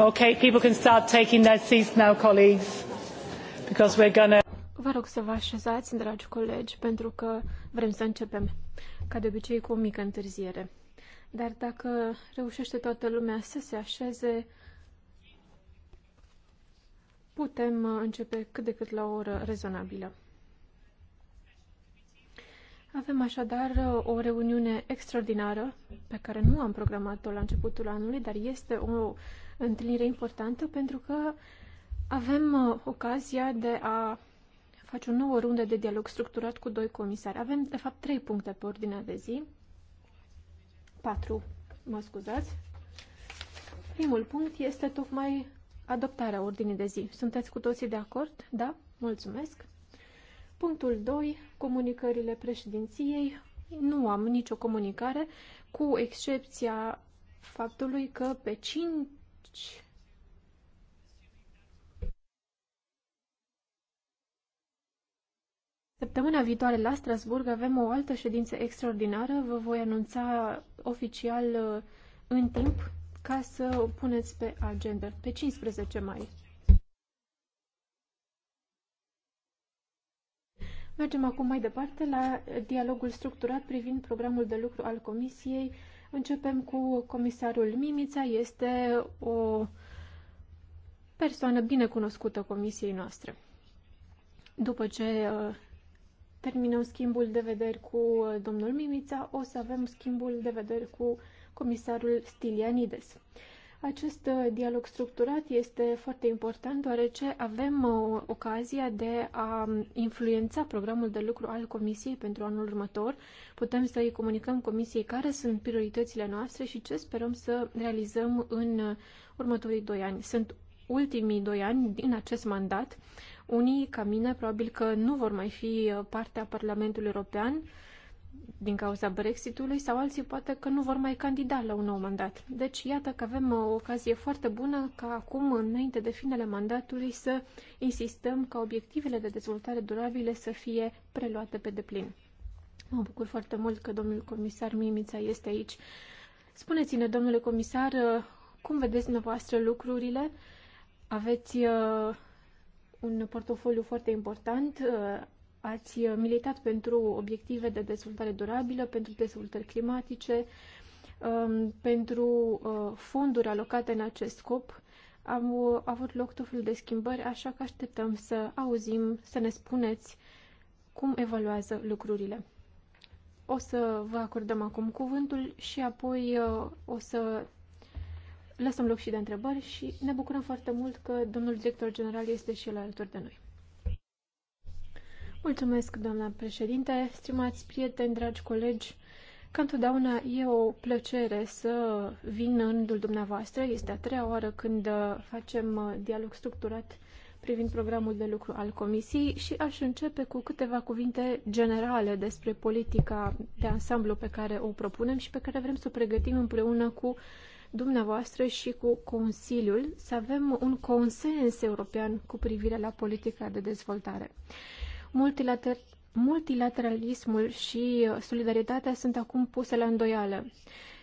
Okay, people can start taking their seats now, colleagues, because we're gonna... Vă rog să vă așezați, dragi colegi, pentru că vrem să începem, ca de obicei, cu o mică întârziere. Dar dacă reușește toată lumea să se așeze, putem începe cât de cât la o oră rezonabilă. Avem așadar uh, o reuniune extraordinară pe care nu am programat-o la începutul anului, dar este o întâlnire importantă pentru că avem uh, ocazia de a face o nouă rundă de dialog structurat cu doi comisari. Avem, de fapt, trei puncte pe ordinea de zi. Patru, mă scuzați. Primul punct este tocmai adoptarea ordinii de zi. Sunteți cu toții de acord? Da? Mulțumesc. Punctul 2. Comunicările președinției. Nu am nicio comunicare, cu excepția faptului că pe 5 Săptămâna viitoare la Strasburg avem o altă ședință extraordinară. Vă voi anunța oficial uh, în timp ca să o puneți pe agenda pe 15 mai. Mergem acum mai departe la dialogul structurat privind programul de lucru al Comisiei. Începem cu comisarul Mimița, este o persoană bine cunoscută Comisiei noastre. După ce uh, terminăm schimbul de vederi cu uh, domnul Mimița, o să avem schimbul de vederi cu comisarul Stilianides. Acest uh, dialog structurat este foarte important deoarece avem uh, ocazia de a um, influența programul de lucru al Comisiei pentru anul următor. Putem să îi comunicăm Comisiei care sunt prioritățile noastre și ce sperăm să realizăm în uh, următorii doi ani. Sunt ultimii doi ani din acest mandat. Unii, ca mine, probabil că nu vor mai fi partea Parlamentului European, din cauza Brexitului sau alții poate că nu vor mai candida la un nou mandat. Deci iată că avem o ocazie foarte bună ca acum, înainte de finele mandatului, să insistăm ca obiectivele de dezvoltare durabile să fie preluate pe deplin. Mă bucur foarte mult că domnul comisar Mimița este aici. Spuneți-ne, domnule comisar, cum vedeți dumneavoastră lucrurile? Aveți uh, un portofoliu foarte important, uh, ați uh, militat pentru obiective de dezvoltare durabilă, pentru dezvoltări climatice, um, pentru uh, fonduri alocate în acest scop. Am uh, avut loc tot felul de schimbări, așa că așteptăm să auzim, să ne spuneți cum evaluează lucrurile. O să vă acordăm acum cuvântul și apoi o să lăsăm loc și de întrebări și ne bucurăm foarte mult că domnul director general este și el alături de noi. Mulțumesc, doamna președinte, stimați prieteni, dragi colegi. Ca întotdeauna e o plăcere să vin în rândul dumneavoastră. Este a treia oară când uh, facem uh, dialog structurat privind programul de lucru al Comisiei și aș începe cu câteva cuvinte generale despre politica de ansamblu pe care o propunem și pe care vrem să o pregătim împreună cu dumneavoastră și cu Consiliul, să avem un consens european cu privire la politica de dezvoltare multilater- multilateralismul și uh, solidaritatea sunt acum puse la îndoială.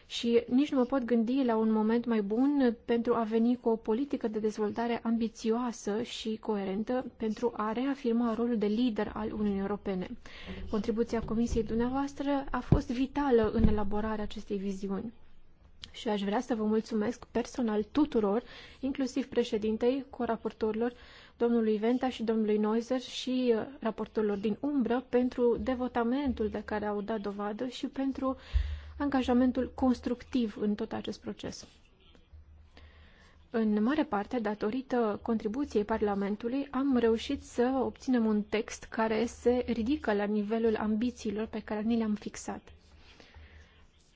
Și nici nu mă pot gândi la un moment mai bun pentru a veni cu o politică de dezvoltare ambițioasă și coerentă pentru a reafirma rolul de lider al Uniunii Europene. Contribuția Comisiei dumneavoastră a fost vitală în elaborarea acestei viziuni și aș vrea să vă mulțumesc personal tuturor, inclusiv președintei, coraportorilor, domnului Venta și domnului Noizer și uh, raportorilor din umbră pentru devotamentul de care au dat dovadă și pentru angajamentul constructiv în tot acest proces. În mare parte, datorită contribuției Parlamentului, am reușit să obținem un text care se ridică la nivelul ambițiilor pe care ni le-am fixat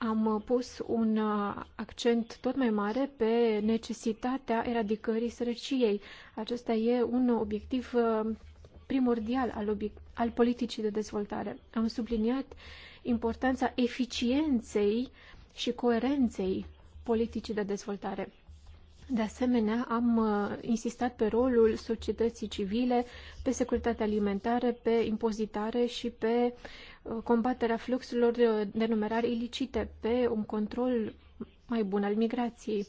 am uh, pus un uh, accent tot mai mare pe necesitatea eradicării sărăciei. Acesta e un obiectiv uh, primordial al, obiect- al politicii de dezvoltare. Am subliniat importanța eficienței și coerenței politicii de dezvoltare. De asemenea, am insistat pe rolul societății civile, pe securitatea alimentară, pe impozitare și pe uh, combaterea fluxurilor de, de numerar ilicite, pe un control mai bun al migrației.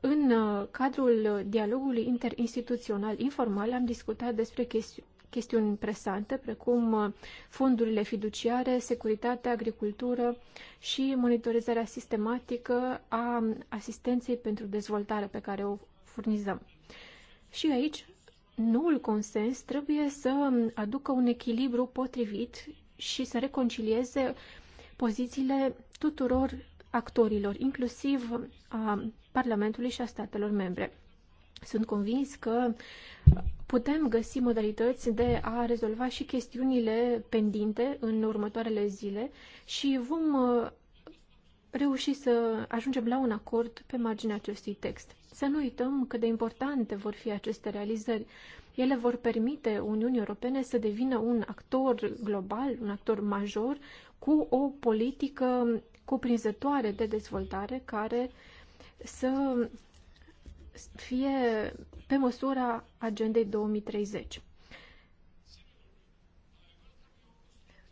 În uh, cadrul dialogului interinstituțional informal am discutat despre chesti- chestiuni presante, precum uh, fondurile fiduciare, securitatea, agricultură și monitorizarea sistematică a asistenței pentru dezvoltare pe care o furnizăm. Și aici, noul consens trebuie să um, aducă un echilibru potrivit și să reconcilieze pozițiile tuturor actorilor, inclusiv a Parlamentului și a statelor membre. Sunt convins că putem găsi modalități de a rezolva și chestiunile pendinte în următoarele zile și vom reuși să ajungem la un acord pe marginea acestui text. Să nu uităm cât de importante vor fi aceste realizări. Ele vor permite Uniunii Europene să devină un actor global, un actor major, cu o politică cuprinzătoare de dezvoltare care să fie pe măsura agendei 2030.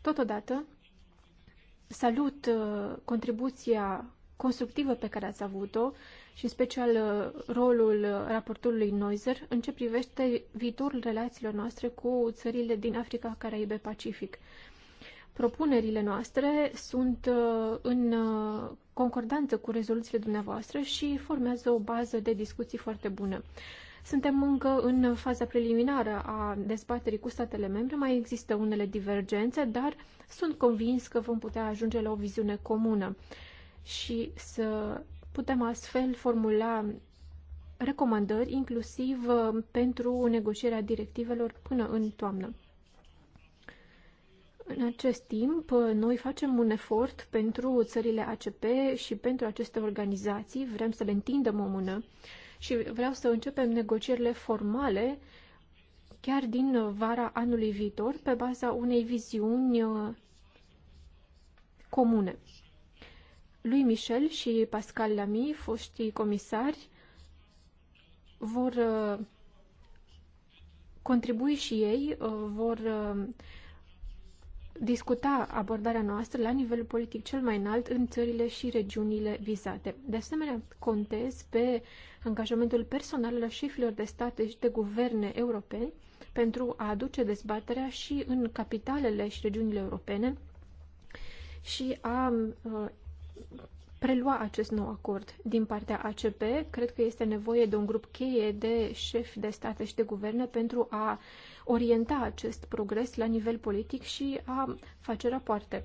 Totodată, salut uh, contribuția constructivă pe care ați avut-o și în special uh, rolul uh, raportului Noiser în ce privește viitorul relațiilor noastre cu țările din Africa, Caraibe, Pacific. Propunerile noastre sunt în concordanță cu rezoluțiile dumneavoastră și formează o bază de discuții foarte bună. Suntem încă în faza preliminară a dezbaterii cu statele membre, mai există unele divergențe, dar sunt convins că vom putea ajunge la o viziune comună și să putem astfel formula recomandări, inclusiv uh, pentru negocierea directivelor până în toamnă. În acest timp, uh, noi facem un efort pentru țările ACP și pentru aceste organizații. Vrem să le întindem o mână și vreau să începem negocierile formale chiar din vara anului viitor pe baza unei viziuni uh, comune. Lui Michel și Pascal Lamy, foștii comisari, vor uh, contribui și ei, uh, vor discuta abordarea noastră la nivel politic cel mai înalt în țările și regiunile vizate. De asemenea, contez pe angajamentul personal al șefilor de state și de guverne europeni pentru a aduce dezbaterea și în capitalele și regiunile europene și a uh, prelua acest nou acord din partea ACP. Cred că este nevoie de un grup cheie de șefi de state și de guverne pentru a uh, orienta acest progres la nivel politic și a face rapoarte.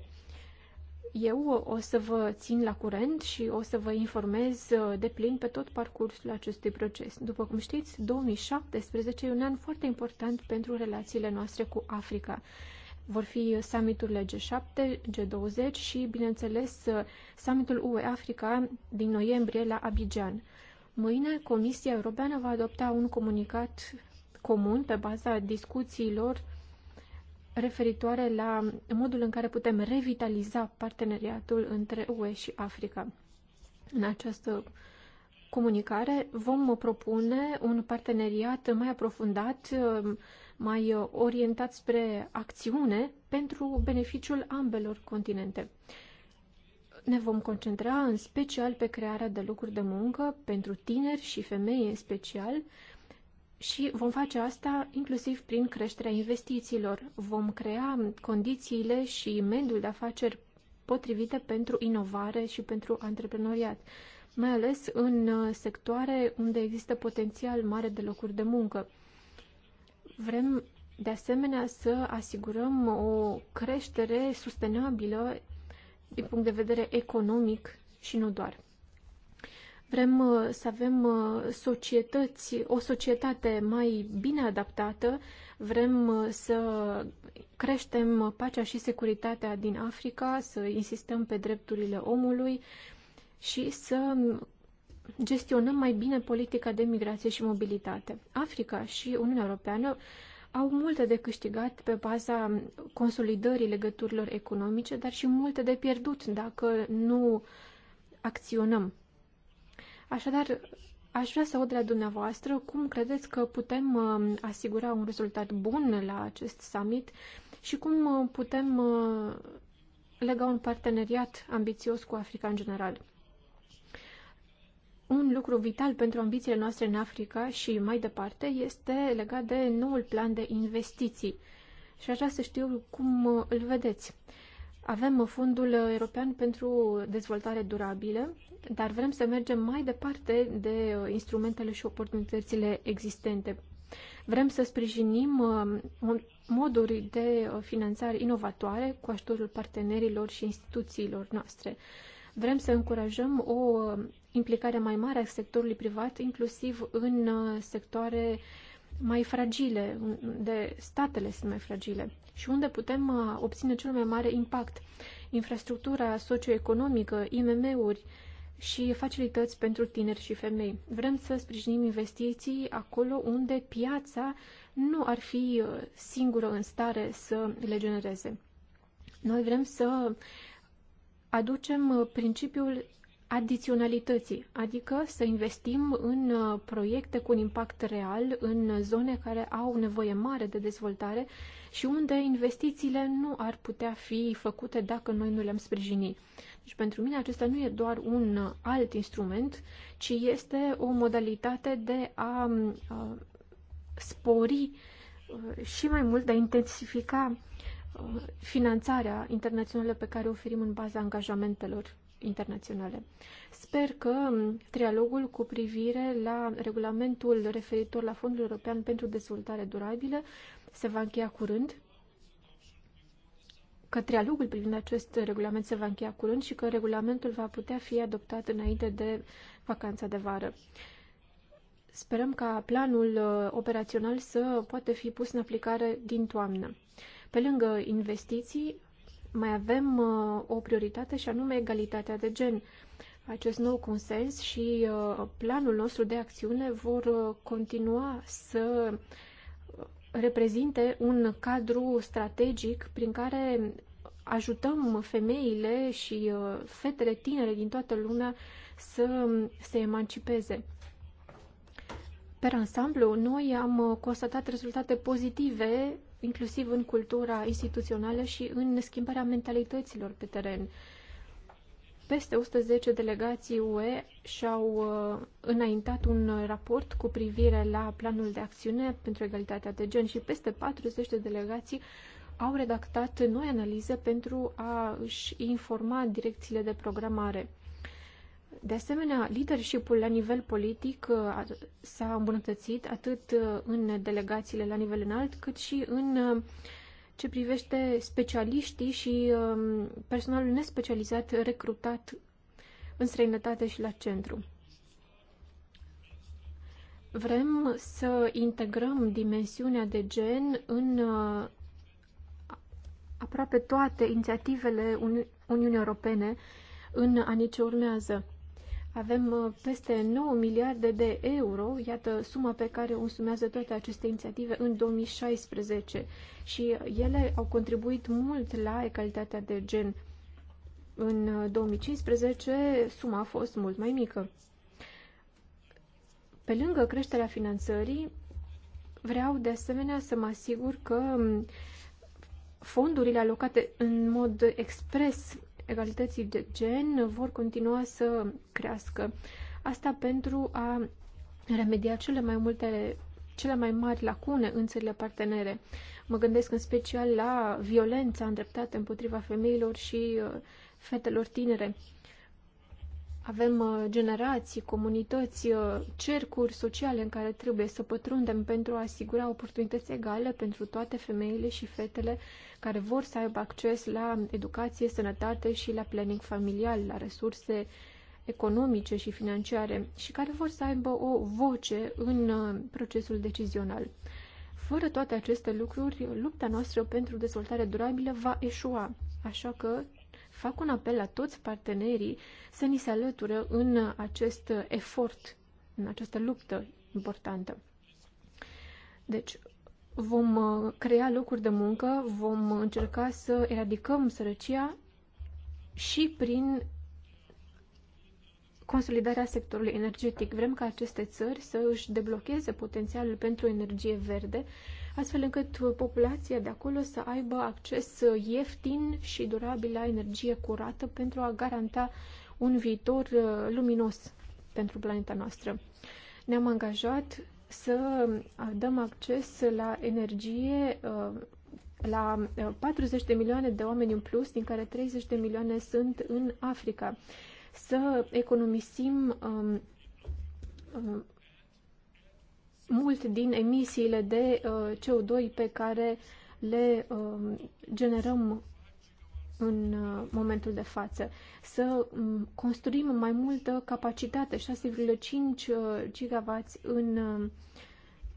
Eu o să vă țin la curent și o să vă informez uh, de plin pe tot parcursul acestui proces. După cum știți, 2017 e un an foarte important pentru relațiile noastre cu Africa. Vor fi summiturile G7, G20 și, bineînțeles, uh, summitul UE-Africa din noiembrie la Abidjan. Mâine, Comisia Europeană va adopta un comunicat comun pe baza discuțiilor referitoare la modul în care putem revitaliza parteneriatul între UE și Africa. În această comunicare vom propune un parteneriat mai aprofundat, mai orientat spre acțiune pentru beneficiul ambelor continente. Ne vom concentra în special pe crearea de locuri de muncă pentru tineri și femei în special, și vom face asta inclusiv prin creșterea investițiilor. Vom crea condițiile și mediul de afaceri potrivite pentru inovare și pentru antreprenoriat, mai ales în sectoare unde există potențial mare de locuri de muncă. Vrem de asemenea să asigurăm o creștere sustenabilă din punct de vedere economic și nu doar. Vrem uh, să avem uh, societăți, o societate mai bine adaptată, vrem uh, să creștem pacea și securitatea din Africa, să insistăm pe drepturile omului și să gestionăm mai bine politica de migrație și mobilitate. Africa și Uniunea Europeană au multe de câștigat pe baza consolidării legăturilor economice, dar și multe de pierdut dacă nu acționăm. Așadar, aș vrea să aud de la dumneavoastră cum credeți că putem uh, asigura un rezultat bun la acest summit și cum uh, putem uh, lega un parteneriat ambițios cu Africa în general. Un lucru vital pentru ambițiile noastre în Africa și mai departe este legat de noul plan de investiții. Și aș vrea să știu cum îl vedeți. Avem Fondul European pentru Dezvoltare Durabilă, dar vrem să mergem mai departe de uh, instrumentele și oportunitățile existente. Vrem să sprijinim uh, moduri de uh, finanțare inovatoare cu ajutorul partenerilor și instituțiilor noastre. Vrem să încurajăm o implicare mai mare a sectorului privat, inclusiv în sectoare uh, mai fragile, unde statele sunt mai fragile și unde putem uh, obține cel mai mare impact. Infrastructura socioeconomică, IMM-uri și facilități pentru tineri și femei. Vrem să sprijinim investiții acolo unde piața nu ar fi uh, singură în stare să le genereze. Noi vrem să aducem uh, principiul adiționalității, adică să investim în uh, proiecte cu un impact real, în zone care au nevoie mare de dezvoltare și unde investițiile nu ar putea fi făcute dacă noi nu le-am sprijini. Deci pentru mine acesta nu e doar un uh, alt instrument, ci este o modalitate de a, uh, spori și mai mult, de a intensifica finanțarea internațională pe care o oferim în baza angajamentelor internaționale. Sper că trialogul cu privire la regulamentul referitor la Fondul European pentru Dezvoltare Durabilă se va încheia curând, că trialogul privind acest regulament se va încheia curând și că regulamentul va putea fi adoptat înainte de vacanța de vară. Sperăm ca planul uh, operațional să poată fi pus în aplicare din toamnă. Pe lângă investiții, mai avem uh, o prioritate și anume egalitatea de gen. Acest nou consens și uh, planul nostru de acțiune vor uh, continua să reprezinte un cadru strategic prin care ajutăm femeile și fetele tinere din toată lumea să se emancipeze. Per ansamblu, noi am constatat rezultate pozitive inclusiv în cultura instituțională și în schimbarea mentalităților pe teren. Peste 110 delegații UE și-au uh, înaintat un raport cu privire la planul de acțiune pentru egalitatea de gen și peste 40 de delegații au redactat noi analize pentru a și informa direcțiile de programare. De asemenea, leadership-ul la nivel politic uh, s-a îmbunătățit atât uh, în delegațiile la nivel înalt, cât și în uh, ce privește specialiștii și um, personalul nespecializat recrutat în străinătate și la centru. Vrem să integrăm dimensiunea de gen în aproape toate inițiativele Uni Uniunii Europene în anii ce urmează. Avem uh, peste 9 miliarde de euro, iată suma pe care o însumează toate aceste inițiative în 2016 și ele au contribuit mult la egalitatea de gen. În 2015 uh, suma a fost mult mai mică. Pe lângă creșterea finanțării, vreau de asemenea să mă asigur că um, fondurile alocate în mod expres egalității de gen vor continua să crească. Asta pentru a remedia cele mai multe cele mai mari lacune în țările partenere. Mă gândesc în special la violența îndreptată împotriva femeilor și uh, fetelor tinere. Avem uh, generații, comunități, uh, cercuri sociale în care trebuie să pătrundem pentru a asigura oportunități egale pentru toate femeile și fetele care vor să aibă acces la educație, sănătate și la planning familial, la resurse economice și financiare și care vor să aibă o voce în uh, procesul decizional. Fără toate aceste lucruri, lupta noastră pentru dezvoltare durabilă va eșua, așa că fac un apel la toți partenerii să ni se alăture în acest efort, în această luptă importantă. Deci, vom uh, crea locuri de muncă, vom încerca să eradicăm sărăcia și prin consolidarea sectorului energetic. Vrem ca aceste țări să își deblocheze potențialul pentru energie verde astfel încât populația de acolo să aibă acces ieftin și durabil la energie curată pentru a garanta un viitor uh, luminos pentru planeta noastră. Ne-am angajat să uh, dăm acces la energie uh, la 40 de milioane de oameni în plus, din care 30 de milioane sunt în Africa. Să economisim um, um, mult din emisiile de uh, CO2 pe care le um, generăm în uh, momentul de față. Să um, construim mai multă capacitate, 6,5 uh, GW în um,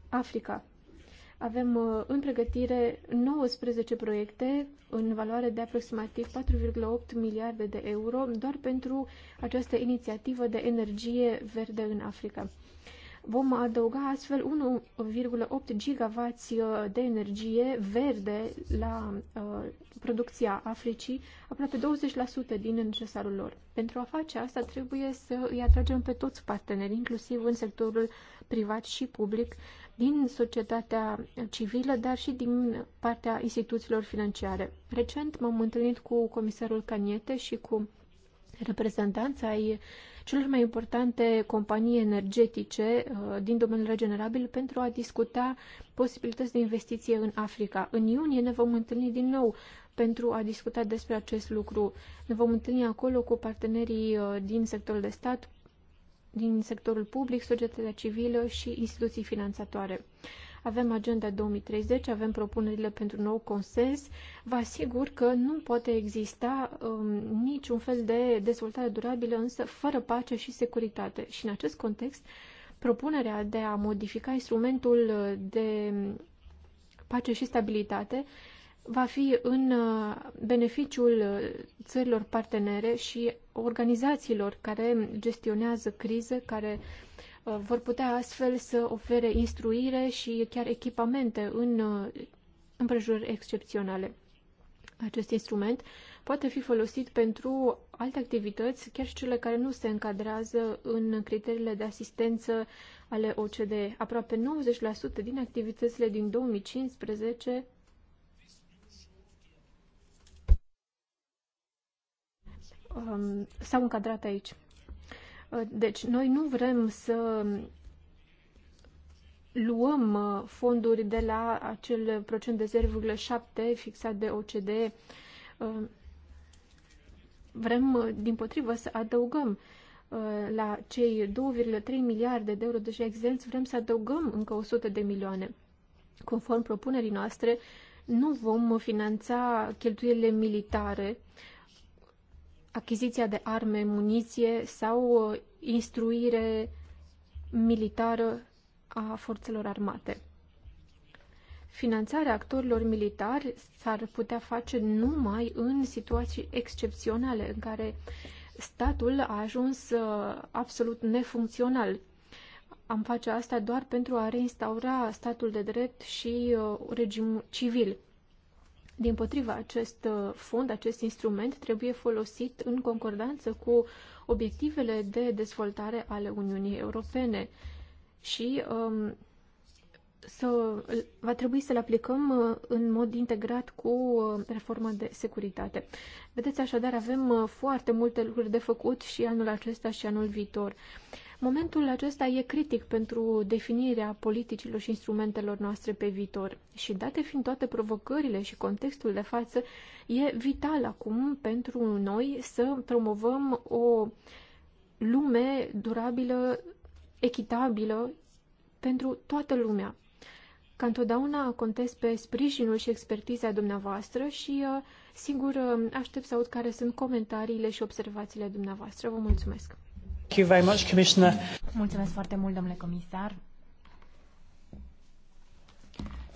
Africa. Avem în pregătire 19 proiecte în valoare de aproximativ 4,8 miliarde de euro doar pentru această inițiativă de energie verde în Africa. Vom adăuga astfel 1,8 gigavați uh, de energie verde la uh, producția Africii, aproape 20% din necesarul lor. Pentru a face asta trebuie să îi atragem pe toți partenerii, inclusiv în sectorul privat și public, din societatea civilă, dar și din partea instituțiilor financiare. Recent m-am întâlnit cu comisarul Caniete și cu reprezentanța ai celor mai importante companii energetice uh, din domeniul regenerabil pentru a discuta posibilități de investiție în Africa. În iunie ne vom întâlni din nou pentru a discuta despre acest lucru. Ne vom întâlni acolo cu partenerii uh, din sectorul de stat, din sectorul public, societatea civilă și instituții finanțatoare avem agenda 2030, avem propunerile pentru nou consens, vă asigur că nu poate exista um, niciun fel de dezvoltare durabilă, însă fără pace și securitate. Și în acest context, propunerea de a modifica instrumentul de pace și stabilitate va fi în uh, beneficiul țărilor partenere și organizațiilor care gestionează crize, care vor putea astfel să ofere instruire și chiar echipamente în uh, împrejurări excepționale. Acest instrument poate fi folosit pentru alte activități, chiar și cele care nu se încadrează în criteriile de asistență ale OCDE. Aproape 90% din activitățile din 2015 um, s-au încadrat aici. Uh, deci, noi nu vrem să luăm uh, fonduri de la acel procent de 0,7 fixat de OCDE. Uh, vrem, din potrivă, să adăugăm la cei 2,3 miliarde de euro deja exenți, vrem să adăugăm încă 100 de milioane. Conform propunerii noastre, nu vom finanța cheltuielile militare, achiziția de arme, muniție sau uh, instruire militară a forțelor armate. Finanțarea actorilor militari s-ar putea face numai în situații excepționale în care statul a ajuns uh, absolut nefuncțional. Am face asta doar pentru a reinstaura statul de drept și uh, regimul civil. Din potriva, acest uh, fond, acest instrument trebuie folosit în concordanță cu obiectivele de dezvoltare ale Uniunii Europene și um, să, va trebui să-l aplicăm uh, în mod integrat cu uh, reforma de securitate. Vedeți, așadar, avem foarte multe lucruri de făcut și anul acesta și anul viitor. Momentul acesta e critic pentru definirea politicilor și instrumentelor noastre pe viitor și, date fiind toate provocările și contextul de față, e vital acum pentru noi să promovăm o lume durabilă, echitabilă pentru toată lumea. Ca întotdeauna contez pe sprijinul și expertiza dumneavoastră și, uh, sigur, uh, aștept să aud care sunt comentariile și observațiile dumneavoastră. Vă mulțumesc! Mulțumesc foarte mult, domnule comisar.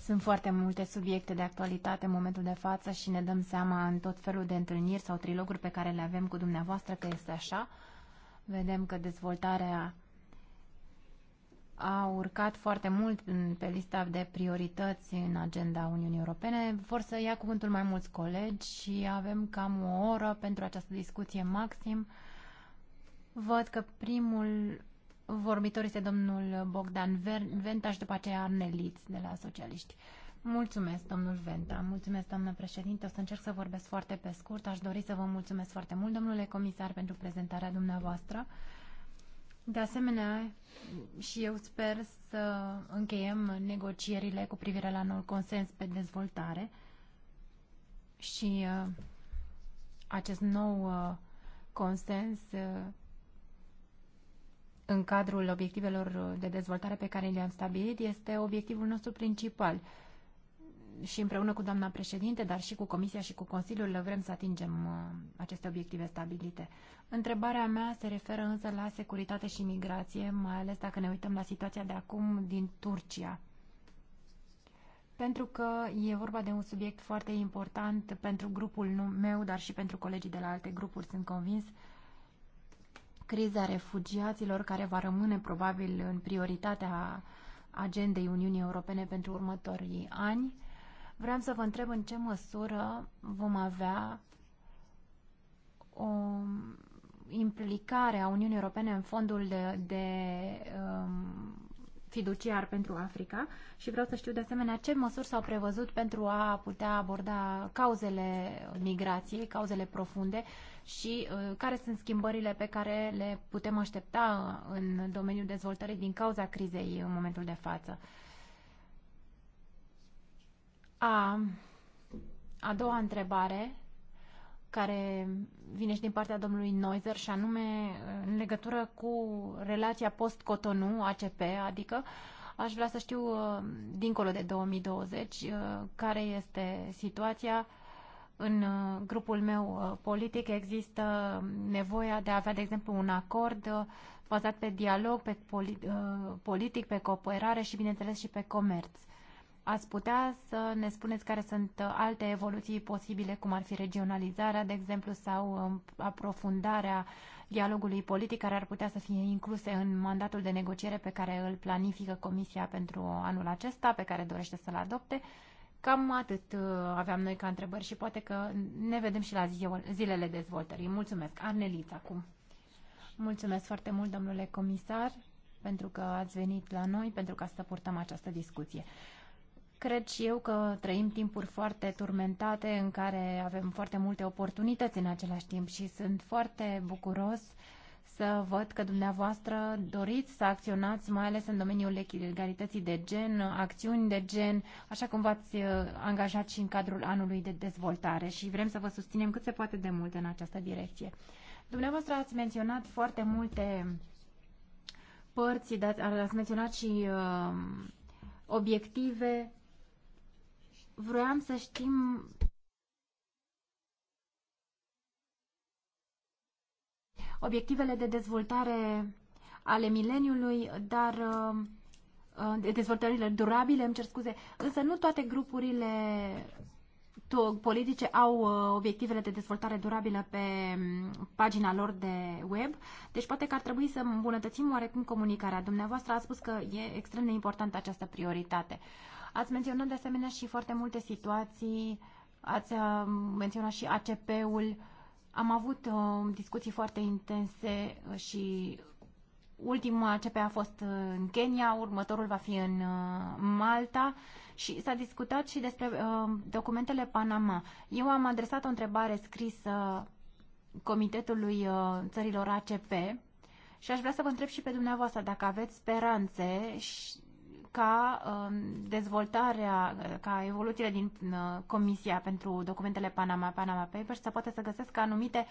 Sunt foarte multe subiecte de actualitate în momentul de față și ne dăm seama în tot felul de întâlniri sau triloguri pe care le avem cu dumneavoastră că este așa. Vedem că dezvoltarea a urcat foarte mult pe lista de priorități în agenda Uniunii Europene. Vor să ia cuvântul mai mulți colegi și avem cam o oră pentru această discuție maxim. Văd că primul vorbitor este domnul Bogdan Venta și după aceea Arneliț de la Socialiști. Mulțumesc, domnul Venta. Mulțumesc, doamnă președinte. O să încerc să vorbesc foarte pe scurt. Aș dori să vă mulțumesc foarte mult, domnule comisar, pentru prezentarea dumneavoastră. De asemenea, și eu sper să încheiem negocierile cu privire la noul consens pe dezvoltare și uh, acest nou uh, consens uh, în cadrul obiectivelor de dezvoltare pe care le-am stabilit este obiectivul nostru principal. Și împreună cu doamna președinte, dar și cu Comisia și cu Consiliul vrem să atingem uh, aceste obiective stabilite. Întrebarea mea se referă însă la securitate și migrație, mai ales dacă ne uităm la situația de acum din Turcia. Pentru că e vorba de un subiect foarte important pentru grupul meu, dar și pentru colegii de la alte grupuri, sunt convins, criza refugiaților care va rămâne probabil în prioritatea agendei Uniunii Europene pentru următorii ani. Vreau să vă întreb în ce măsură vom avea o implicare a Uniunii Europene în fondul de, de um, fiduciar pentru Africa și vreau să știu de asemenea ce măsuri s-au prevăzut pentru a putea aborda cauzele migrației, cauzele profunde și uh, care sunt schimbările pe care le putem aștepta în domeniul dezvoltării din cauza crizei în momentul de față. A, a doua întrebare care vine și din partea domnului Noizer și anume uh, în legătură cu relația post-Cotonou, ACP, adică aș vrea să știu uh, dincolo de 2020 care este situația în uh, grupul meu uh, politic există nevoia de a avea, de exemplu, un acord uh, bazat pe dialog, pe politic, pe cooperare și, bineînțeles, și pe comerț. Ați putea să ne spuneți care sunt alte evoluții posibile, cum ar fi regionalizarea, de exemplu, sau um, aprofundarea dialogului politic, care ar putea să fie incluse în mandatul de negociere pe care îl planifică Comisia pentru anul acesta, pe care dorește să-l adopte. Uh, Cam atât uh, aveam noi ca întrebări și poate că ne vedem și la zilele dezvoltării. Mulțumesc. Arnelița acum. Mulțumesc foarte mult, domnule comisar, pentru că ați venit la noi, pentru ca să purtăm această discuție. Cred și eu că trăim timpuri foarte turmentate în care avem foarte multe oportunități în același timp și sunt foarte bucuros uh, să văd că dumneavoastră doriți să acționați, mai ales în domeniul egalității de gen, acțiuni de gen, așa cum v-ați uh, angajat și în cadrul anului de dezvoltare și vrem să vă susținem cât se poate de mult în această direcție. Dumneavoastră ați menționat foarte multe părți, dar ați menționat și uh, obiective. Vroiam să știm obiectivele de dezvoltare ale mileniului, dar uh, de dezvoltările durabile, îmi cer scuze, însă nu toate grupurile politice au uh, obiectivele de dezvoltare durabilă pe mm, pagina lor de web, deci poate că ar trebui să îmbunătățim oarecum comunicarea. Dumneavoastră a spus că e extrem de importantă această prioritate. Ați menționat de asemenea și foarte multe situații, ați uh, menționat și ACP-ul, uh, am avut uh, discuții foarte intense uh, și ultima CP a fost uh, în Kenya, următorul va fi în uh, Malta și s-a discutat și despre uh, documentele Panama. Eu am adresat o întrebare scrisă Comitetului uh, Țărilor ACP și aș vrea să vă întreb și pe dumneavoastră dacă aveți speranțe și ca um, dezvoltarea, ca evoluțiile din uh, Comisia pentru documentele Panama, Panama Papers, să poată să găsească anumite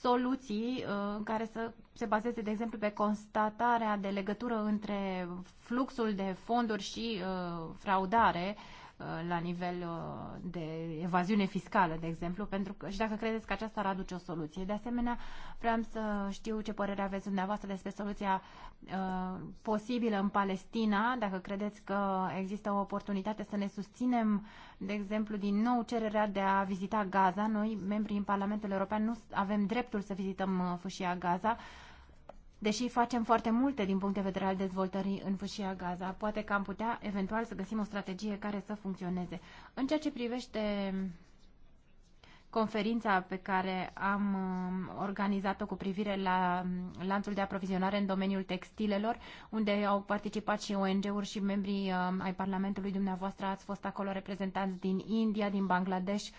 soluții uh, care să se bazeze, de exemplu, pe constatarea de legătură între fluxul de fonduri și uh, fraudare Uh, la nivel uh, de evaziune fiscală, de exemplu, pentru că și dacă credeți că aceasta ar aduce o soluție. De asemenea, vreau să știu ce părere aveți dumneavoastră despre soluția uh, posibilă în Palestina, dacă credeți că există o oportunitate să ne susținem, de exemplu, din nou cererea de a vizita Gaza. Noi, membrii în Parlamentul European, nu avem dreptul să vizităm uh, fâșia Gaza. Uh, Deși facem foarte multe din punct de vedere al dezvoltării în fâșia Gaza, poate că am putea eventual să găsim o strategie care să funcționeze. În ceea ce privește conferința pe care am um, organizat-o cu privire la um, lanțul de aprovizionare în domeniul textilelor, unde au participat și ONG-uri și membrii um, ai Parlamentului dumneavoastră, ați fost acolo reprezentanți din India, din Bangladesh,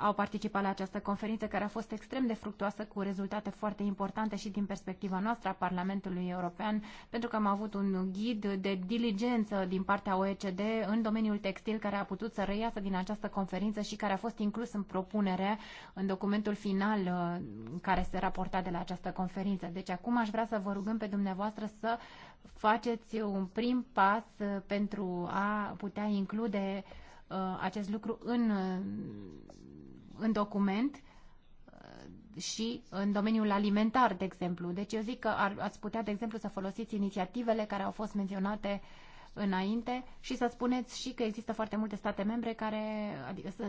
au participat la această conferință care a fost extrem de fructuoasă cu rezultate foarte importante și din perspectiva noastră a Parlamentului European, pentru că am avut un ghid de diligență din partea OECD în domeniul textil care a putut să reiasă din această conferință și care a fost inclus în propunere în documentul final uh, care se raporta de la această conferință. Deci acum aș vrea să vă rugăm pe dumneavoastră să faceți un prim pas uh, pentru a putea include uh, acest lucru în în document uh, și în domeniul alimentar, de exemplu. Deci eu zic că ar, ați putea, de exemplu, să folosiți inițiativele care au fost menționate înainte și să spuneți și că există foarte multe state membre care, adică să,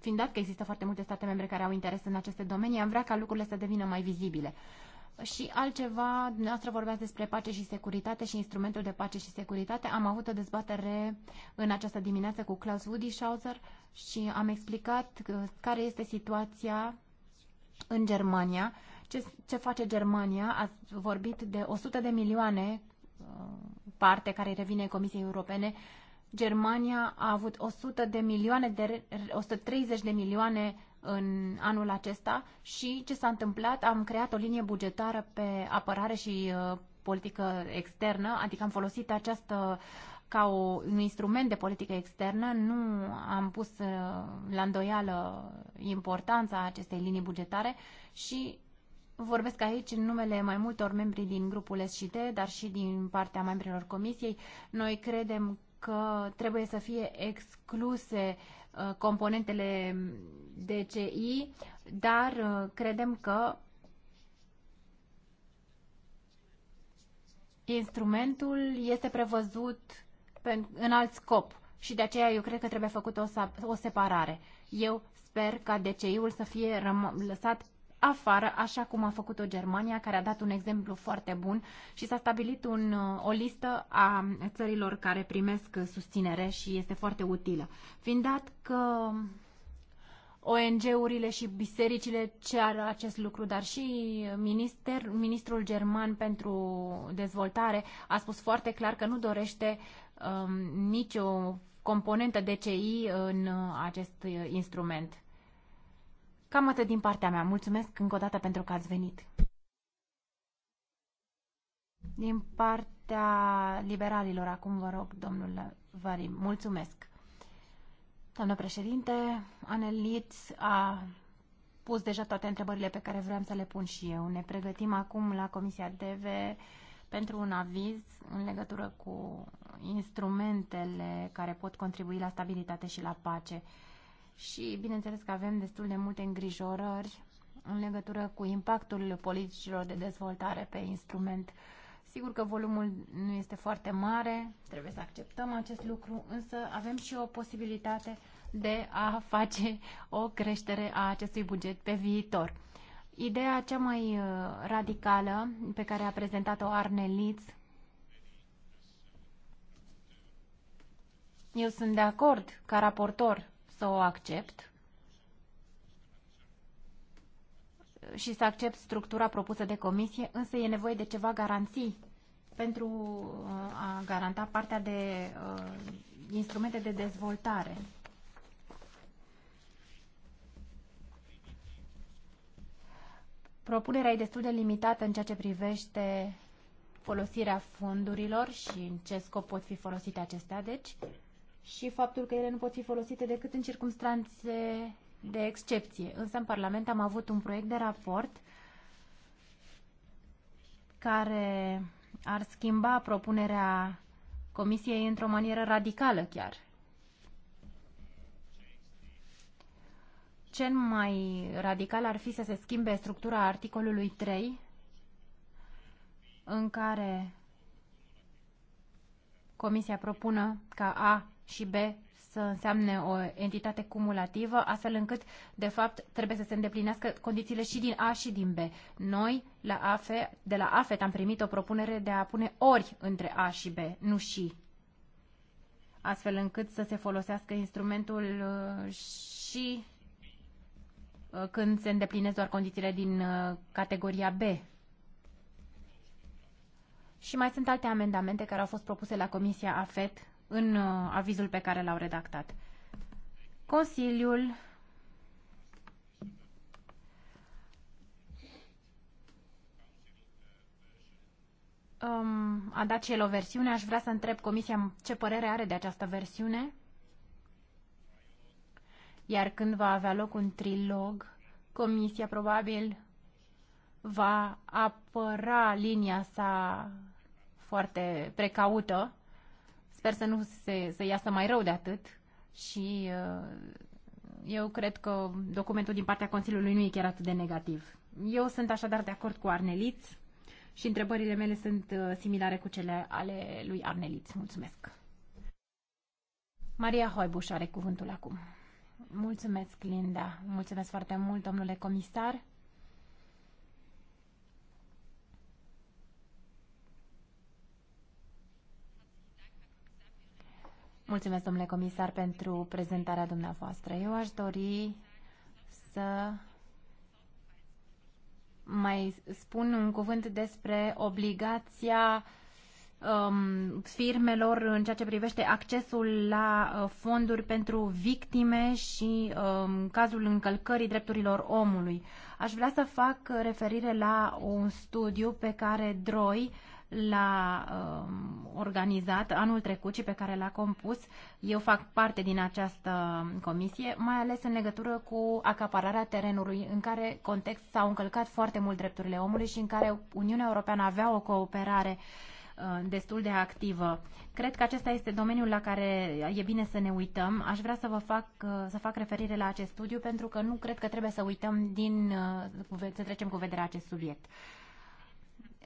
fiind dat că există foarte multe state membre care au interes în aceste domenii, am vrea ca lucrurile să devină mai vizibile. Și altceva, dumneavoastră vorbeați despre pace și securitate și instrumentul de pace și securitate. Am avut o dezbatere în această dimineață cu Klaus Wudishauser și am explicat care este situația în Germania. Ce, ce face Germania? Ați vorbit de 100 de milioane uh, parte care revine Comisiei Europene. Germania a avut 100 de milioane de, 130 de milioane în anul acesta și ce s-a întâmplat, am creat o linie bugetară pe apărare și uh, politică externă, adică am folosit această ca o, un instrument de politică externă, nu am pus uh, la îndoială importanța acestei linii bugetare și Vorbesc aici în numele mai multor membri din grupul SCD, dar și din partea membrilor comisiei. Noi credem că trebuie să fie excluse uh, Uh, componentele DCI, dar uh, credem că instrumentul este prevăzut în alt scop și de aceea eu cred că trebuie făcută o, o separare. Eu sper ca DCI-ul să fie lăsat afară, așa cum a făcut-o Germania, care a dat un exemplu foarte bun și s-a stabilit un, uh, o listă a țărilor care primesc uh, susținere și este foarte utilă. Fiind dat că ONG-urile și bisericile cer acest lucru, dar și minister, ministrul german pentru dezvoltare a spus foarte clar că nu dorește um, nicio componentă DCI în uh, acest instrument. Cam atât din partea mea. Mulțumesc încă o dată pentru că ați venit. Din partea liberalilor, acum vă rog, domnul Varim, mulțumesc. Doamnă președinte, anelit a pus deja toate întrebările pe care vreau să le pun și eu. Ne pregătim acum la Comisia DV pentru un aviz în legătură cu instrumentele care pot contribui la stabilitate și la pace și bineînțeles că avem destul de multe îngrijorări în legătură cu impactul politicilor de dezvoltare pe instrument. Sigur că volumul nu este foarte mare, trebuie să acceptăm acest lucru, însă avem și o posibilitate de a face o creștere a acestui buget pe viitor. Ideea cea mai uh, radicală pe care a prezentat-o Arne Litz, eu sunt de acord ca raportor să o accept și să accept structura propusă de comisie, însă e nevoie de ceva garanții pentru uh, a garanta partea de uh, instrumente de dezvoltare. Propunerea e destul de limitată în ceea ce privește folosirea fondurilor și în ce scop pot fi folosite acestea, deci și faptul că ele nu pot fi folosite decât în circunstanțe de excepție. Însă în Parlament am avut un proiect de raport care ar schimba propunerea Comisiei într-o manieră radicală chiar. Cel mai radical ar fi să se schimbe structura articolului 3 în care Comisia propună ca A și B să înseamne o entitate cumulativă, astfel încât, de fapt, trebuie să se îndeplinească condițiile și din A și din B. Noi, la AFE, de la AFET, am primit o propunere de a pune ori între A și B, nu și. Astfel încât să se folosească instrumentul uh, și uh, când se îndeplinesc doar condițiile din uh, categoria B. Și mai sunt alte amendamente care au fost propuse la Comisia AFET în uh, avizul pe care l-au redactat. Consiliul um, a dat și el o versiune. Aș vrea să întreb Comisia ce părere are de această versiune. Iar când va avea loc un trilog, Comisia probabil va apăra linia sa foarte precaută Sper să nu se, să iasă mai rău de atât și uh, eu cred că documentul din partea Consiliului nu e chiar atât de negativ. Eu sunt așadar de acord cu Arneliț și întrebările mele sunt uh, similare cu cele ale lui Arneliț. Mulțumesc! Maria Hoibuș are cuvântul acum. Mulțumesc, Linda. Mulțumesc foarte mult, domnule comisar. Mulțumesc, domnule comisar, pentru prezentarea dumneavoastră. Eu aș dori să mai spun un cuvânt despre obligația um, firmelor în ceea ce privește accesul la uh, fonduri pentru victime și um, cazul încălcării drepturilor omului. Aș vrea să fac referire la un studiu pe care DROI l-a uh, organizat anul trecut și pe care l-a compus. Eu fac parte din această um, comisie, mai ales în legătură cu acapararea terenului, în care context s-au încălcat foarte mult drepturile omului și în care Uniunea Europeană avea o cooperare uh, destul de activă. Cred că acesta este domeniul la care e bine să ne uităm. Aș vrea să vă fac, uh, să fac referire la acest studiu pentru că nu cred că trebuie să uităm din, uh, să trecem cu vederea acest subiect.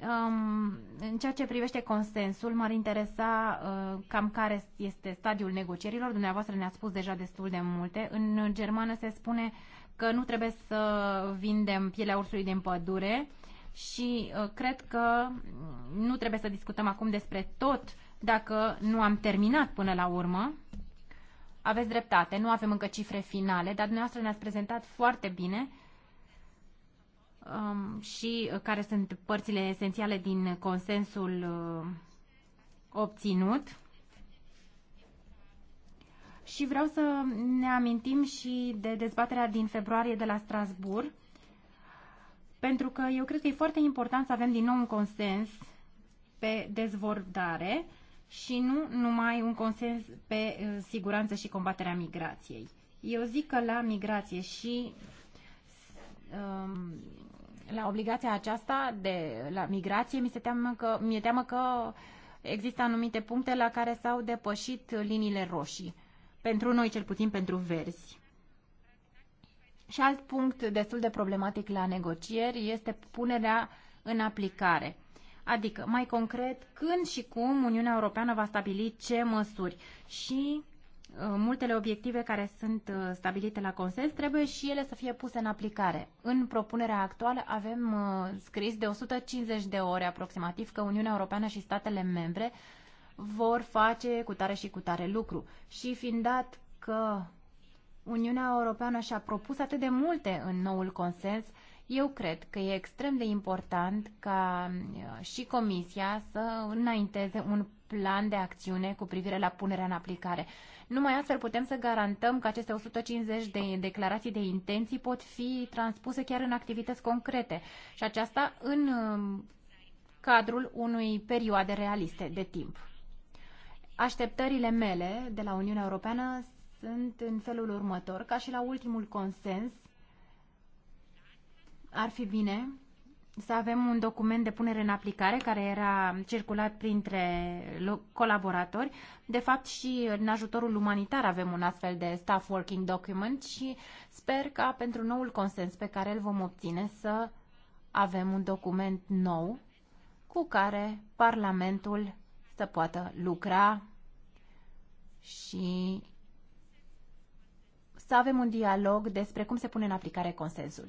Um, în ceea ce privește consensul, m-ar interesa uh, cam care este stadiul negocierilor. Dumneavoastră ne-a spus deja destul de multe. În germană se spune că nu trebuie să vindem pielea ursului din pădure și uh, cred că nu trebuie să discutăm acum despre tot dacă nu am terminat până la urmă. Aveți dreptate, nu avem încă cifre finale, dar dumneavoastră ne-ați prezentat foarte bine uh, um, și uh, care sunt părțile esențiale din consensul uh, obținut. Și vreau să ne amintim și de dezbaterea din februarie de la Strasbourg, pentru că eu cred că e foarte important să avem din nou un consens pe dezvoltare și nu numai un consens pe uh, siguranță și combaterea migrației. Eu zic că la migrație și um, la obligația aceasta de la migrație, mi se teamă că, mi-e teamă că există anumite puncte la care s-au depășit liniile roșii. Pentru noi, cel puțin pentru verzi. Și alt punct destul de problematic la negocieri este punerea în aplicare. Adică, mai concret, când și cum Uniunea Europeană va stabili ce măsuri și Uh, multele obiective care sunt uh, stabilite la consens trebuie și ele să fie puse în aplicare. În propunerea actuală avem uh, scris de 150 de ore aproximativ că Uniunea Europeană și statele membre vor face cu tare și cu tare lucru. Și fiind dat că Uniunea Europeană și-a propus atât de multe în noul consens, eu cred că e extrem de important ca și Comisia să înainteze un plan de acțiune cu privire la punerea în aplicare. Numai astfel putem să garantăm că aceste 150 de declarații de intenții pot fi transpuse chiar în activități concrete și aceasta în um, cadrul unui perioade realiste de timp. Așteptările mele de la Uniunea Europeană sunt în felul următor, ca și la ultimul consens, ar fi bine să avem un document de punere în aplicare care era circulat printre colaboratori. De fapt și în ajutorul umanitar avem un astfel de staff working document și sper ca pentru noul consens pe care îl vom obține să avem un document nou cu care Parlamentul să poată lucra și să avem un dialog despre cum se pune în aplicare consensul.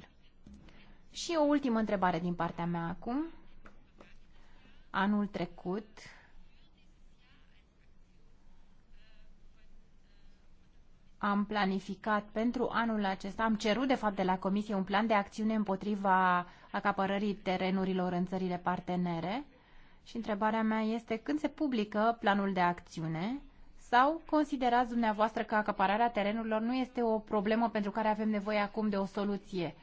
Și o ultimă întrebare din partea mea acum. Anul trecut, am planificat pentru anul acesta, am cerut de fapt de la Comisie un plan de acțiune împotriva acapărării terenurilor în țările partenere și întrebarea mea este când se publică planul de acțiune sau considerați dumneavoastră că acapararea terenurilor nu este o problemă pentru care avem nevoie acum de o soluție?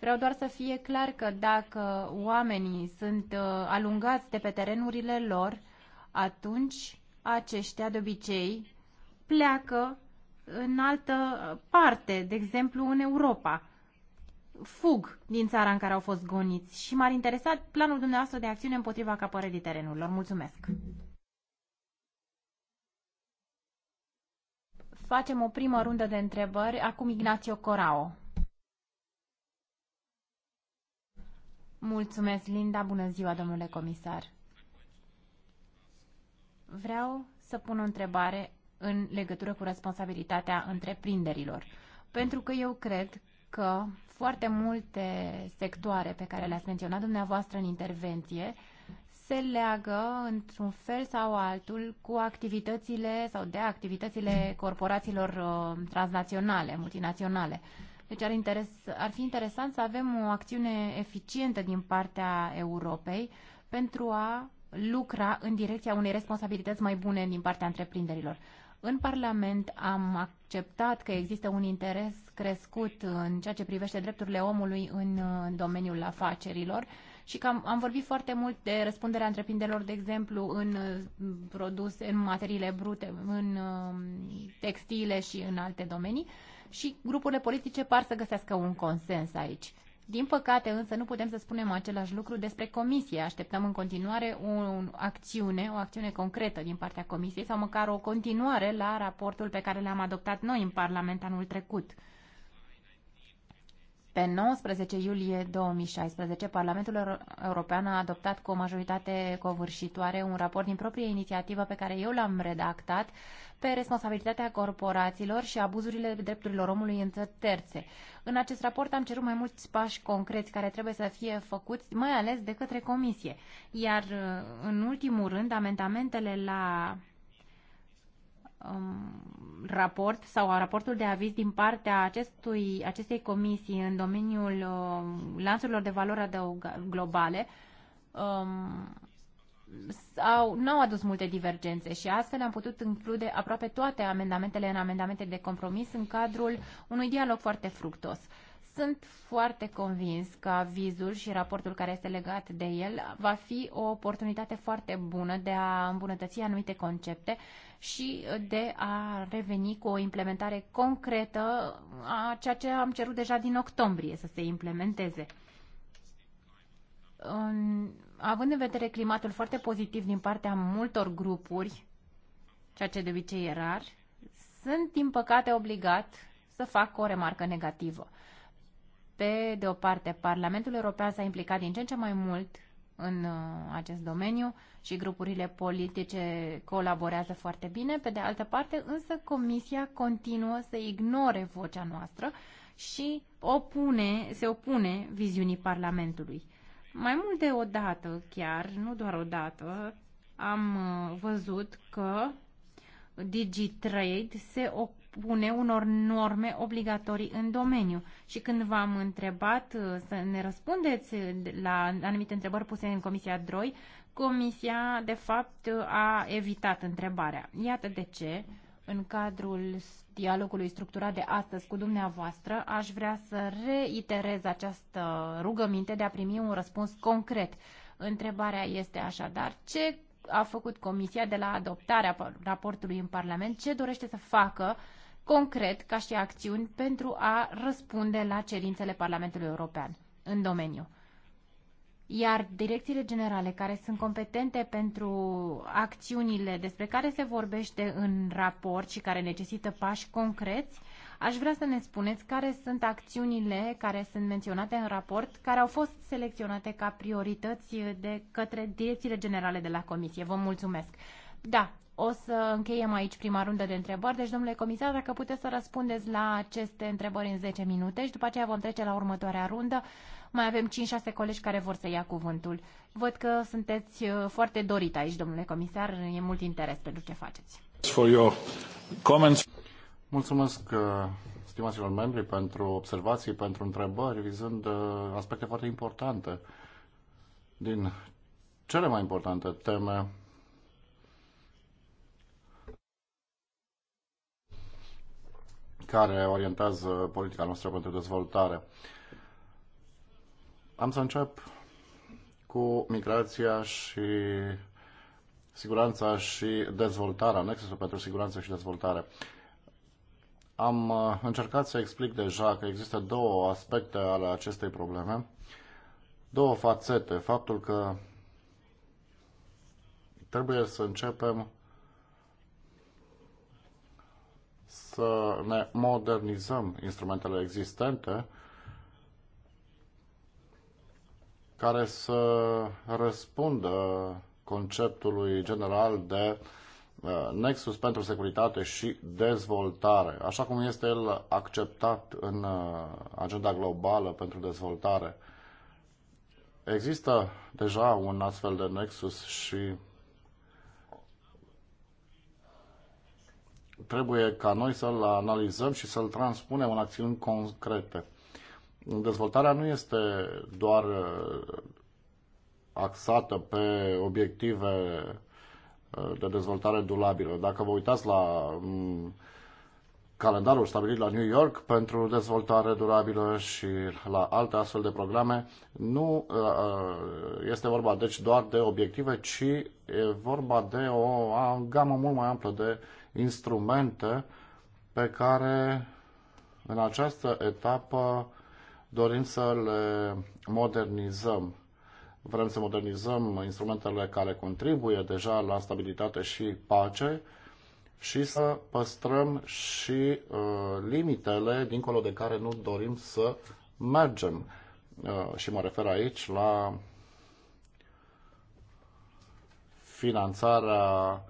Vreau doar să fie clar că dacă oamenii sunt uh, alungați de pe terenurile lor, atunci aceștia de obicei pleacă în altă parte, de exemplu în Europa. Fug din țara în care au fost goniți și m-ar interesa planul dumneavoastră de acțiune împotriva acapărării terenurilor. Mulțumesc! Facem o primă rundă de întrebări. Acum Ignacio Corao. Mulțumesc, Linda. Bună ziua, domnule comisar. Vreau să pun o întrebare în legătură cu responsabilitatea întreprinderilor. Pentru că eu cred că foarte multe sectoare pe care le-ați menționat dumneavoastră în intervenție se leagă într-un fel sau altul cu activitățile sau de activitățile corporațiilor uh, transnaționale, multinaționale. Uh, deci ar, interes, ar fi interesant să avem o acțiune eficientă din partea Europei pentru a lucra în direcția unei responsabilități mai bune din partea întreprinderilor. În Parlament am acceptat că există un interes crescut în ceea ce privește drepturile omului în, domeniul afacerilor și că am, am vorbit foarte mult de răspunderea întreprinderilor, de exemplu, în produse, în materiile brute, în textile și în alte domenii și grupurile politice par să găsească un consens aici. Din păcate însă nu putem să spunem același lucru despre comisie. Așteptăm în continuare o acțiune, o acțiune concretă din partea comisiei sau măcar o continuare la raportul pe care l-am adoptat noi în Parlament anul trecut. Pe 19 iulie 2016, Parlamentul European a adoptat cu o majoritate covârșitoare un raport din proprie inițiativă pe care eu l-am redactat pe responsabilitatea corporațiilor și abuzurile drepturilor omului în țări terțe. În acest raport am cerut mai mulți pași concreți care trebuie să fie făcuți, mai ales de către Comisie. Iar, în ultimul rând, amendamentele la um, raport sau raportul de aviz din partea acestui, acestei comisii în domeniul um, lanțurilor de valoare globale um, sau, n-au adus multe divergențe și astfel am putut include aproape toate amendamentele în amendamente de compromis în cadrul unui dialog foarte fructos. Uh, sunt foarte convins că avizul și raportul care este legat de el va fi o oportunitate foarte bună de a îmbunătăți anumite concepte și de a reveni cu o implementare concretă a ceea ce am cerut deja din octombrie să se implementeze. Având în vedere climatul foarte pozitiv din partea multor grupuri, ceea ce de obicei e rar, sunt din păcate obligat să fac o remarcă negativă pe de o parte, Parlamentul European s-a implicat din ce în ce mai mult în uh, acest domeniu și grupurile politice colaborează foarte bine. Pe de altă parte, însă, Comisia continuă să ignore vocea noastră și opune, se opune viziunii Parlamentului. Mai mult de o dată, chiar, nu doar o dată, am uh, văzut că DigiTrade se opune impune unor norme obligatorii în domeniu. Și când v-am întrebat uh, să ne răspundeți uh, la anumite întrebări puse în Comisia DROI, Comisia, de fapt, uh, a evitat întrebarea. Iată de ce, în cadrul dialogului structurat de astăzi cu dumneavoastră, aș vrea să reiterez această rugăminte de a primi un răspuns concret. Întrebarea este așadar, ce a făcut Comisia de la adoptarea raportului în Parlament, ce dorește să facă concret ca și acțiuni pentru a răspunde la cerințele Parlamentului European în domeniu. Iar direcțiile generale care sunt competente pentru acțiunile despre care se vorbește în raport și care necesită pași concreți, aș vrea să ne spuneți care sunt acțiunile care sunt menționate în raport, care au fost selecționate ca priorități de către direcțiile generale de la Comisie. Vă mulțumesc! Da, o să încheiem aici prima rundă de întrebări. Deci, domnule comisar, dacă puteți să răspundeți la aceste întrebări în 10 minute și după aceea vom trece la următoarea rundă. Mai avem 5-6 colegi care vor să ia cuvântul. Văd că sunteți uh, foarte dorit aici, domnule comisar. E mult interes pentru ce faceți. For your comments. Mulțumesc, uh, stimaților membri, pentru observații, pentru întrebări, vizând uh, aspecte foarte importante din cele mai importante teme care orientează politica noastră pentru dezvoltare. Am să încep cu migrația și siguranța și dezvoltarea, nexusul pentru siguranță și dezvoltare. Am uh, încercat să explic deja că există două aspecte ale acestei probleme, două fațete. Faptul că trebuie să începem să ne modernizăm instrumentele existente care să răspundă conceptului general de uh, nexus pentru securitate și dezvoltare, așa cum este el acceptat în uh, agenda globală pentru dezvoltare. Există deja un astfel de nexus și trebuie ca noi să-l analizăm și să-l transpunem în acțiuni concrete. Dezvoltarea nu este doar uh, axată pe obiective uh, de dezvoltare durabilă. Dacă vă uitați la mm, calendarul stabilit la New York pentru dezvoltare durabilă și la alte astfel de programe, nu uh, este vorba deci doar de obiective, ci e vorba de o gamă mult mai amplă de instrumente pe care în această etapă dorim să le modernizăm. Vrem să modernizăm instrumentele care contribuie deja la stabilitate și pace și să păstrăm și uh, limitele dincolo de care nu dorim să mergem. Uh, și mă refer aici la finanțarea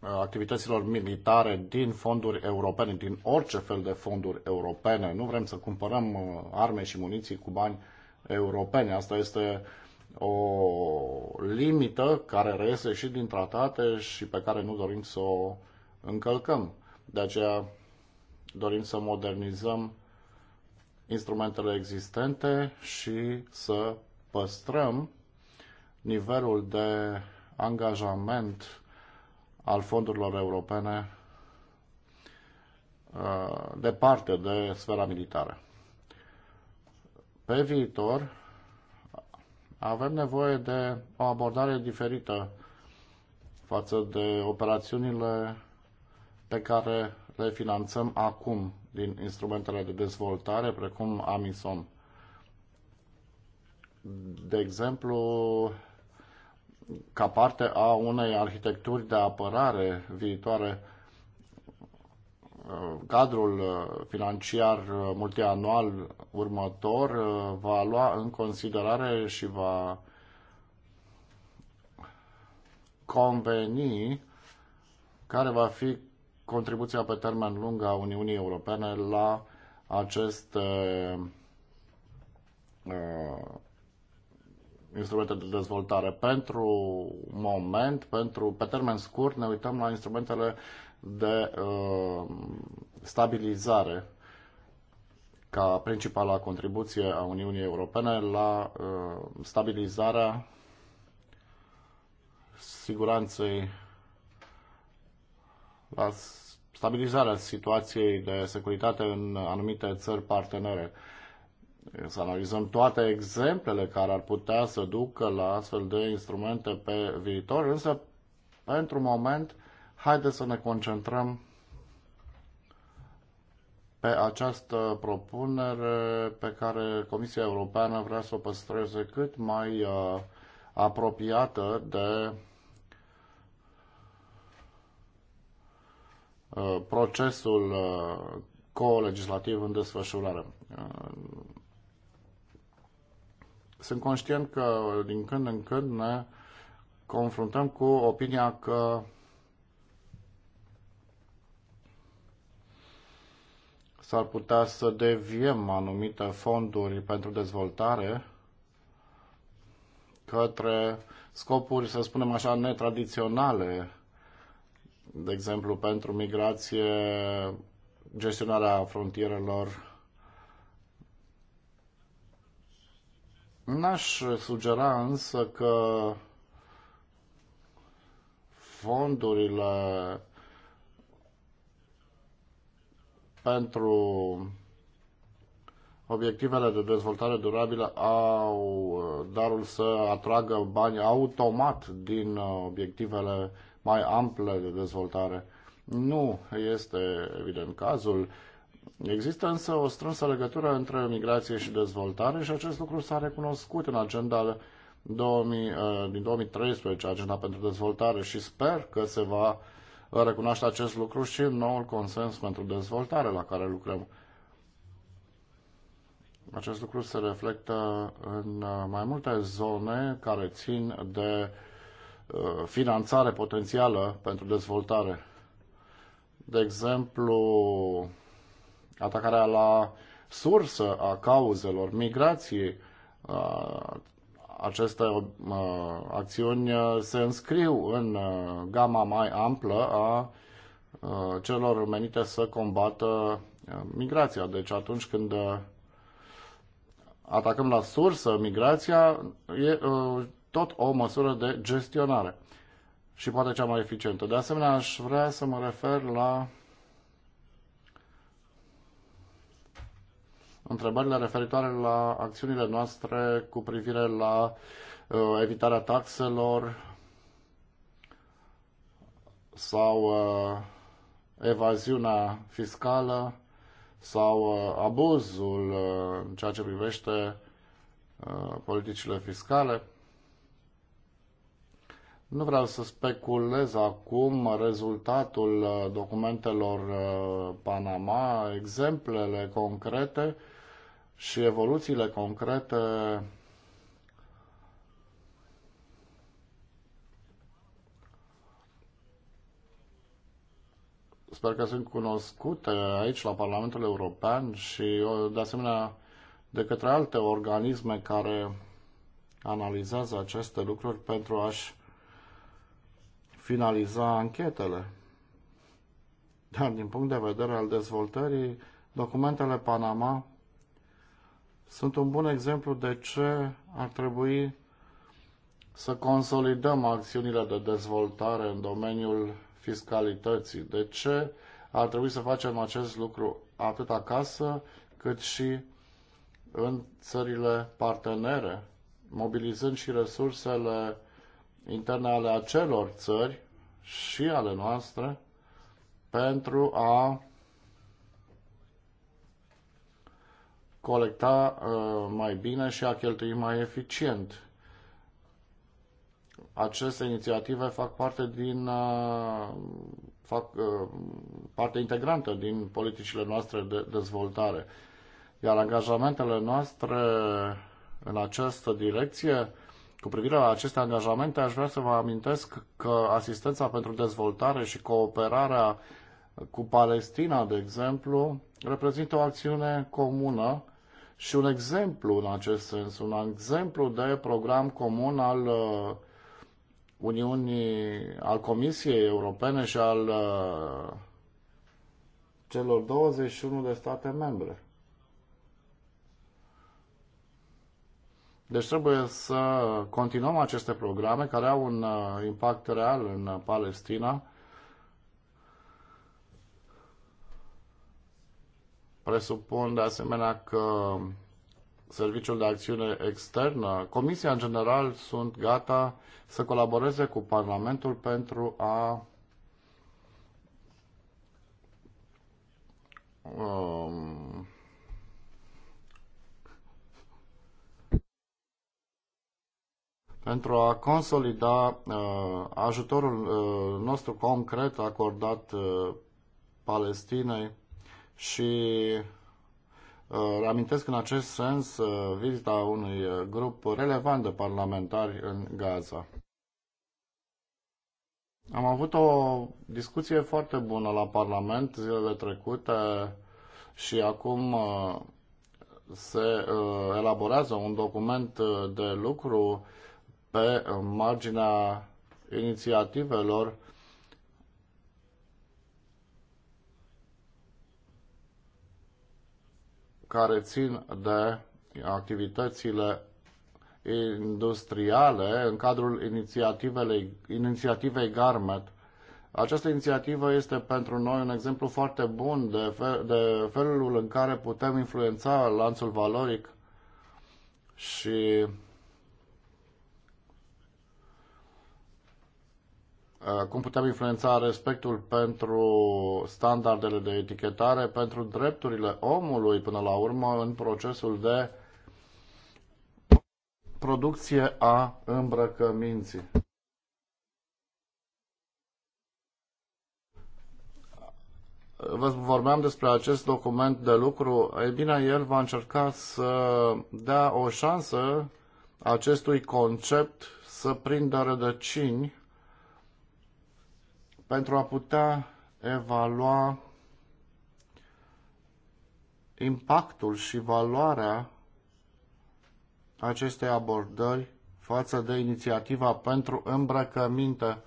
activităților militare din fonduri europene, din orice fel de fonduri europene. Nu vrem să cumpărăm uh, arme și muniții cu bani europene. Asta este o limită care reiese și din tratate și pe care nu dorim să o încălcăm. De aceea dorim să modernizăm instrumentele existente și să păstrăm nivelul de angajament al fondurilor europene uh, departe de sfera militară. Pe viitor avem nevoie de o abordare diferită față de operațiunile pe care le finanțăm acum din instrumentele de dezvoltare, precum Amison. De exemplu, ca parte a unei arhitecturi de apărare viitoare. Uh, cadrul uh, financiar uh, multianual următor va lua în considerare și va conveni care va fi contribuția pe termen lung a Uniunii Europene la acest uh, instrumente de dezvoltare. Pentru moment, pentru, pe termen scurt, ne uităm la instrumentele de uh, stabilizare ca principala contribuție a Uniunii Europene la uh, stabilizarea siguranței, la stabilizarea situației de securitate în anumite țări partenere. Uh, să analizăm toate exemplele care ar putea să ducă la astfel de instrumente pe viitor, însă pentru moment haideți să ne concentrăm pe această propunere pe care Comisia Europeană vrea să o păstreze cât mai uh, apropiată de uh, procesul uh, co-legislativ în desfășurare. Uh, sunt conștient că din când în când ne confruntăm cu opinia că s-ar putea să deviem anumite fonduri pentru dezvoltare către scopuri, să spunem așa, netradiționale, de exemplu pentru migrație, gestionarea frontierelor N-aș sugera însă că fondurile pentru obiectivele de dezvoltare durabilă au darul să atragă bani automat din obiectivele mai ample de dezvoltare. Nu este evident cazul. Există însă o strânsă legătură între migrație și dezvoltare și acest lucru s-a recunoscut în agenda 2000, uh, din 2013, agenda pentru dezvoltare și sper că se va recunoaște acest lucru și în noul consens pentru dezvoltare la care lucrăm. Acest lucru se reflectă în uh, mai multe zone care țin de uh, finanțare potențială pentru dezvoltare. De exemplu, atacarea la sursă a cauzelor migrației, aceste acțiuni se înscriu în gama mai amplă a celor menite să combată migrația. Deci atunci când atacăm la sursă migrația, e tot o măsură de gestionare și poate cea mai eficientă. De asemenea, aș vrea să mă refer la întrebările referitoare la acțiunile noastre cu privire la uh, evitarea taxelor sau uh, evaziunea fiscală sau uh, abuzul uh, în ceea ce privește uh, politicile fiscale. Nu vreau să speculez acum rezultatul uh, documentelor uh, Panama, exemplele concrete și evoluțiile concrete sper că sunt cunoscute aici la Parlamentul European și de asemenea de către alte organisme care analizează aceste lucruri pentru a-și finaliza anchetele. Dar din punct de vedere al dezvoltării, documentele Panama sunt un bun exemplu de ce ar trebui să consolidăm acțiunile de dezvoltare în domeniul fiscalității. De ce ar trebui să facem acest lucru atât acasă cât și în țările partenere, mobilizând și resursele interne ale acelor țări și ale noastre pentru a colecta uh, mai bine și a cheltui mai eficient. Aceste inițiative fac parte din uh, fac uh, parte integrantă din politicile noastre de dezvoltare. Iar angajamentele noastre în această direcție cu privire la aceste angajamente, aș vrea să vă amintesc că asistența pentru dezvoltare și cooperarea cu Palestina, de exemplu, reprezintă o acțiune comună și un exemplu în acest sens, un exemplu de program comun al uh, Uniunii, al Comisiei Europene și al uh, celor 21 de state membre. Deci trebuie să continuăm aceste programe care au un uh, impact real în Palestina Presupun de asemenea că Serviciul de Acțiune Externă, Comisia în general sunt gata să colaboreze cu Parlamentul pentru a um, pentru a consolida uh, ajutorul uh, nostru concret acordat uh, Palestinei și uh, reamintesc în acest sens uh, vizita unui uh, grup relevant de parlamentari în Gaza. Am avut o discuție foarte bună la Parlament zilele trecute și acum se elaborează un document de lucru pe marginea inițiativelor care țin de activitățile industriale în cadrul inițiativei, inițiativei Garmet. Această inițiativă este pentru noi un exemplu foarte bun de, fel, de felul în care putem influența lanțul valoric și Eh, cum putem influența respectul pentru standardele de etichetare, pentru drepturile omului până la urmă în procesul de producție a îmbrăcăminții. Vă vorbeam despre acest document de lucru. Ei bine, el va încerca să dea o șansă acestui concept să prindă rădăcini pentru a putea evalua impactul și valoarea acestei abordări față de inițiativa pentru îmbrăcăminte.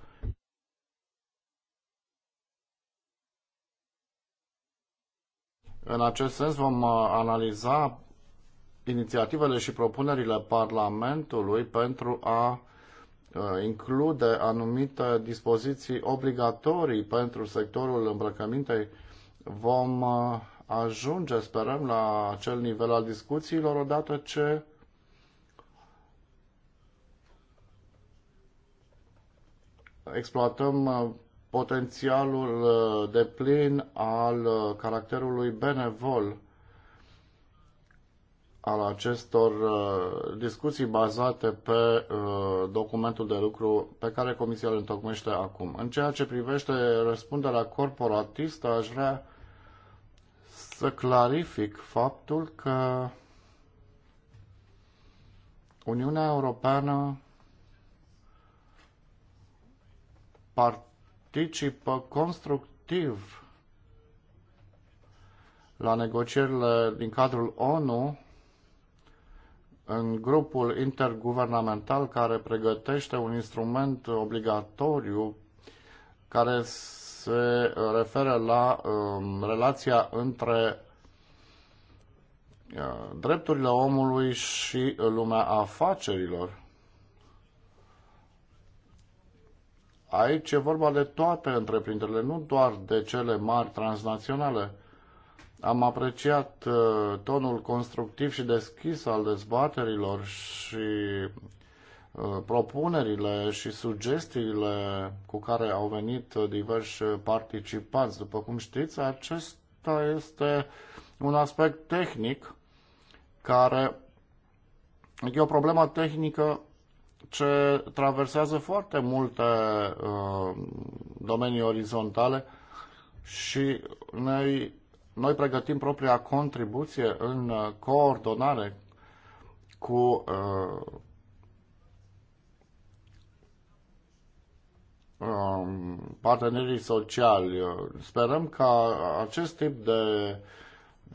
În acest sens vom uh, analiza inițiativele și propunerile Parlamentului pentru a Uh, include anumite dispoziții obligatorii pentru sectorul îmbrăcămintei, vom uh, ajunge, sperăm, la acel nivel al discuțiilor odată ce exploatăm uh, potențialul de plin al caracterului benevol al acestor uh, discuții bazate pe uh, documentul de lucru pe care Comisia îl întocmește acum. În ceea ce privește răspunderea corporatistă, aș vrea să clarific faptul că Uniunea Europeană participă constructiv la negocierile din cadrul ONU în grupul interguvernamental care pregătește un instrument obligatoriu care se referă la um, relația între uh, drepturile omului și lumea afacerilor. Aici e vorba de toate întreprinderile, nu doar de cele mari transnaționale. Am apreciat uh, tonul constructiv și deschis al dezbaterilor și uh, propunerile și sugestiile cu care au venit uh, diversi participanți. După cum știți, acesta este un aspect tehnic care e o problemă tehnică ce traversează foarte multe uh, domenii orizontale și noi noi pregătim propria contribuție în uh, coordonare cu uh, um, partenerii sociali. Sperăm ca acest tip de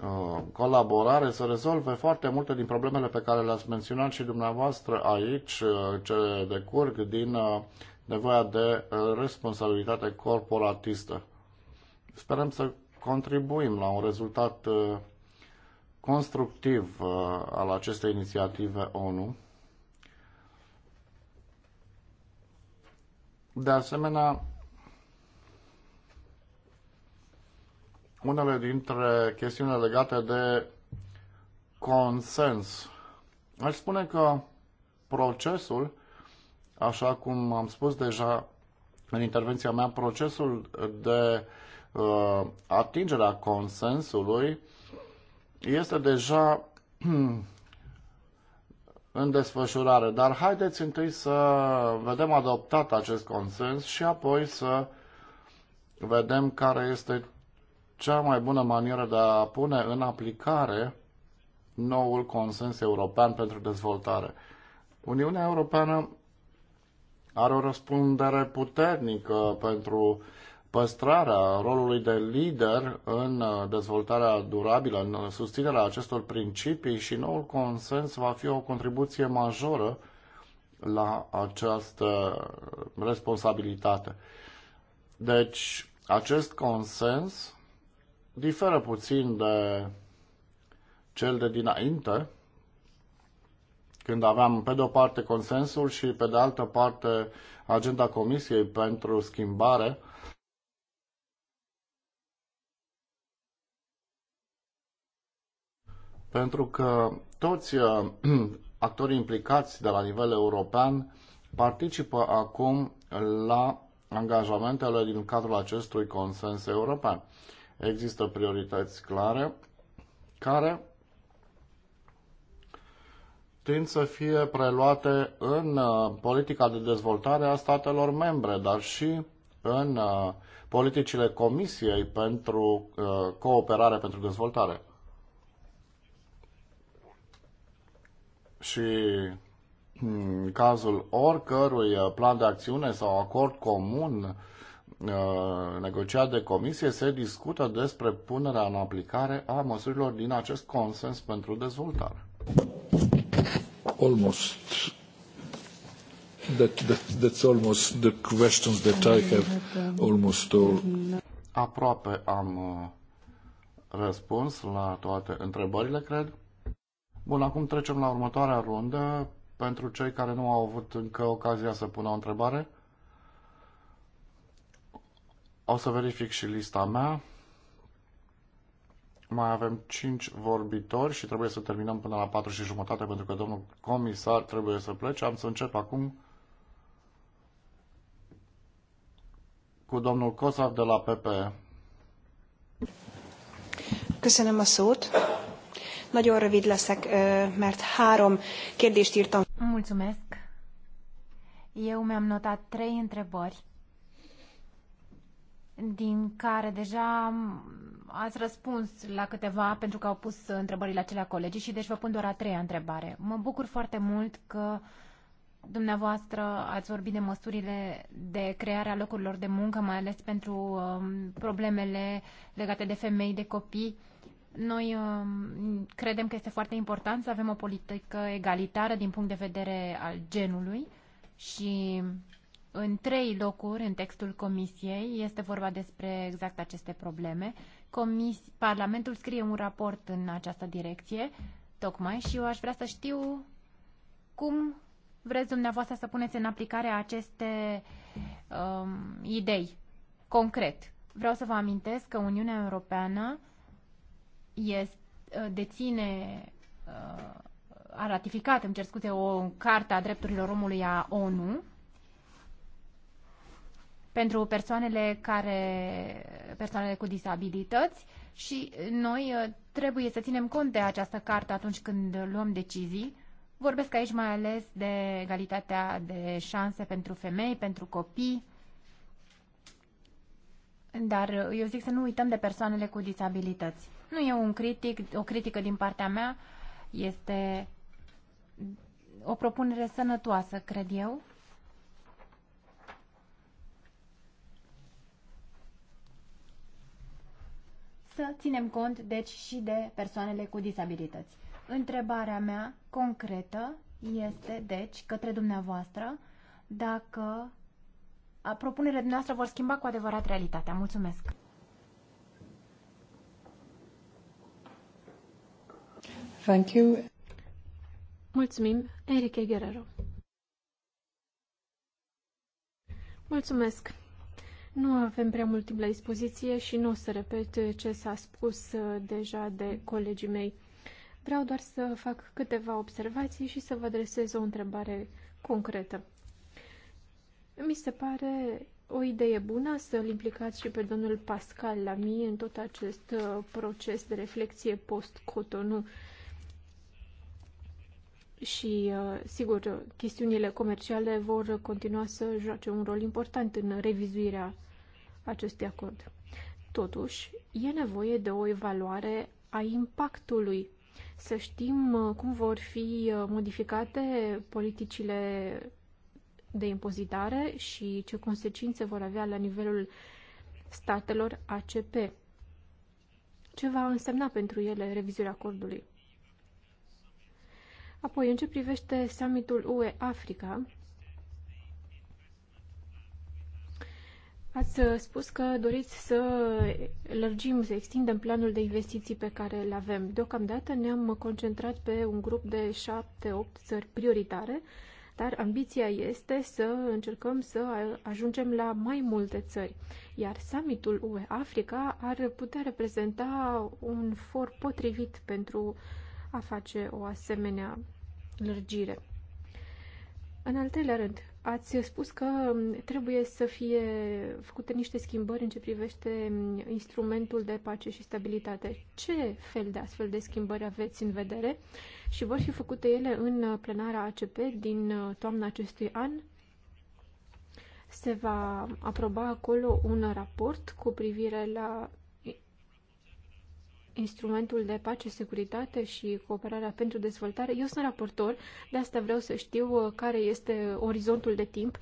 uh, colaborare să rezolve foarte multe din problemele pe care le-ați menționat și dumneavoastră aici, ce decurg din nevoia de responsabilitate corporatistă. Sperăm să contribuim la un rezultat uh, constructiv uh, al acestei inițiative ONU. De asemenea, unele dintre chestiunile legate de consens. Aș spune că procesul, așa cum am spus deja în intervenția mea, procesul de Uh, atingerea consensului este deja în desfășurare. Dar haideți întâi să vedem adoptat acest consens și apoi să vedem care este cea mai bună manieră de a pune în aplicare noul consens european pentru dezvoltare. Uniunea Europeană are o răspundere puternică pentru păstrarea rolului de lider în uh, dezvoltarea durabilă, în uh, susținerea acestor principii și noul consens va fi o contribuție majoră la această responsabilitate. Deci, acest consens diferă puțin de cel de dinainte, când aveam pe de o parte consensul și pe de altă parte agenda Comisiei pentru schimbare, pentru că toți uh, actorii implicați de la nivel european participă acum la angajamentele din cadrul acestui consens european. Există priorități clare care tind să fie preluate în uh, politica de dezvoltare a statelor membre, dar și în uh, politicile Comisiei pentru cooperare pentru dezvoltare. și hmm, în cazul oricărui plan de acțiune sau acord comun uh, negociat de comisie se discută despre punerea în aplicare a măsurilor din acest consens pentru dezvoltare. Almost. That, that, that's almost the questions that I have almost all. Aproape am uh, răspuns la toate întrebările, cred. Bun, acum trecem la următoarea rundă. Pentru cei care nu au avut încă ocazia să pună o întrebare, o să verific și lista mea. Mai avem 5 vorbitori și trebuie să terminăm până la 4 și jumătate pentru că domnul comisar trebuie să plece. Am să încep acum cu domnul Cosav de la PP. Köszönöm a szót. Nagyon rövid leszek, mert három kérdést írtam. Mulțumesc. Eu mi-am notat trei întrebări, din care deja ați răspuns la câteva pentru că au pus întrebările acelea colegii și deci vă pun doar a treia întrebare. Mă bucur foarte mult că Dumneavoastră ați vorbit de măsurile de creare a locurilor de muncă, mai ales pentru um, problemele legate de femei, de copii. Noi um, credem că este foarte important să avem o politică egalitară din punct de vedere al genului și în trei locuri în textul Comisiei este vorba despre exact aceste probleme. Comis, Parlamentul scrie un raport în această direcție, tocmai, și eu aș vrea să știu cum vreți dumneavoastră să puneți în aplicare aceste um, idei concret. Vreau să vă amintesc că Uniunea Europeană este, uh, deține uh, a ratificat, îmi cer scuze, o carte a drepturilor omului a ONU pentru persoanele care persoanele cu disabilități și noi uh, trebuie să ținem cont de această carte atunci când luăm decizii. Vorbesc aici mai ales de egalitatea de șanse pentru femei, pentru copii, dar eu zic să nu uităm de persoanele cu dizabilități. Nu e un critic, o critică din partea mea, este o propunere sănătoasă, cred eu. Să ținem cont, deci, și de persoanele cu disabilități. Întrebarea mea concretă este, deci, către dumneavoastră, dacă propunerile dumneavoastră vor schimba cu adevărat realitatea. Mulțumesc! Thank you. Mulțumim, Enrique Guerrero. Mulțumesc. Nu avem prea mult timp la dispoziție și nu o să repet ce s-a spus uh, deja de colegii mei. Vreau doar să fac câteva observații și să vă adresez o întrebare concretă. Mi se pare o idee bună să-l implicați și pe domnul Pascal la mie în tot acest uh, proces de reflexie post-Cotonou. Și, uh, sigur, chestiunile comerciale vor continua să joace un rol important în revizuirea acestui acord. Totuși, e nevoie de o evaluare a impactului. Să știm uh, cum vor fi modificate politicile de impozitare și ce consecințe vor avea la nivelul statelor ACP. Ce va însemna pentru ele revizuirea acordului? Apoi, în ce privește summitul UE-Africa, ați spus că doriți să lărgim, să extindem planul de investiții pe care îl avem. Deocamdată ne-am concentrat pe un grup de 7-8 țări prioritare, dar ambiția este să încercăm să ajungem la mai multe țări. Iar summitul UE-Africa ar putea reprezenta un for potrivit pentru a face o asemenea lărgire. În al treilea rând, ați spus că trebuie să fie făcute niște schimbări în ce privește instrumentul de pace și stabilitate. Ce fel de astfel de schimbări aveți în vedere și vor fi făcute ele în uh, plenara ACP din uh, toamna acestui an. Se va aproba acolo un raport cu privire la instrumentul de pace, securitate și cooperarea pentru dezvoltare. Eu sunt raportor, de asta vreau să știu uh, care este orizontul de timp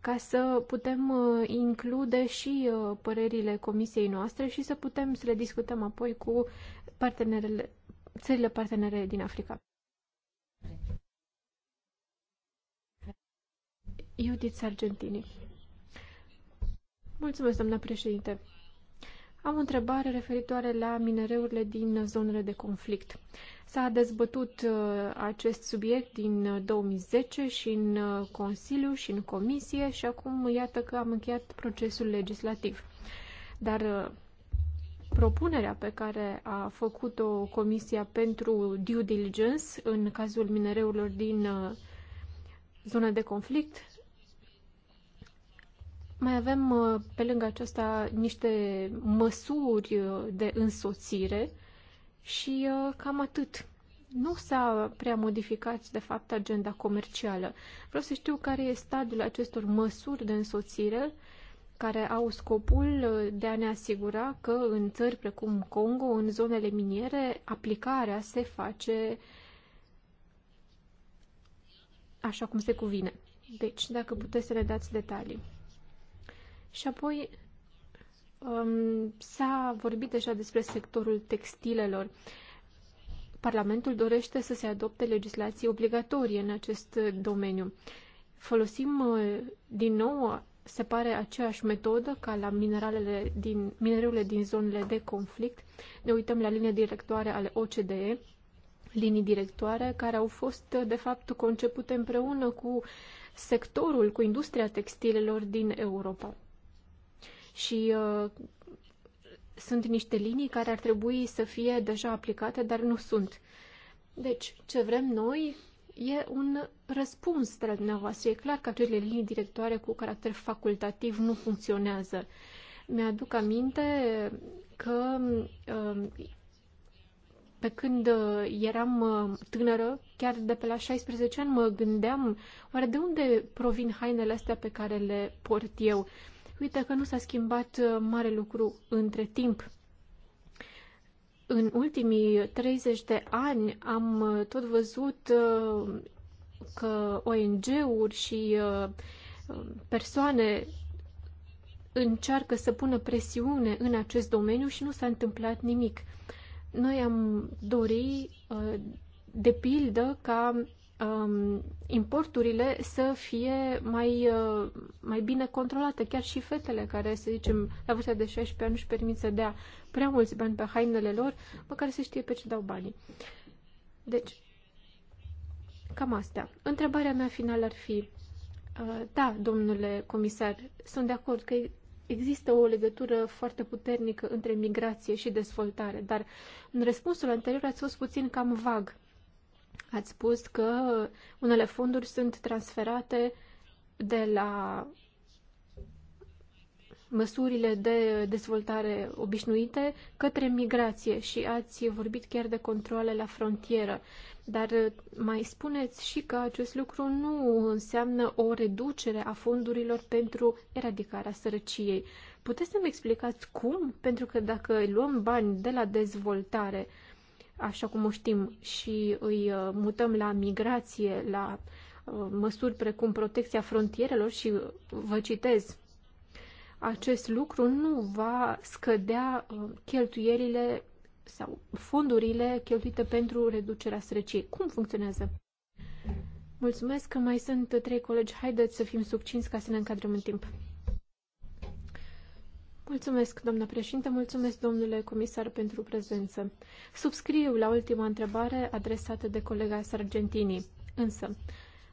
ca să putem include și părerile comisiei noastre și să putem să le discutăm apoi cu partenerele țările partenere din Africa. Judith Sargentini. Mulțumesc, doamna președinte. Am o întrebare referitoare la minereurile din zonele de conflict. S-a dezbătut uh, acest subiect din 2010 uh, și în uh, Consiliu și în Comisie și acum iată că am încheiat procesul legislativ. Dar propunerea pe care a făcut-o Comisia pentru Due Diligence în cazul minereurilor din uh, zona de conflict. Mai avem uh, pe lângă aceasta niște măsuri uh, de însoțire și cam atât. Nu s-a prea modificat, de fapt, agenda comercială. Vreau să știu care e stadiul acestor măsuri de însoțire care au scopul uh, de a ne asigura că în țări precum Congo, în zonele miniere, aplicarea se face așa cum se cuvine. Deci, dacă puteți să ne dați detalii. Și apoi um, s-a vorbit deja despre sectorul textilelor. Parlamentul dorește să se adopte legislație obligatorie în acest domeniu. Folosim uh, din nou se pare aceeași metodă ca la mineralele din, minerele din zonele de conflict. Ne uităm la linii directoare ale OCDE, linii directoare care au fost, de fapt, concepute împreună cu sectorul, cu industria textilelor din Europa. Și uh, sunt niște linii care ar trebui să fie deja aplicate, dar nu sunt. Deci, ce vrem noi e un răspuns de la dumneavoastră. E clar că acele linii directoare cu caracter facultativ nu funcționează. Mi-aduc aminte că um, pe când uh, eram uh, tânără, chiar de pe la 16 ani, mă gândeam oare de unde provin hainele astea pe care le port eu. Uite că nu s-a schimbat uh, mare lucru între timp. În ultimii 30 de ani am uh, tot văzut uh, că ONG-uri și uh, persoane încearcă să pună presiune în acest domeniu și nu s-a întâmplat nimic. Noi am dori, de pildă, ca um, importurile să fie mai, uh, mai bine controlate. Chiar și fetele care, să zicem, la vârsta de 16 ani nu-și permit să dea prea mulți bani pe hainele lor, măcar să știe pe ce dau banii. Deci, cam astea. Întrebarea mea finală ar fi, uh, da, domnule comisar, sunt de acord că există o legătură foarte puternică între migrație și dezvoltare, dar în răspunsul anterior ați fost puțin cam vag Ați spus că unele fonduri sunt transferate de la măsurile de dezvoltare obișnuite către migrație și ați vorbit chiar de controle la frontieră. Dar mai spuneți și că acest lucru nu înseamnă o reducere a fondurilor pentru eradicarea sărăciei. Puteți să-mi explicați cum? Pentru că dacă luăm bani de la dezvoltare, așa cum o știm, și îi uh, mutăm la migrație, la uh, măsuri precum protecția frontierelor și uh, vă citez, acest lucru nu va scădea cheltuielile sau fondurile cheltuite pentru reducerea sărăciei. Cum funcționează? Mulțumesc că mai sunt trei colegi. Haideți să fim succinți ca să ne încadrăm în timp. Mulțumesc, doamnă președinte, mulțumesc, domnule comisar, pentru prezență. Subscriu la ultima întrebare adresată de colega Sargentini. Însă,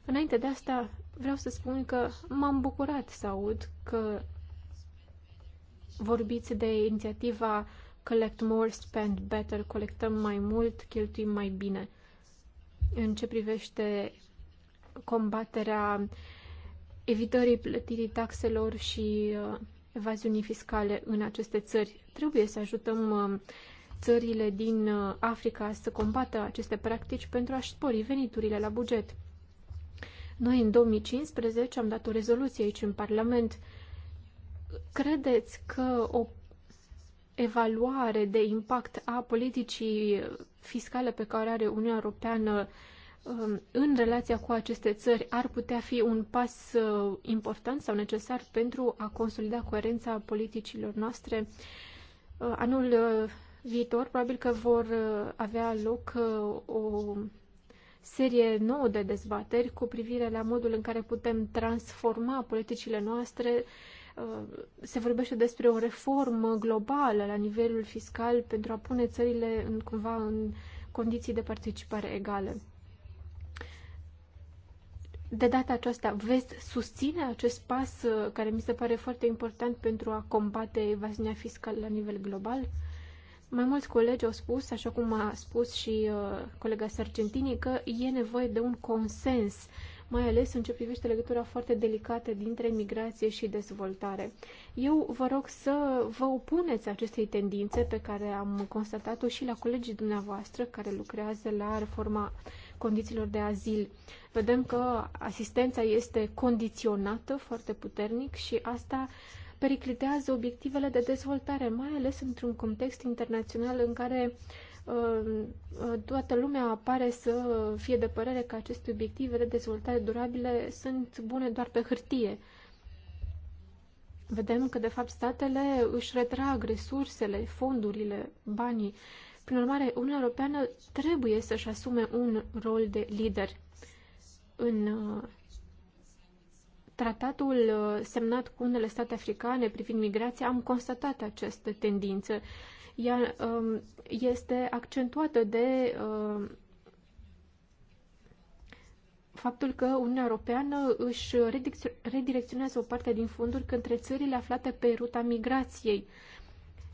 înainte de asta, vreau să spun că m-am bucurat să aud că vorbiți de inițiativa Collect More, Spend Better, colectăm mai mult, cheltuim mai bine. În ce privește combaterea evitării plătirii taxelor și uh, evaziunii fiscale în aceste țări. Trebuie să ajutăm uh, țările din uh, Africa să combată aceste practici pentru a-și spori veniturile la buget. Noi în 2015 am dat o rezoluție aici în Parlament. Credeți că o evaluare de impact a politicii fiscale pe care are Uniunea Europeană Um, în relația cu aceste țări ar putea fi un pas uh, important sau necesar pentru a consolida coerența politicilor noastre. Uh, anul uh, viitor probabil că vor avea loc o serie nouă de dezbateri cu privire la modul în care putem transforma politicile noastre. Se vorbește despre o reformă globală la nivelul fiscal pentru a pune țările în, cumva în condiții de participare egale de data aceasta veți susține acest pas uh, care mi se pare foarte important pentru a combate evaziunea fiscală la nivel global? Mai mulți colegi au spus, așa cum a spus și uh, colega Sargentini, că e nevoie de un consens, mai ales în ce privește legătura foarte delicată dintre migrație și dezvoltare. Eu vă rog să vă opuneți acestei tendințe pe care am constatat-o și la colegii dumneavoastră care lucrează la reforma uh, condițiilor de azil. Vedem că asistența este condiționată foarte puternic și asta periclitează obiectivele de dezvoltare, mai ales într-un context internațional în care uh, uh, toată lumea apare să fie de părere că aceste obiective de dezvoltare durabile sunt bune doar pe hârtie. Vedem că, de fapt, statele își retrag resursele, fondurile, banii prin urmare, Uniunea Europeană trebuie să-și asume un rol de lider. În uh, tratatul uh, semnat cu unele state africane privind migrația am constatat această tendință. Ea um, este accentuată de uh, faptul că Uniunea Europeană își redirecționează o parte din fonduri către țările aflate pe ruta migrației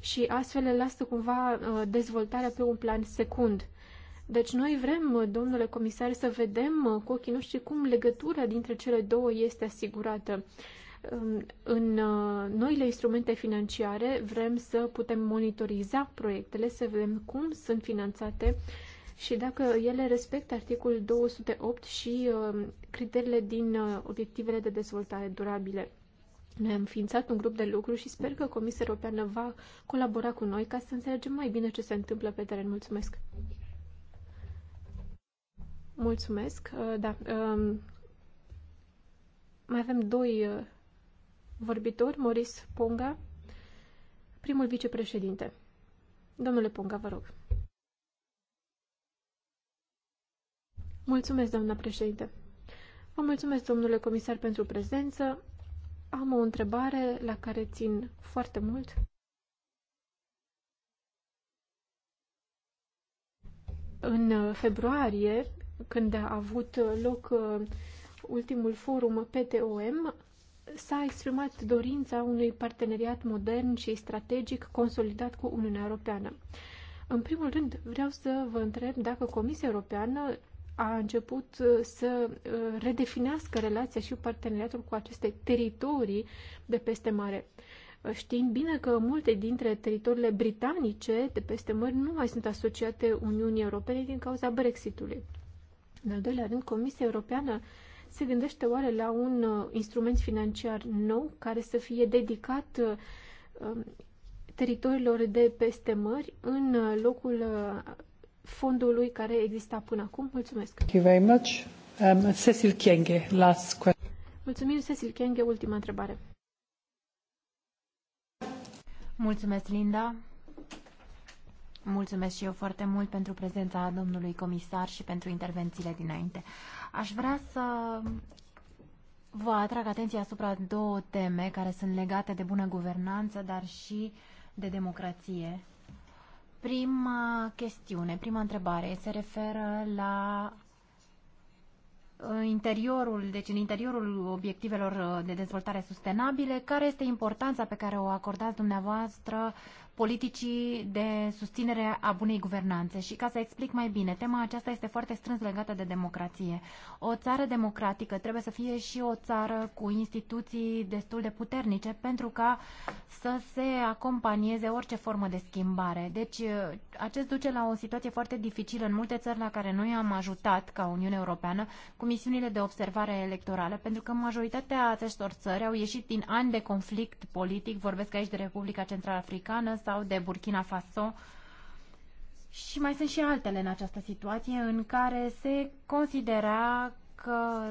și astfel le lasă cumva uh, dezvoltarea pe un plan secund. Deci noi vrem, uh, domnule comisar, să vedem uh, cu ochii noștri cum legătura dintre cele două este asigurată. Um, în noile instrumente financiare vrem să putem monitoriza proiectele, să vedem cum sunt finanțate și dacă ele respectă articolul 208 și criteriile din obiectivele de dezvoltare durabile. Noi am ființat un grup de lucru și sper că Comisia Europeană va colabora cu noi ca să înțelegem mai bine ce se întâmplă pe teren. Mulțumesc! Mulțumesc! Uh, da, um, mai avem doi uh, vorbitori, Moris Ponga, primul vicepreședinte. Domnule Ponga, vă rog. Mulțumesc, doamna președinte. Vă mulțumesc, domnule comisar, pentru prezență. Am o întrebare la care țin foarte mult. În februarie, când a avut loc uh, ultimul forum PTOM, s-a exprimat dorința unui parteneriat modern și strategic consolidat cu Uniunea Europeană. În primul rând, vreau să vă întreb dacă Comisia Europeană a început uh, să uh, redefinească relația și parteneriatul cu aceste teritorii de peste mare. Uh, Știind bine că multe dintre teritoriile britanice de peste mări nu mai sunt asociate Uniunii Europene din cauza Brexitului. În al doilea rând, Comisia Europeană se gândește oare la un instrument financiar nou care să fie dedicat um, teritoriilor de peste mări în locul fondului care exista până acum. Mulțumesc. Thank you very much. Um, Cecil Kienge, last question. Mulțumim, Cecil Kienge, ultima întrebare. Mulțumesc, Linda. Mulțumesc și eu foarte mult pentru prezența domnului comisar și pentru intervențiile dinainte. Aș vrea să vă atrag atenția asupra două teme care sunt legate de bună guvernanță, dar și de democrație Prima chestiune, prima întrebare se referă la uh, interiorul, deci în interiorul obiectivelor uh, de dezvoltare sustenabile, care este importanța pe care o acordați dumneavoastră uh, politicii de susținere a bunei guvernanțe. Și ca să explic mai bine, tema aceasta este foarte strâns legată de democrație. O țară democratică trebuie să fie și o țară cu instituții destul de puternice pentru ca să se acompanieze orice formă de schimbare. Deci acest duce la o situație foarte dificilă în multe țări la care noi am ajutat ca Uniune Europeană cu misiunile de observare electorală, pentru că majoritatea acestor țări au ieșit din ani de conflict politic, vorbesc aici de Republica Central Africană sau de Burkina Faso. Și mai sunt și altele în această situație în care se considera că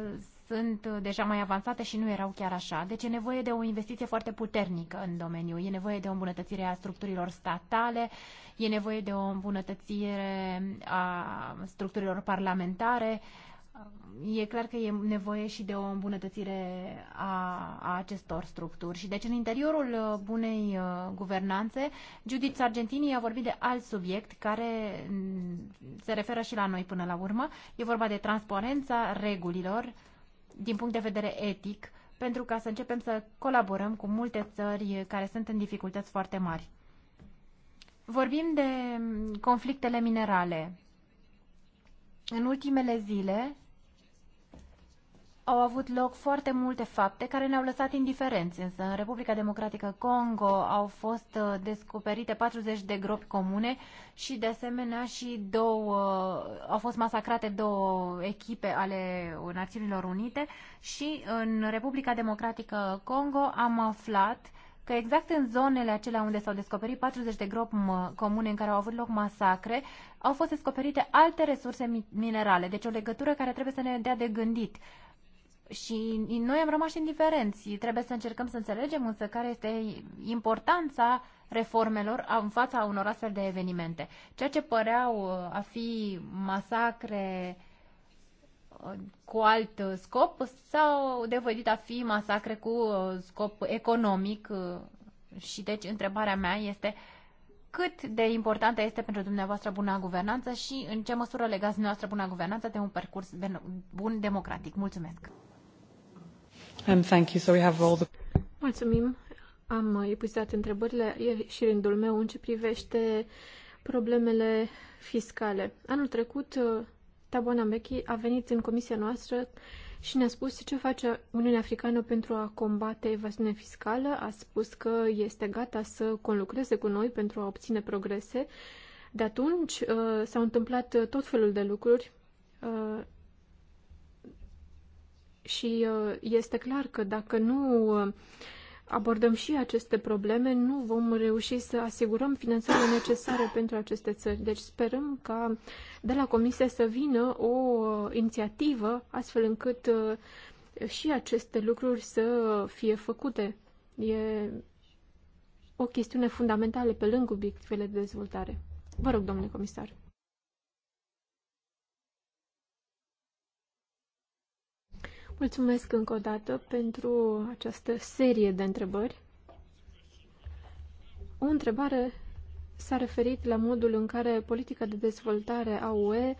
sunt deja mai avansate și nu erau chiar așa. Deci e nevoie de o investiție foarte puternică în domeniu. E nevoie de o îmbunătățire a structurilor statale, e nevoie de o îmbunătățire a structurilor parlamentare, E clar că e nevoie și de o îmbunătățire a, a acestor structuri. Și deci în interiorul uh, bunei uh, guvernanțe, Judith Sargentini a vorbit de alt subiect care mm, se referă și la noi până la urmă. E vorba de transparența regulilor din punct de vedere etic, pentru ca să începem să colaborăm cu multe țări care sunt în dificultăți foarte mari. Vorbim de mm, conflictele minerale. În ultimele zile au avut loc foarte multe fapte care ne-au lăsat indiferenți, însă în Republica Democratică Congo au fost uh, descoperite 40 de gropi comune și de asemenea și două, au fost masacrate două echipe ale Națiunilor Unite și în Republica Democratică Congo am aflat că exact în zonele acelea unde s-au descoperit 40 de gropi comune în care au avut loc masacre, au fost descoperite alte resurse minerale, deci o legătură care trebuie să ne dea de gândit și noi am rămas indiferenți. Trebuie să încercăm să înțelegem însă care este importanța reformelor în fața unor astfel de evenimente. Ceea ce păreau uh, uh, uh, a fi masacre cu alt scop sau de devedit a fi masacre cu scop economic și deci întrebarea mea este cât de importantă este pentru dumneavoastră buna guvernanță și în ce măsură legați dumneavoastră buna guvernanță de un percurs bun democratic. Mulțumesc! Mulțumim. Am epuizat întrebările e și rândul meu în ce privește problemele fiscale. Anul trecut, uh, Tabona Mechi a venit în comisia noastră și ne-a spus ce face Uniunea Africană pentru a combate evaziunea fiscală. A spus că este gata să conlucreze cu noi pentru a obține progrese. De atunci uh, s-au întâmplat tot felul de lucruri uh, și uh, este clar că dacă nu uh, abordăm și aceste probleme, nu vom reuși să asigurăm finanțarea necesară pentru aceste țări. Deci sperăm ca de la Comisie să vină o uh, inițiativă astfel încât și aceste lucruri să fie făcute. E o chestiune fundamentală pe lângă obiectivele de dezvoltare. Vă rog, domnule comisar. Mulțumesc încă o dată pentru această serie de întrebări. O întrebare s-a referit la modul în care politica de dezvoltare a UE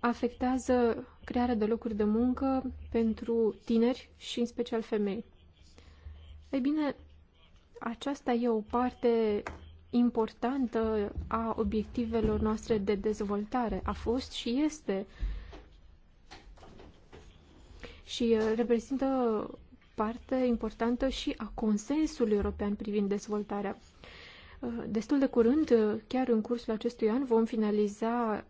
afectează crearea de locuri de muncă pentru tineri și în special femei. Ei bine, aceasta e o parte importantă a obiectivelor noastre de dezvoltare. A fost și este uh, și uh, reprezintă parte importantă și a consensului european privind dezvoltarea. Uh, destul de curând, uh, chiar în cursul acestui an, vom finaliza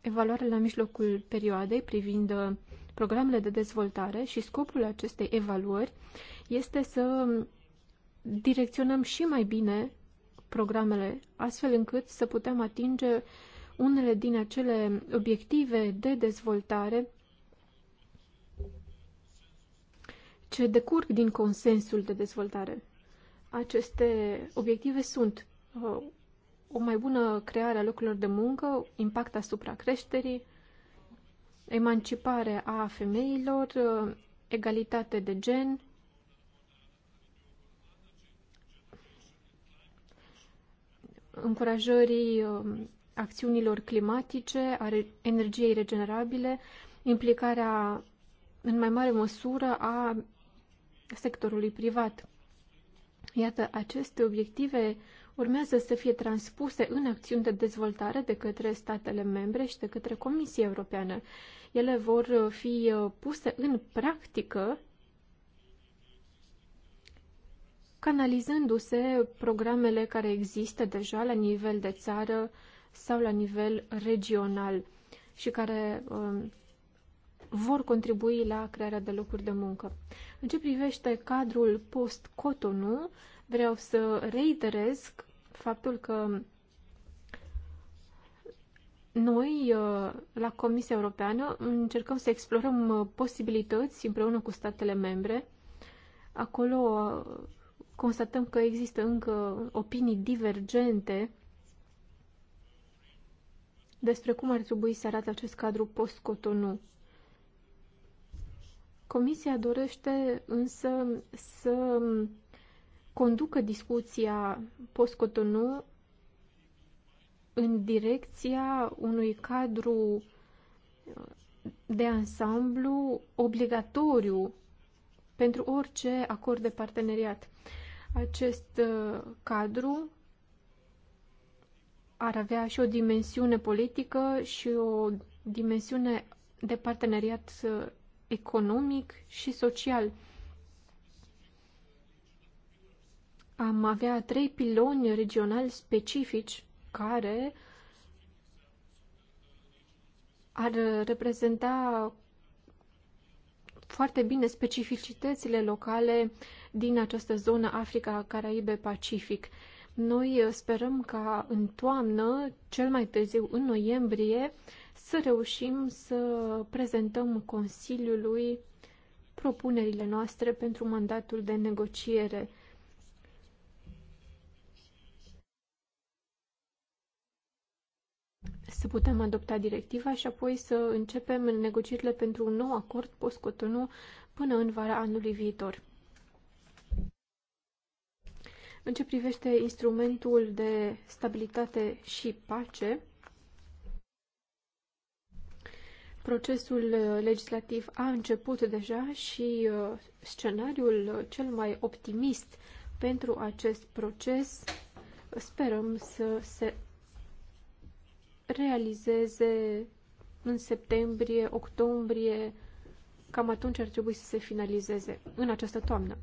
evaluarea la mijlocul perioadei privind programele de dezvoltare și scopul acestei evaluări este să direcționăm și mai bine programele, astfel încât să putem atinge unele din acele obiective de dezvoltare ce decurg din consensul de dezvoltare. Aceste obiective sunt uh, o mai bună creare a locurilor de muncă, impact asupra creșterii, emancipare a femeilor, uh, egalitate de gen, încurajării um, acțiunilor climatice, a energiei regenerabile, implicarea în mai mare măsură a sectorului privat. Iată, aceste obiective urmează să fie transpuse în acțiuni de dezvoltare de către statele membre și de către Comisia Europeană. Ele vor fi uh, puse în practică canalizându-se programele care există deja la nivel de țară sau la nivel regional și care um, vor contribui la crearea de locuri de muncă. În ce privește cadrul post-Cotonou, vreau să reiterez faptul că noi, uh, la Comisia Europeană, încercăm să explorăm uh, posibilități împreună cu statele membre. Acolo uh, constatăm că există încă opinii divergente despre cum ar trebui să arate acest cadru post-Cotonou. Comisia dorește însă să conducă discuția post-Cotonou în direcția unui cadru uh, de ansamblu obligatoriu pentru orice acord de parteneriat. Acest uh, cadru ar avea și o dimensiune politică și o dimensiune de parteneriat uh, economic și social. Am avea trei piloni regionali specifici care ar reprezenta foarte bine specificitățile locale din această zonă Africa, Caraibe, Pacific. Noi sperăm ca în toamnă, cel mai târziu în noiembrie, să reușim să prezentăm Consiliului propunerile noastre pentru mandatul de negociere. Să putem adopta directiva și apoi să începem negocierile pentru un nou acord post-Cotonou până în vara anului viitor. În ce privește instrumentul de stabilitate și pace, Procesul uh, legislativ a început deja și uh, scenariul uh, cel mai optimist pentru acest proces sperăm să se realizeze în septembrie, octombrie, cam atunci ar trebui să se finalizeze, în această toamnă.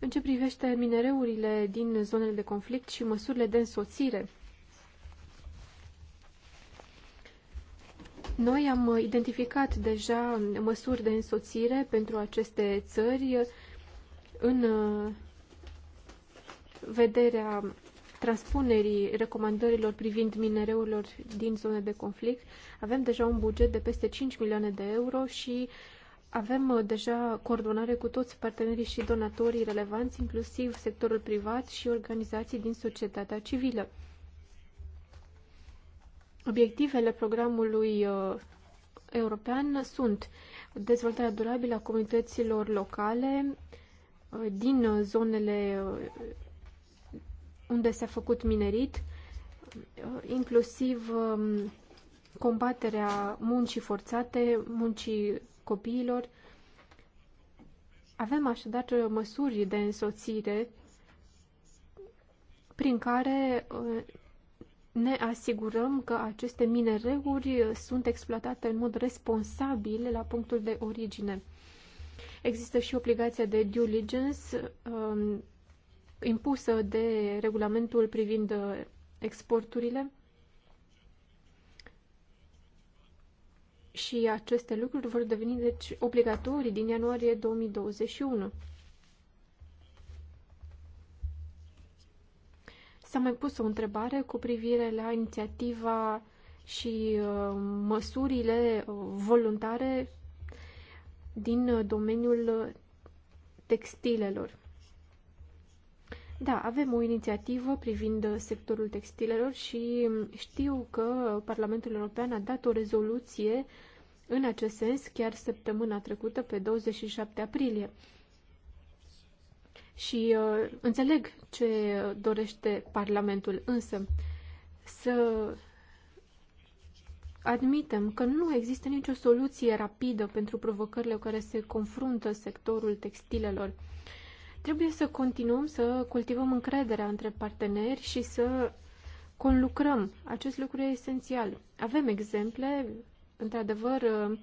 În ce privește minereurile din zonele de conflict și măsurile de însoțire Noi am identificat deja măsuri de însoțire pentru aceste țări în uh, vederea transpunerii recomandărilor privind minereurilor din zone de conflict. Avem deja un buget de peste 5 milioane de euro și avem uh, deja coordonare cu toți partenerii și donatorii relevanți, inclusiv sectorul privat și organizații din societatea civilă. Obiectivele programului uh, european sunt dezvoltarea durabilă a comunităților locale uh, din zonele uh, unde s-a făcut minerit, inclusiv um, combaterea muncii forțate, muncii copiilor. Avem așadar măsuri de însoțire prin care ne asigurăm că aceste minereuri sunt exploatate în mod responsabil la punctul de origine. Există și obligația de due diligence um, impusă de regulamentul privind uh, exporturile și aceste lucruri vor deveni deci obligatorii din ianuarie 2021. S-a mai pus o întrebare cu privire la inițiativa și uh, măsurile uh, voluntare din uh, domeniul textilelor. Da, avem o inițiativă privind sectorul textilelor și um, știu că Parlamentul European a dat o rezoluție în acest sens chiar săptămâna trecută, pe 27 aprilie și uh, înțeleg ce dorește Parlamentul, însă să admitem că nu există nicio soluție rapidă pentru provocările cu care se confruntă sectorul textilelor. Trebuie să continuăm să cultivăm încrederea între parteneri și să conlucrăm. Acest lucru e esențial. Avem exemple, într-adevăr, uh,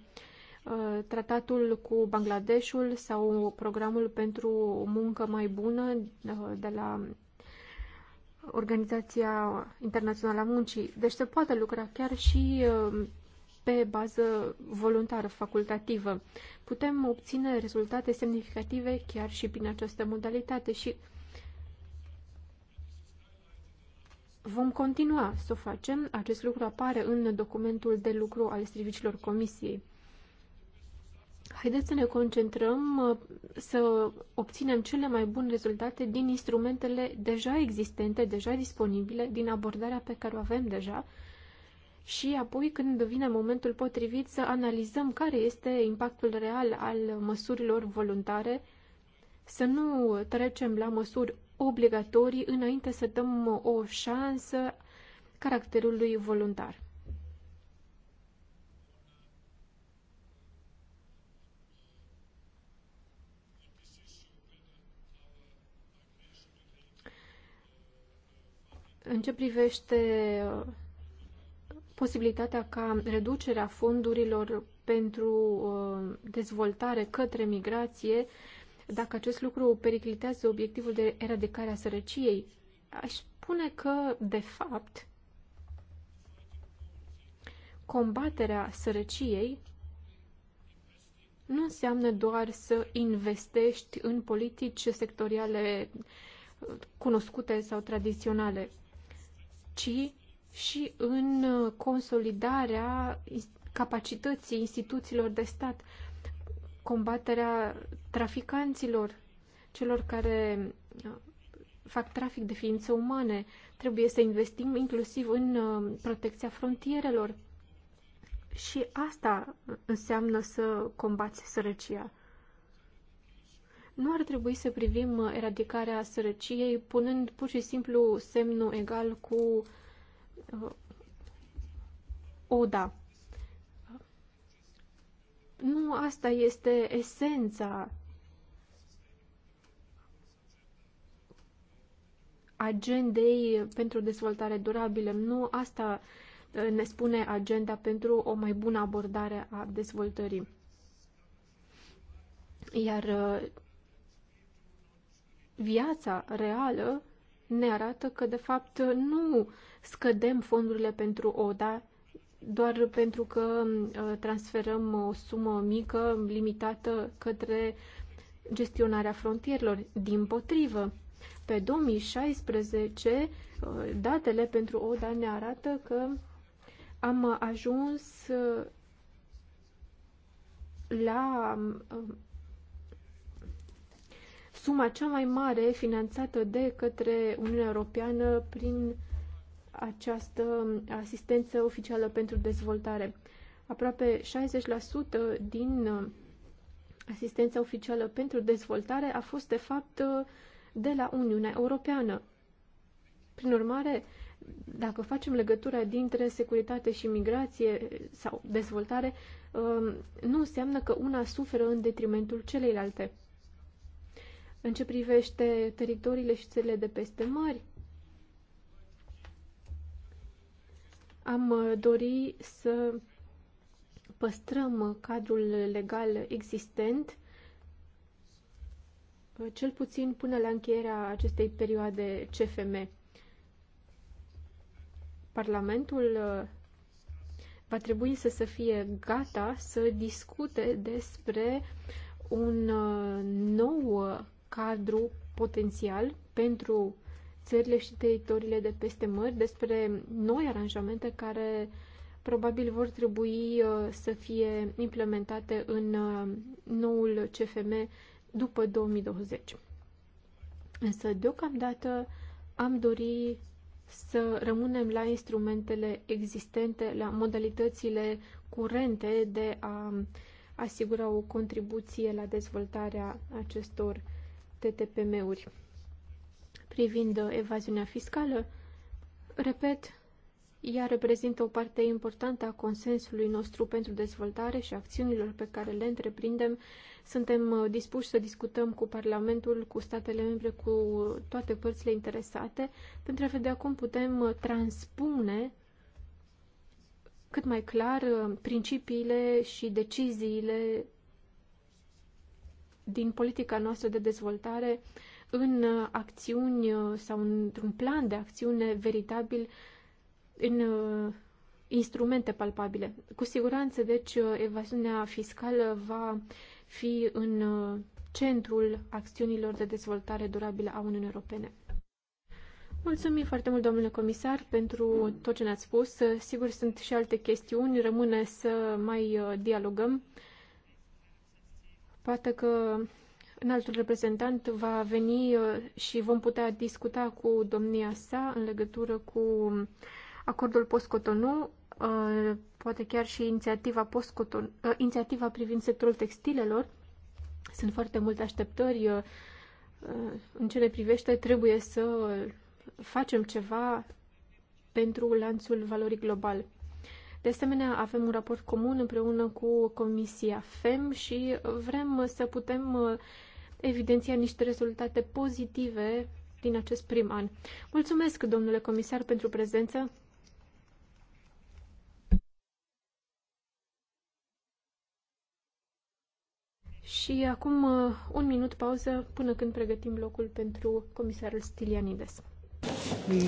Uh, tratatul cu Bangladeshul sau programul pentru o muncă mai bună uh, de la Organizația Internațională a Muncii. Deci se poate lucra chiar și uh, pe bază voluntară, facultativă. Putem obține rezultate semnificative chiar și prin această modalitate și vom continua să o facem. Acest lucru apare în documentul de lucru al serviciilor Comisiei. Haideți să ne concentrăm să obținem cele mai bune rezultate din instrumentele deja existente, deja disponibile, din abordarea pe care o avem deja și apoi când vine momentul potrivit să analizăm care este impactul real al măsurilor voluntare, să nu trecem la măsuri obligatorii înainte să dăm o șansă caracterului voluntar. În ce privește uh, posibilitatea ca reducerea fondurilor pentru uh, dezvoltare către migrație, dacă acest lucru periclitează obiectivul de eradicare a sărăciei, aș spune că, de fapt, combaterea sărăciei nu înseamnă doar să investești în politici sectoriale uh, cunoscute sau tradiționale ci și în consolidarea capacității instituțiilor de stat, combaterea traficanților, celor care uh, fac trafic de ființe umane. Trebuie să investim inclusiv în uh, protecția frontierelor. Și asta înseamnă să combați sărăcia nu ar trebui să privim eradicarea sărăciei punând pur și simplu semnul egal cu uh, ODA. Nu asta este esența agendei pentru dezvoltare durabilă. Nu asta uh, ne spune agenda pentru o mai bună abordare a dezvoltării. Iar uh, viața reală ne arată că, de fapt, nu scădem fondurile pentru ODA doar pentru că uh, transferăm o sumă mică, limitată, către gestionarea frontierelor. Din potrivă, pe 2016, uh, datele pentru ODA ne arată că am ajuns uh, la um, suma cea mai mare finanțată de către Uniunea Europeană prin această asistență oficială pentru dezvoltare. Aproape 60% din asistența oficială pentru dezvoltare a fost, de fapt, de la Uniunea Europeană. Prin urmare, dacă facem legătura dintre securitate și migrație sau dezvoltare, um, nu înseamnă că una suferă în detrimentul celeilalte. În ce privește teritoriile și țările de peste mări, am uh, dori să păstrăm cadrul legal existent, uh, cel puțin până la încheierea acestei perioade CFM. Parlamentul uh, va trebui să, să fie gata să discute despre un nou cadru potențial pentru țările și teritoriile de peste mări, despre noi aranjamente care probabil vor trebui uh, să fie implementate în uh, noul CFM după 2020. Însă, deocamdată, am dori să rămânem la instrumentele existente, la modalitățile curente de a asigura o contribuție la dezvoltarea acestor TTPM-uri. Privind uh, evaziunea fiscală, repet, ea reprezintă o parte importantă a consensului nostru pentru dezvoltare și acțiunilor pe care le întreprindem. Suntem uh, dispuși să discutăm cu Parlamentul, cu statele membre, cu toate părțile interesate, pentru a vedea cum putem uh, transpune cât mai clar principiile și deciziile din politica noastră de dezvoltare în uh, acțiuni uh, sau într-un plan de acțiune veritabil în uh, instrumente palpabile. Cu siguranță, deci, evaziunea fiscală va fi în centrul acțiunilor de dezvoltare durabilă a Uniunii Europene. Mulțumim foarte mult, domnule comisar, pentru tot ce ne-ați spus. Sigur, sunt și alte chestiuni, rămâne să mai dialogăm. Poate că în altul reprezentant va veni uh, și vom putea discuta cu domnia sa în legătură cu acordul post-Cotonou, uh, poate chiar și inițiativa, post uh, inițiativa privind sectorul textilelor. Sunt foarte multe așteptări în ce ne privește. Trebuie să facem ceva pentru lanțul valorii global. De asemenea, avem un raport comun împreună cu Comisia FEM și vrem să putem uh, evidenția niște rezultate pozitive din acest prim an. Mulțumesc, domnule comisar, pentru prezență. Și acum uh, un minut pauză până când pregătim locul pentru comisarul Stilianides. Bine.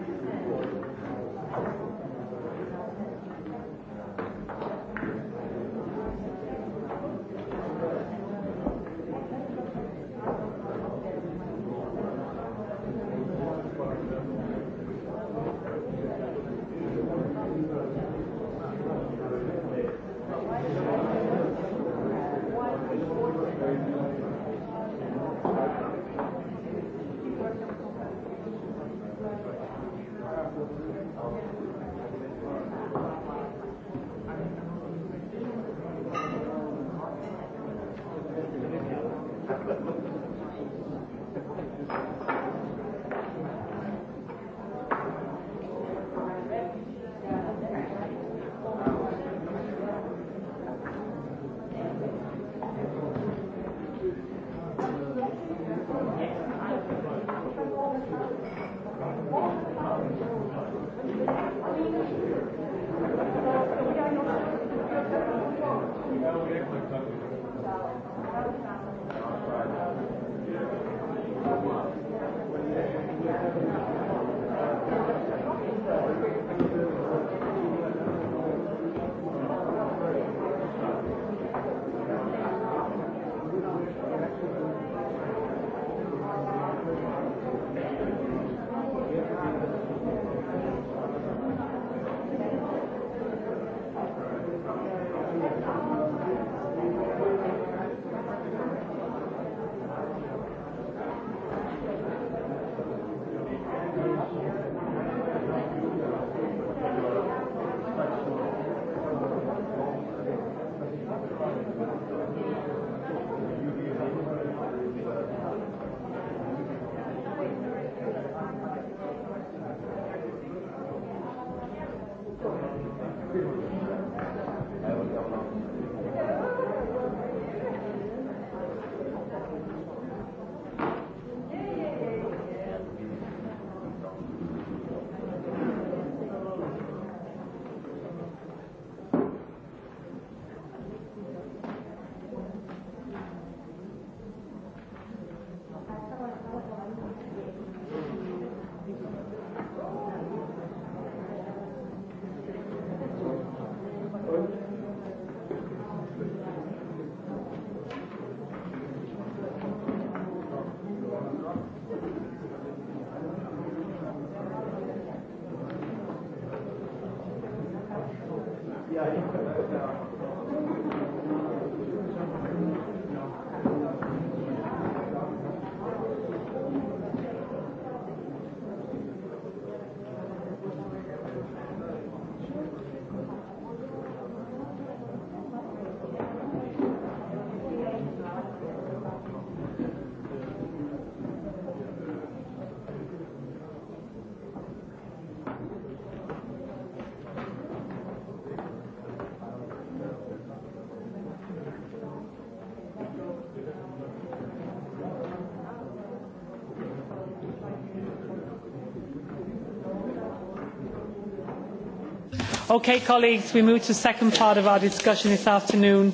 Okay, colleagues, we move to second part of our discussion this afternoon.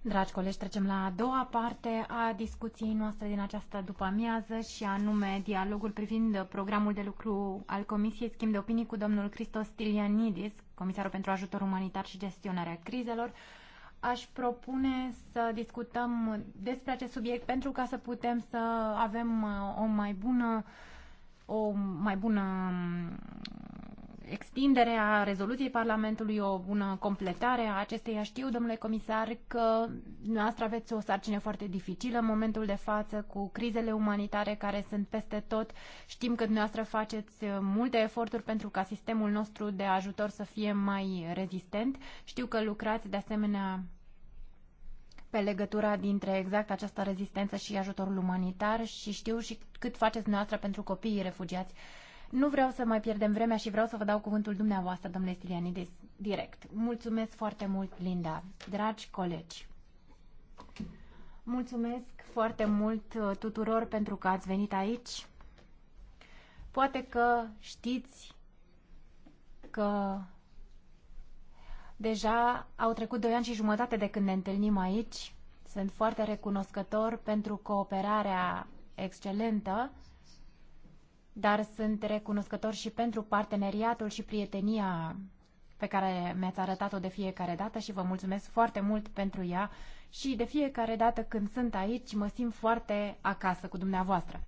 Dragi colegi, trecem la a doua parte a discuției noastre din această după-amiază și anume dialogul privind programul de lucru al Comisiei Schimb de Opinii cu domnul Christos Stilianidis, Comisarul pentru Ajutor Umanitar și Gestionarea Crizelor. Aș propune să discutăm despre acest subiect pentru ca să putem să avem o mai bună o mai bună extindere a rezoluției Parlamentului, o bună completare a acesteia. Știu, domnule comisar, că noastră aveți o sarcină foarte dificilă în momentul de față cu crizele umanitare care sunt peste tot. Știm că dumneavoastră faceți uh, multe eforturi pentru ca sistemul nostru de ajutor să fie mai rezistent. Știu că lucrați de asemenea pe legătura dintre exact această rezistență și ajutorul umanitar și știu și cât faceți dumneavoastră pentru copiii refugiați. Nu vreau să mai pierdem vremea și vreau să vă dau cuvântul dumneavoastră, domnule Stilianidis, direct. Mulțumesc foarte mult, Linda. Dragi colegi, mulțumesc foarte mult uh, tuturor pentru că ați venit aici. Poate că știți că deja au trecut doi ani și jumătate de când ne întâlnim aici. Sunt foarte recunoscător pentru cooperarea excelentă dar sunt recunoscător și pentru parteneriatul și prietenia pe care mi-ați arătat-o de fiecare dată și vă mulțumesc foarte mult pentru ea și de fiecare dată când sunt aici mă simt foarte acasă cu dumneavoastră.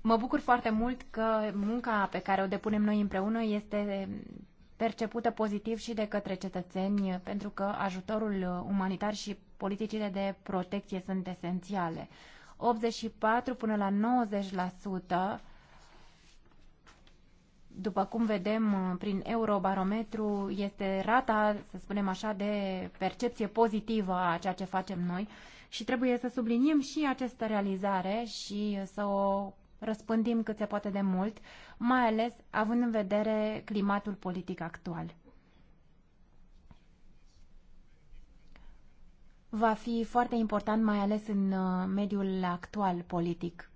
Mă bucur foarte mult că munca pe care o depunem noi împreună este percepută pozitiv și de către cetățeni, pentru că ajutorul uh, umanitar și politicile de protecție sunt esențiale. 84 până la 90%, după cum vedem uh, prin Eurobarometru, este rata, să spunem așa, de percepție pozitivă a ceea ce facem noi și trebuie să subliniem și această realizare și să o răspândim cât se poate de mult, mai ales având în vedere climatul politic actual. Va fi foarte important, mai ales în uh, mediul actual politic.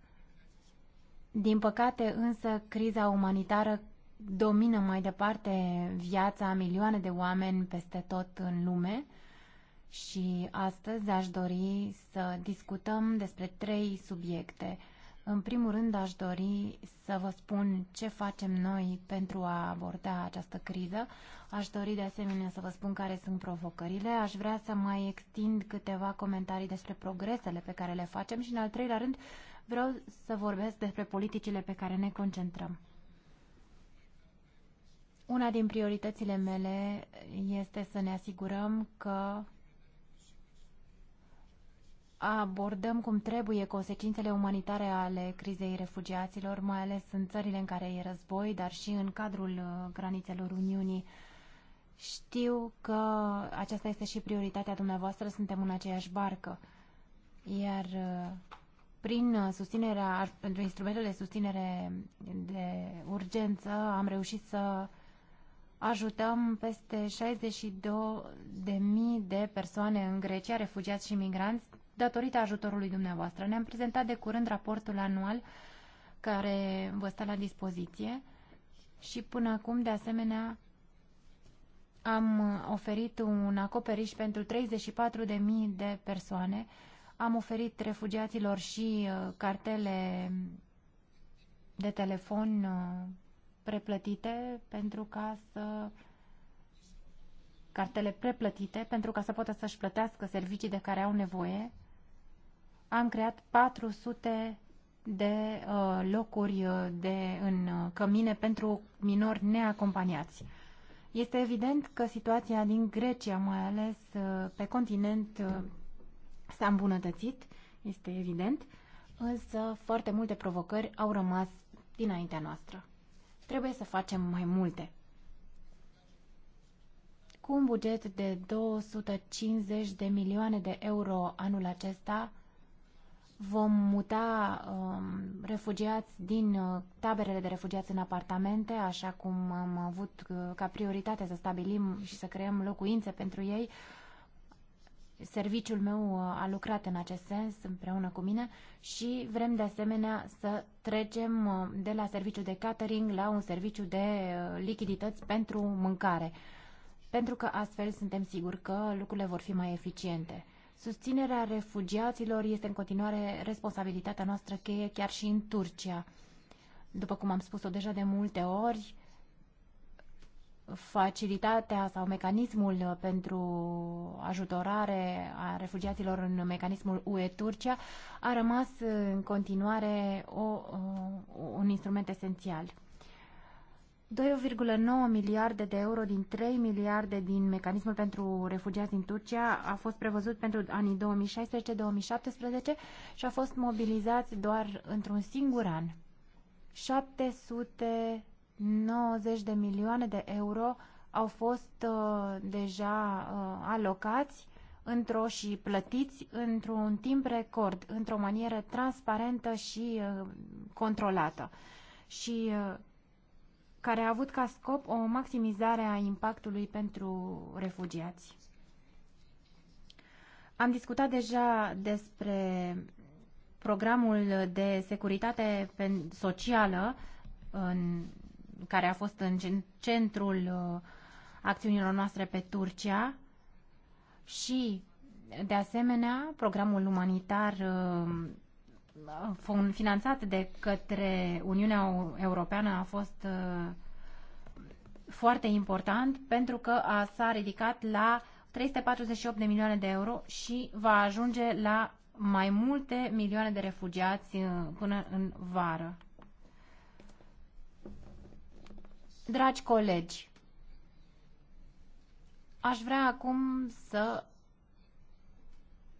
Din păcate, însă, criza umanitară domină mai departe viața a milioane de oameni peste tot în lume și astăzi aș dori să discutăm despre trei subiecte – în primul rând aș dori să vă spun ce facem noi pentru a aborda această criză. Aș dori de asemenea să vă spun care sunt provocările. Aș vrea să mai extind câteva comentarii despre progresele pe care le facem și în al treilea rând vreau să vorbesc despre politicile pe care ne concentrăm. Una din prioritățile mele este să ne asigurăm că abordăm cum trebuie consecințele umanitare ale crizei refugiaților, mai ales în țările în care e război, dar și în cadrul uh, granițelor Uniunii. Știu că aceasta este și prioritatea dumneavoastră, suntem în aceeași barcă. Iar uh, prin uh, susținerea, pentru instrumentele de susținere de urgență, am reușit să ajutăm peste 62.000 de persoane în Grecia, refugiați și migranți, datorită ajutorului dumneavoastră. Ne-am prezentat de curând raportul anual care vă stă la dispoziție și până acum, de asemenea, am oferit un acoperiș pentru 34.000 de persoane. Am oferit refugiaților și uh, cartele de telefon uh, preplătite pentru ca să cartele preplătite pentru ca să poată să-și plătească servicii de care au nevoie am creat 400 de uh, locuri uh, de, în uh, cămine pentru minori neacompaniați. Este evident că situația din Grecia, mai ales uh, pe continent, s-a îmbunătățit, este evident, însă foarte multe provocări au rămas dinaintea noastră. Trebuie să facem mai multe. Cu un buget de 250 de milioane de euro anul acesta, vom muta um, refugiați din uh, taberele de refugiați în apartamente, așa cum am avut uh, ca prioritate să stabilim și să creăm locuințe pentru ei. Serviciul meu uh, a lucrat în acest sens împreună cu mine și vrem de asemenea să trecem uh, de la serviciu de catering la un serviciu de uh, lichidități pentru mâncare, pentru că astfel suntem siguri că lucrurile vor fi mai eficiente. Susținerea refugiaților este în continuare responsabilitatea noastră cheie chiar și în Turcia. După cum am spus-o deja de multe ori, facilitatea sau mecanismul pentru ajutorare a refugiaților în mecanismul UE-Turcia a rămas în continuare o, un instrument esențial. 2,9 miliarde de euro din 3 miliarde din mecanismul pentru refugiați din Turcia a fost prevăzut pentru anii 2016-2017 și a fost mobilizați doar într-un singur an. 790 de milioane de euro au fost uh, deja uh, alocați într-o și plătiți într-un timp record, într-o manieră transparentă și uh, controlată. Și uh, care a avut ca scop o maximizare a impactului pentru refugiați. Am discutat deja despre programul de securitate socială în, care a fost în centrul uh, acțiunilor noastre pe Turcia și, de asemenea, programul umanitar uh, finanțat de către Uniunea Europeană a fost uh, foarte important pentru că a, s-a ridicat la 348 de milioane de euro și va ajunge la mai multe milioane de refugiați uh, până în vară. Dragi colegi, aș vrea acum să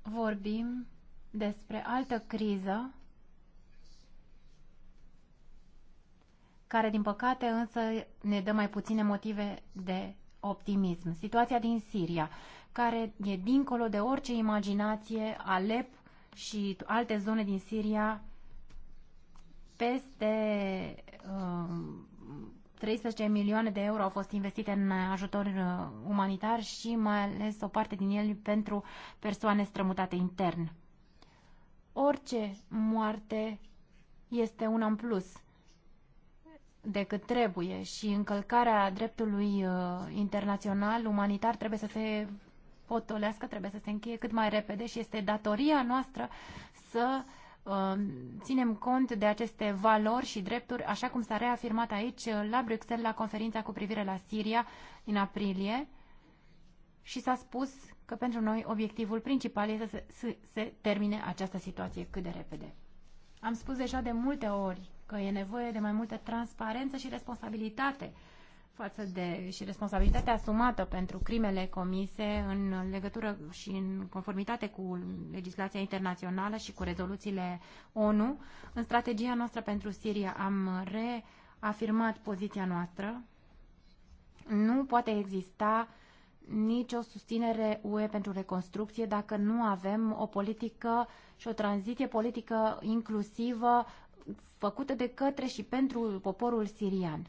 vorbim despre altă criză care, din păcate, însă ne dă mai puține motive de optimism. Situația din Siria, care e dincolo de orice imaginație, Alep și alte zone din Siria, peste uh, 13 milioane de euro au fost investite în ajutor uh, umanitar și mai ales o parte din el pentru persoane strămutate intern orice moarte este una în plus decât trebuie și încălcarea dreptului uh, internațional umanitar trebuie să se potolească, trebuie să se încheie cât mai repede și este datoria noastră să uh, ținem cont de aceste valori și drepturi, așa cum s-a reafirmat aici uh, la Bruxelles la conferința cu privire la Siria din aprilie și s-a spus că pentru noi obiectivul principal este să se, se termine această situație cât de repede. Am spus deja de multe ori că e nevoie de mai multă transparență și responsabilitate față de și responsabilitatea asumată pentru crimele comise în legătură și în conformitate cu legislația internațională și cu rezoluțiile ONU. În strategia noastră pentru Siria am reafirmat poziția noastră. Nu poate exista uh, nicio susținere UE pentru reconstrucție dacă nu avem o politică și o tranziție politică inclusivă făcută de către și pentru poporul sirian.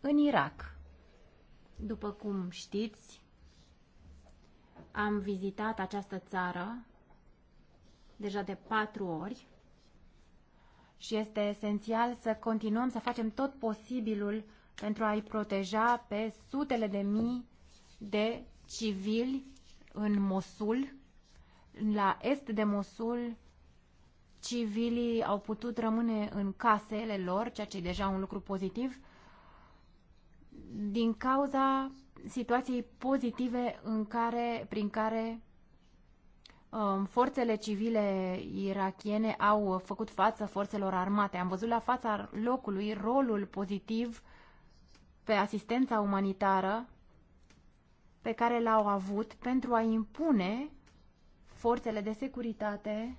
În Irak, după cum știți, am vizitat această țară deja de patru ori și este esențial să continuăm să facem tot posibilul pentru a-i proteja pe sutele de mii de civili în Mosul. La est de Mosul, civilii au putut rămâne în casele lor, ceea ce e deja un lucru pozitiv, din cauza situației pozitive în care, prin care um, forțele civile irachiene au făcut față forțelor armate. Am văzut la fața locului rolul pozitiv pe asistența umanitară pe care l-au avut pentru a impune forțele de securitate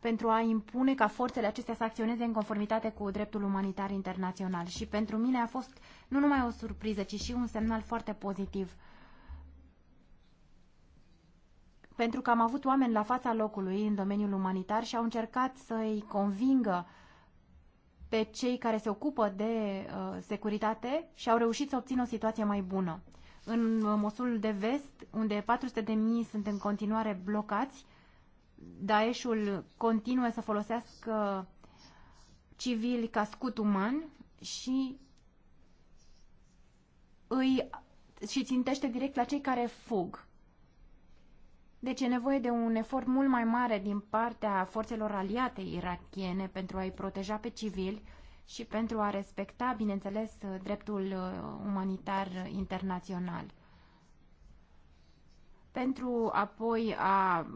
pentru a impune ca forțele acestea să acționeze în conformitate cu dreptul umanitar internațional. Și pentru mine a fost nu numai o surpriză, ci și un semnal foarte pozitiv. Pentru că am avut oameni la fața locului în domeniul umanitar și au încercat să i convingă pe cei care se ocupă de uh, securitate și au reușit să obțină o situație mai bună. În uh, Mosul de vest, unde 400 de mii sunt în continuare blocați, Daeshul continuă să folosească civili ca scut uman și îi și țintește direct la cei care fug. Deci e nevoie de un efort mult mai mare din partea forțelor aliate irakiene pentru a-i proteja pe civili și pentru a respecta, bineînțeles, dreptul uh, umanitar internațional. Pentru apoi a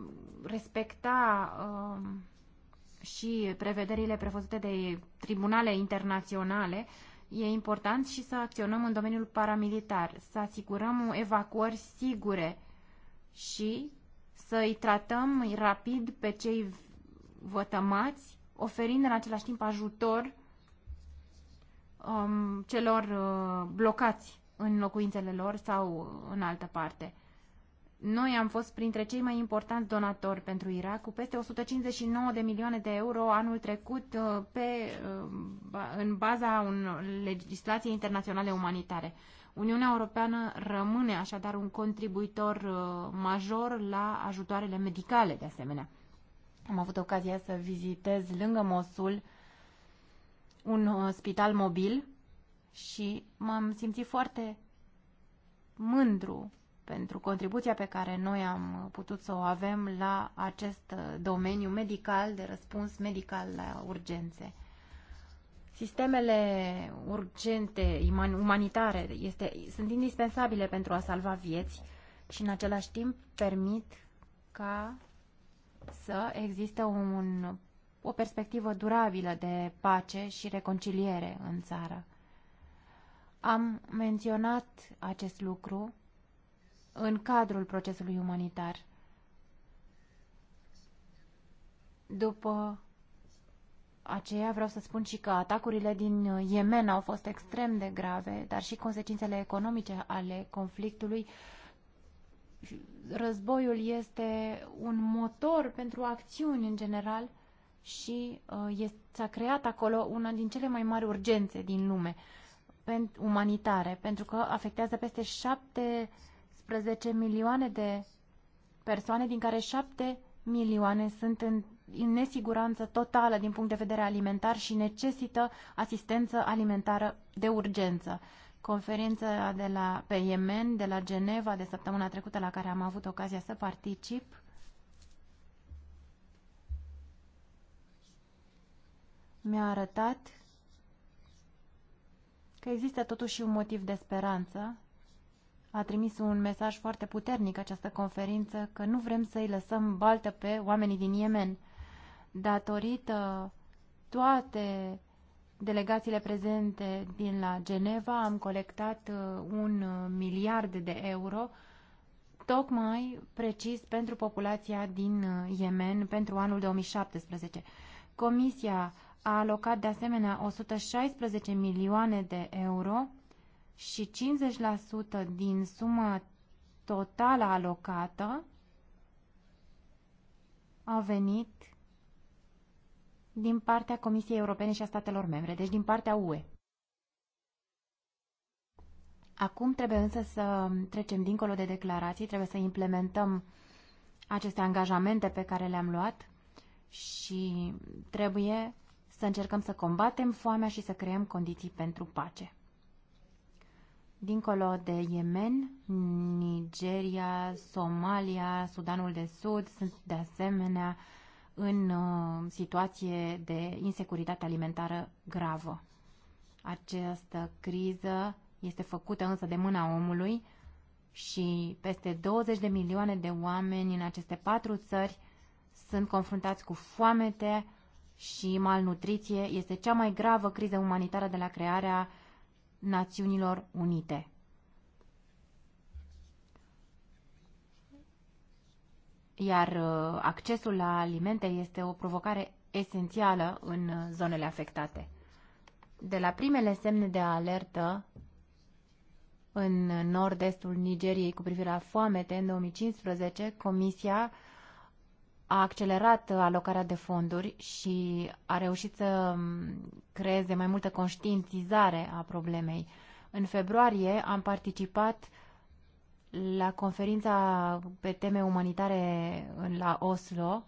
respecta uh, și prevederile prevăzute de tribunale internaționale, e important și să acționăm în domeniul paramilitar, să asigurăm evacuări sigure și să-i tratăm rapid pe cei vătămați, oferind în același timp ajutor um, celor uh, blocați în locuințele lor sau în altă parte. Noi am fost printre cei mai importanți donatori pentru Irak, cu peste 159 de milioane de euro anul trecut uh, pe, uh, în baza unor legislații internaționale umanitare. Uniunea Europeană rămâne așadar un contribuitor uh, major la ajutoarele medicale, de asemenea. Am avut ocazia să vizitez lângă Mosul un uh, spital mobil și m-am simțit foarte mândru pentru contribuția pe care noi am putut să o avem la acest uh, domeniu medical, de răspuns medical la urgențe. Sistemele urgente, umanitare, este, sunt indispensabile pentru a salva vieți și în același timp permit ca să existe un, o perspectivă durabilă de pace și reconciliere în țară. Am menționat acest lucru în cadrul procesului umanitar. După aceea vreau să spun și că atacurile din uh, Yemen au fost extrem de grave, dar și consecințele economice ale conflictului. Războiul este un motor pentru acțiuni în general și uh, s-a creat acolo una din cele mai mari urgențe din lume umanitare, pentru că afectează peste 17 milioane de persoane, din care 7 milioane sunt în în nesiguranță totală din punct de vedere alimentar și necesită asistență alimentară de urgență. Conferința de la, pe Yemen, de la Geneva, de săptămâna trecută, la care am avut ocazia să particip, mi-a arătat că există totuși un motiv de speranță. A trimis un mesaj foarte puternic această conferință că nu vrem să-i lăsăm baltă pe oamenii din Yemen datorită toate delegațiile prezente din la Geneva, am colectat uh, un uh, miliard de euro tocmai precis pentru populația din uh, Yemen pentru anul 2017. Comisia a alocat de asemenea 116 milioane de euro și 50% din suma totală alocată a venit din partea Comisiei Europene și a statelor membre, deci din partea UE. Acum trebuie însă să trecem dincolo de declarații, trebuie să implementăm aceste angajamente pe care le-am luat și trebuie să încercăm să combatem foamea și să creăm condiții pentru pace. Dincolo de Yemen, Nigeria, Somalia, Sudanul de Sud sunt de asemenea uh, în uh, situație de insecuritate alimentară gravă. Această criză este făcută însă de mâna omului și peste 20 de milioane de oameni în aceste patru țări sunt confruntați cu foamete și malnutriție. Este cea mai gravă criză umanitară de la crearea Națiunilor Unite. iar uh, accesul la alimente este o provocare esențială în uh, zonele afectate. De la primele semne de alertă în uh, nord-estul Nigeriei cu privire la foamete, în 2015, Comisia a accelerat alocarea de fonduri și a reușit să um, creeze mai multă conștientizare a problemei. În februarie am participat la conferința pe teme umanitare la Oslo,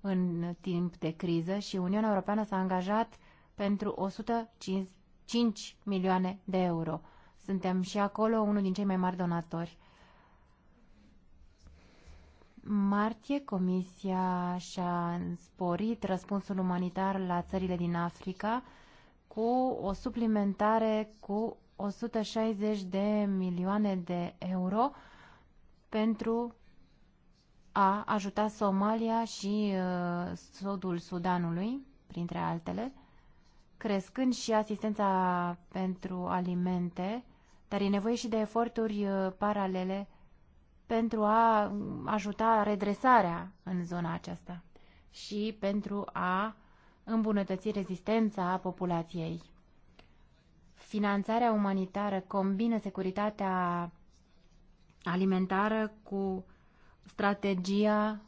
în timp de criză, și Uniunea Europeană s-a angajat pentru 105 milioane de euro. Suntem și acolo unul din cei mai mari donatori. Martie, Comisia și-a sporit răspunsul umanitar la țările din Africa cu o suplimentare cu 160 de milioane de euro pentru a ajuta Somalia și uh, sudul Sudanului, printre altele, crescând și asistența pentru alimente, dar e nevoie și de eforturi uh, paralele pentru a ajuta redresarea în zona aceasta și pentru a îmbunătăți rezistența populației finanțarea umanitară combină securitatea alimentară cu strategia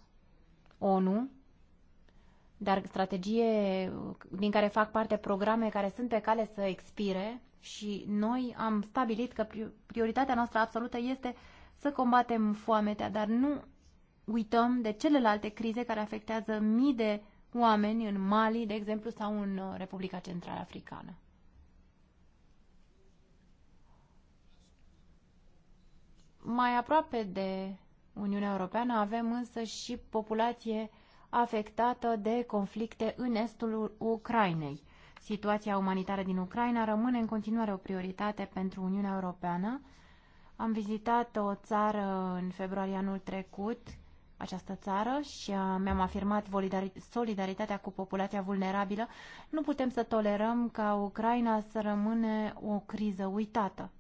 ONU, dar strategie din care fac parte programe care sunt pe cale să expire și noi am stabilit că prioritatea noastră absolută este să combatem foametea, dar nu uităm de celelalte crize care afectează mii de oameni în Mali, de exemplu, sau în uh, Republica Central Africană. Mai aproape de Uniunea Europeană avem însă și populație afectată de conflicte în estul Ucrainei. Situația umanitară din Ucraina rămâne în continuare o prioritate pentru Uniunea Europeană. Am vizitat o țară în februarie anul trecut, această țară, și mi-am afirmat solidaritatea cu populația vulnerabilă. Nu putem să tolerăm ca Ucraina să rămâne o criză uitată.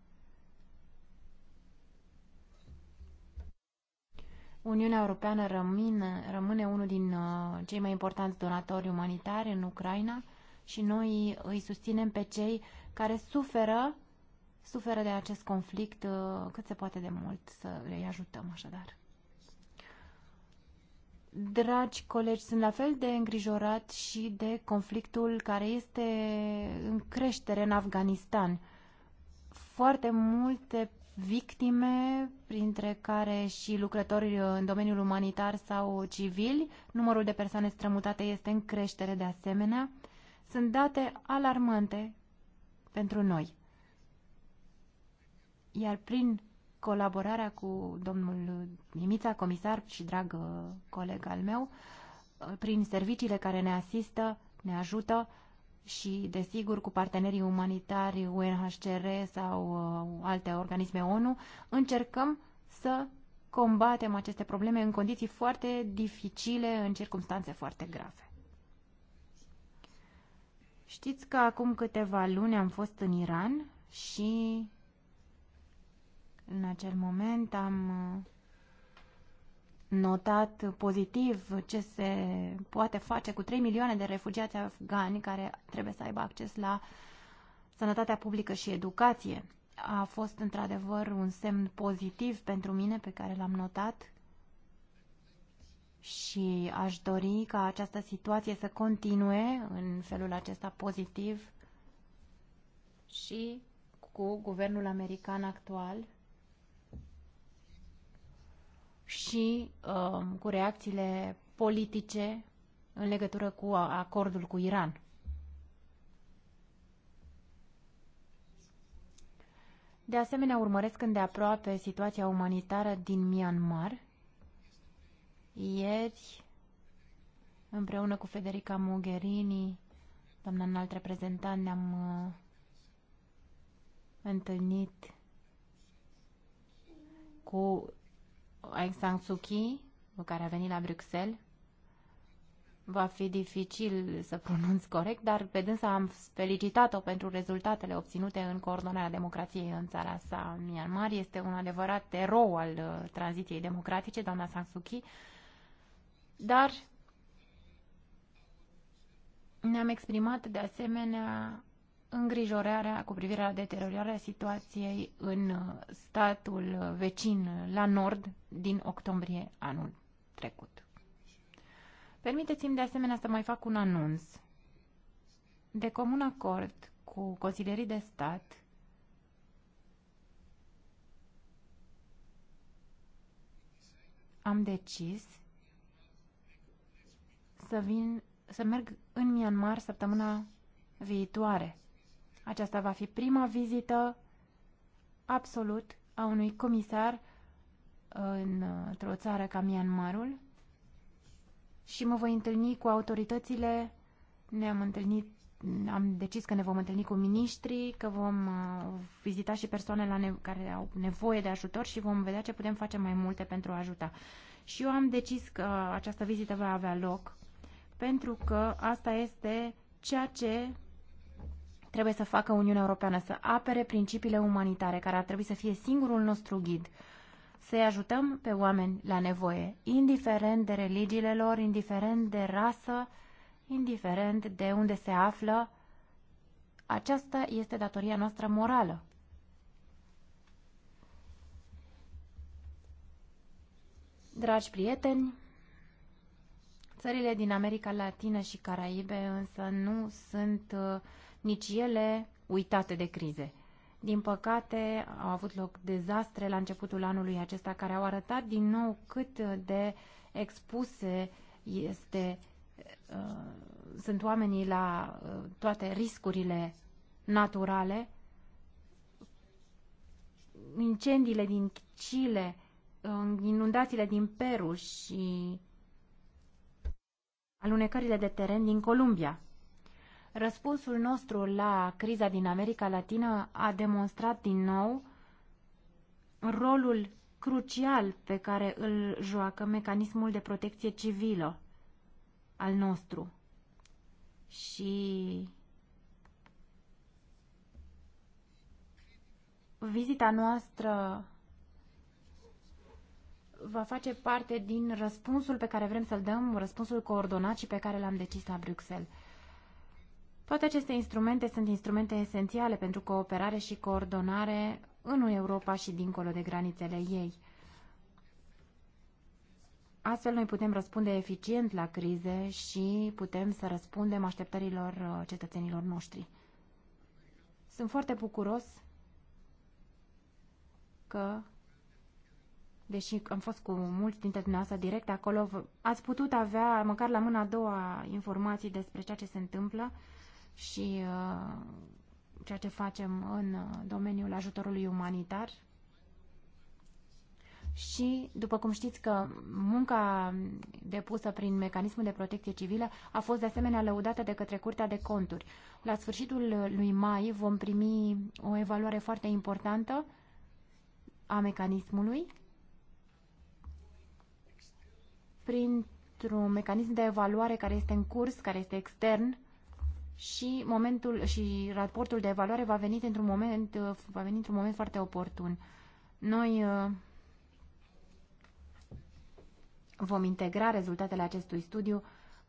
Uniunea Europeană rămâne, rămâne unul din uh, cei mai importanti donatori umanitari în Ucraina și noi îi susținem pe cei care suferă, suferă de acest conflict uh, cât se poate de mult să le ajutăm așadar. Dragi colegi, sunt la fel de îngrijorat și de conflictul care este în creștere în Afganistan. Foarte multe victime printre care și lucrători în domeniul umanitar sau civil. Numărul de persoane strămutate este în creștere de asemenea. Sunt date alarmante pentru noi. Iar prin colaborarea cu domnul Nimița, comisar și drag uh, coleg al meu, uh, prin serviciile care ne asistă, ne ajută, și, desigur, cu partenerii umanitari, UNHCR sau uh, alte organisme ONU, încercăm să combatem aceste probleme în condiții foarte dificile, în circunstanțe foarte grave. Știți că acum câteva luni am fost în Iran și în acel moment am uh, notat pozitiv ce se poate face cu 3 milioane de refugiați afgani care trebuie să aibă acces la sănătatea publică și educație. A fost într-adevăr un semn pozitiv pentru mine pe care l-am notat și aș dori ca această situație să continue în felul acesta pozitiv și cu guvernul american actual și um, cu reacțiile politice în legătură cu acordul cu Iran. De asemenea, urmăresc îndeaproape situația umanitară din Myanmar. Ieri, împreună cu Federica Mogherini, doamna înalt reprezentant, ne-am uh, întâlnit cu Aung San Suu Kyi, care a venit la Bruxelles. Va fi dificil să pronunț corect, dar pe dânsa am felicitat-o pentru rezultatele obținute în coordonarea democrației în țara sa. Myanmar este un adevărat erou al uh, tranziției democratice, doamna San Suu Kyi, dar ne-am exprimat de asemenea îngrijorarea cu privire la deteriorarea situației în uh, statul uh, vecin uh, la nord din octombrie anul trecut. Permiteți-mi de asemenea să mai fac un anunț. De comun acord cu consilierii de stat, am decis să vin, să merg în Myanmar săptămâna viitoare aceasta va fi prima vizită absolut a unui comisar într-o țară ca Myanmarul și mă voi întâlni cu autoritățile. Ne-am întâlnit, am decis că ne vom întâlni cu miniștrii, că vom uh, vizita și persoane la ne- care au nevoie de ajutor și vom vedea ce putem face mai multe pentru a ajuta. Și eu am decis că această vizită va avea loc pentru că asta este ceea ce trebuie să facă Uniunea Europeană, să apere principiile umanitare, care ar trebui să fie singurul nostru ghid. Să-i ajutăm pe oameni la nevoie, indiferent de religiile lor, indiferent de rasă, indiferent de unde se află. Aceasta este datoria noastră morală. Dragi prieteni, țările din America Latină și Caraibe însă nu sunt uh, nici ele uitate de crize. Din păcate, au avut loc dezastre la începutul anului acesta care au arătat din nou cât de expuse este, uh, sunt oamenii la uh, toate riscurile naturale. Incendiile din Chile, uh, inundațiile din Peru și alunecările de teren din Columbia. Răspunsul nostru la criza din America Latină a demonstrat din nou rolul crucial pe care îl joacă mecanismul de protecție civilă al nostru. Și vizita noastră va face parte din răspunsul pe care vrem să-l dăm, răspunsul coordonat și pe care l-am decis la Bruxelles. Toate aceste instrumente sunt instrumente esențiale pentru cooperare și coordonare în Europa și dincolo de granițele ei. Astfel noi putem răspunde eficient la crize și putem să răspundem așteptărilor uh, cetățenilor noștri. Sunt foarte bucuros că, deși am fost cu mulți dintre dumneavoastră direct acolo, ați putut avea, măcar la mâna a doua, informații despre ceea ce se întâmplă și uh, ceea ce facem în uh, domeniul ajutorului umanitar. Și, după cum știți că munca depusă prin mecanismul de protecție civilă a fost de asemenea lăudată de către Curtea de Conturi. La sfârșitul lui mai vom primi o evaluare foarte importantă a mecanismului printr-un mecanism de evaluare care este în curs, care este extern și momentul și raportul de evaluare va veni într-un moment uh, va veni într-un moment foarte oportun. Noi uh, vom integra rezultatele acestui studiu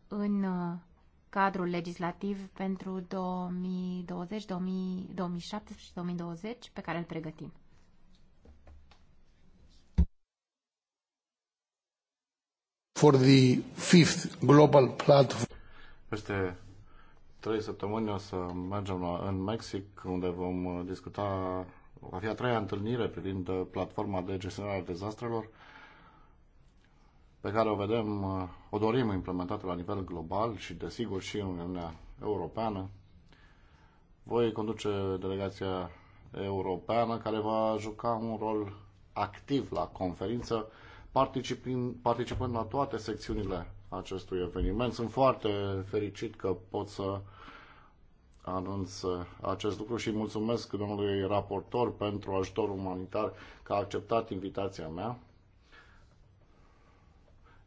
în uh, cadrul legislativ pentru 2020, 2017 și 2020 pe care îl pregătim. For the fifth global platform. Este trei săptămâni o să mergem la, în Mexic, unde vom uh, discuta, va fi a treia întâlnire privind uh, platforma de gestionare a dezastrelor, pe care o vedem, uh, o dorim implementată la nivel global și, desigur, și în Uniunea Europeană. Voi conduce delegația europeană care va juca un rol activ la conferință, participând, participând la toate secțiunile acestui eveniment. Sunt foarte fericit că pot să anunț acest lucru și mulțumesc domnului raportor pentru ajutor umanitar că a acceptat invitația mea.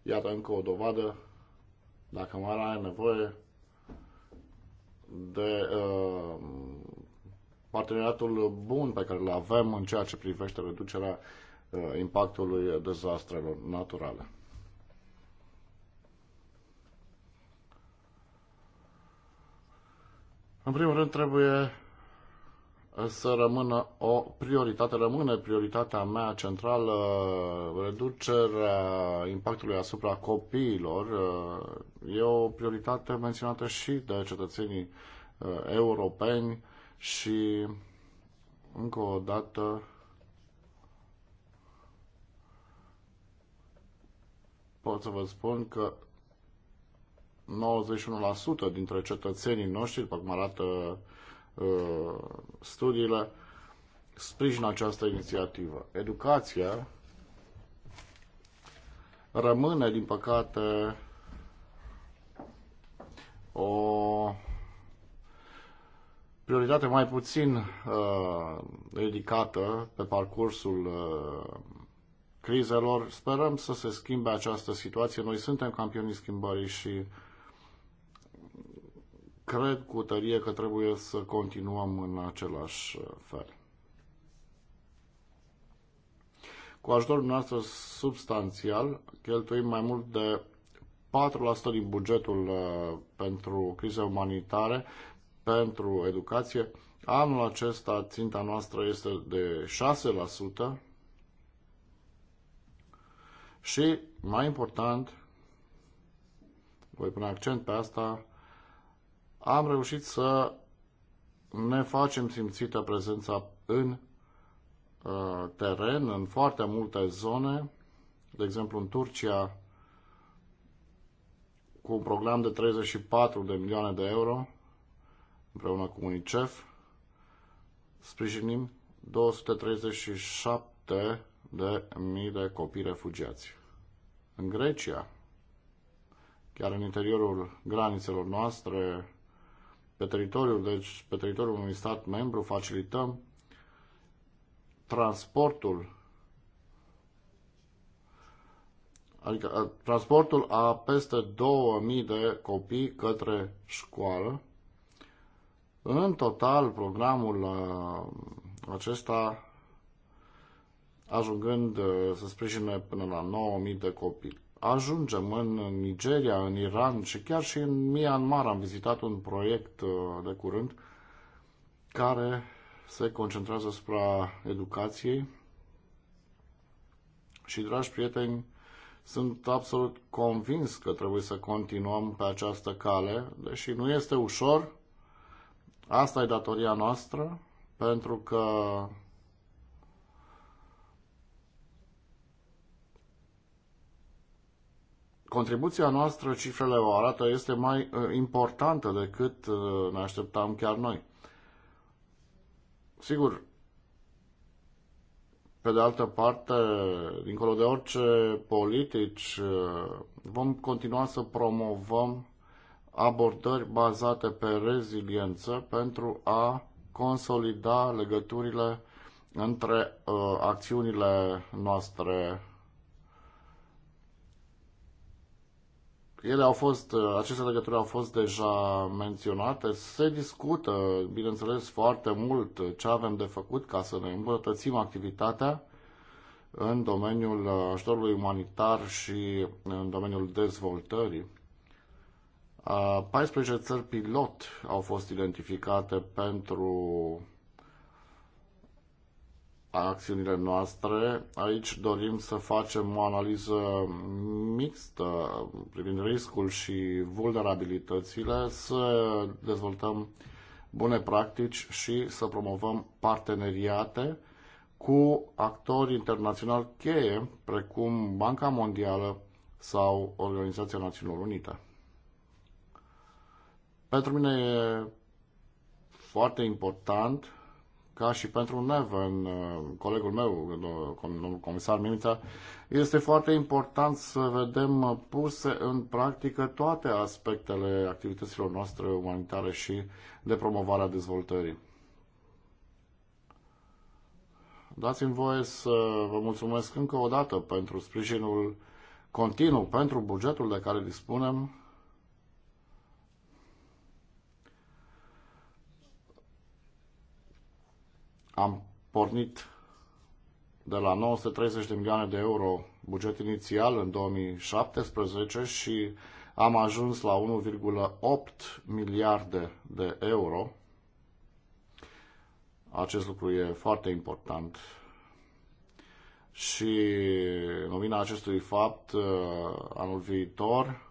Iată încă o dovadă, dacă mai are nevoie de uh, parteneriatul bun pe care îl avem în ceea ce privește reducerea uh, impactului dezastrelor naturale. În primul rând trebuie uh, să rămână o prioritate, rămâne prioritatea mea centrală uh, reducerea impactului asupra copiilor. Uh, e o prioritate menționată și de cetățenii europeni și încă o dată pot să vă spun că 91% dintre cetățenii noștri, după cum arată uh, studiile, sprijină această inițiativă. Educația rămâne, din păcate, o prioritate mai puțin uh, ridicată pe parcursul uh, crizelor. Sperăm să se schimbe această situație. Noi suntem campioni schimbării și cred cu tărie că trebuie să continuăm în același uh, fel. Cu ajutorul noastră substanțial, cheltuim mai mult de 4% din bugetul uh, pentru crize umanitare, pentru educație. Anul acesta ținta noastră este de 6% și, mai important, voi pune accent pe asta, am reușit să ne facem simțită prezența în uh, teren, în foarte multe zone, de exemplu în Turcia, cu un program de 34 de milioane de euro, împreună cu UNICEF, sprijinim 237 de mii de copii refugiați. În Grecia, chiar în interiorul granițelor noastre, pe teritoriul, deci pe teritoriul unui stat membru, facilităm transportul adică transportul a peste 2000 de copii către școală. În total, programul acesta ajungând să sprijine până la 9000 de copii ajungem în Nigeria, în Iran și chiar și în Myanmar am vizitat un proiect uh, de curând care se concentrează asupra educației și, dragi prieteni, sunt absolut convins că trebuie să continuăm pe această cale, deși nu este ușor. Asta e datoria noastră, pentru că contribuția noastră, cifrele o arată, este mai uh, importantă decât uh, ne așteptam chiar noi. Sigur, pe de altă parte, dincolo de orice politici, uh, vom continua să promovăm abordări bazate pe reziliență pentru a consolida legăturile între uh, acțiunile noastre Ele au fost, uh, aceste legături au fost deja menționate. Se discută, bineînțeles, foarte mult ce avem de făcut ca să ne îmbunătățim activitatea în domeniul uh, ajutorului umanitar și în domeniul dezvoltării. 14 uh, țări pilot au fost identificate pentru a acțiunile noastre. Aici dorim să facem o analiză mixtă privind riscul și vulnerabilitățile, să dezvoltăm bune practici și să promovăm parteneriate cu actori internaționali cheie, precum Banca Mondială sau Organizația Națiunilor Unite. Pentru mine e foarte important ca și pentru Neven, uh, colegul meu, uh, domnul comisar Mimita, este foarte important să vedem uh, puse în practică toate aspectele activităților noastre umanitare și de promovare a dezvoltării. Dați-mi voie să vă mulțumesc încă o dată pentru sprijinul continuu, pentru bugetul de care dispunem am pornit de la 930 de milioane de euro buget inițial în 2017 și am ajuns la 1,8 miliarde de euro. Acest lucru e foarte important și în lumina acestui fapt, uh, anul viitor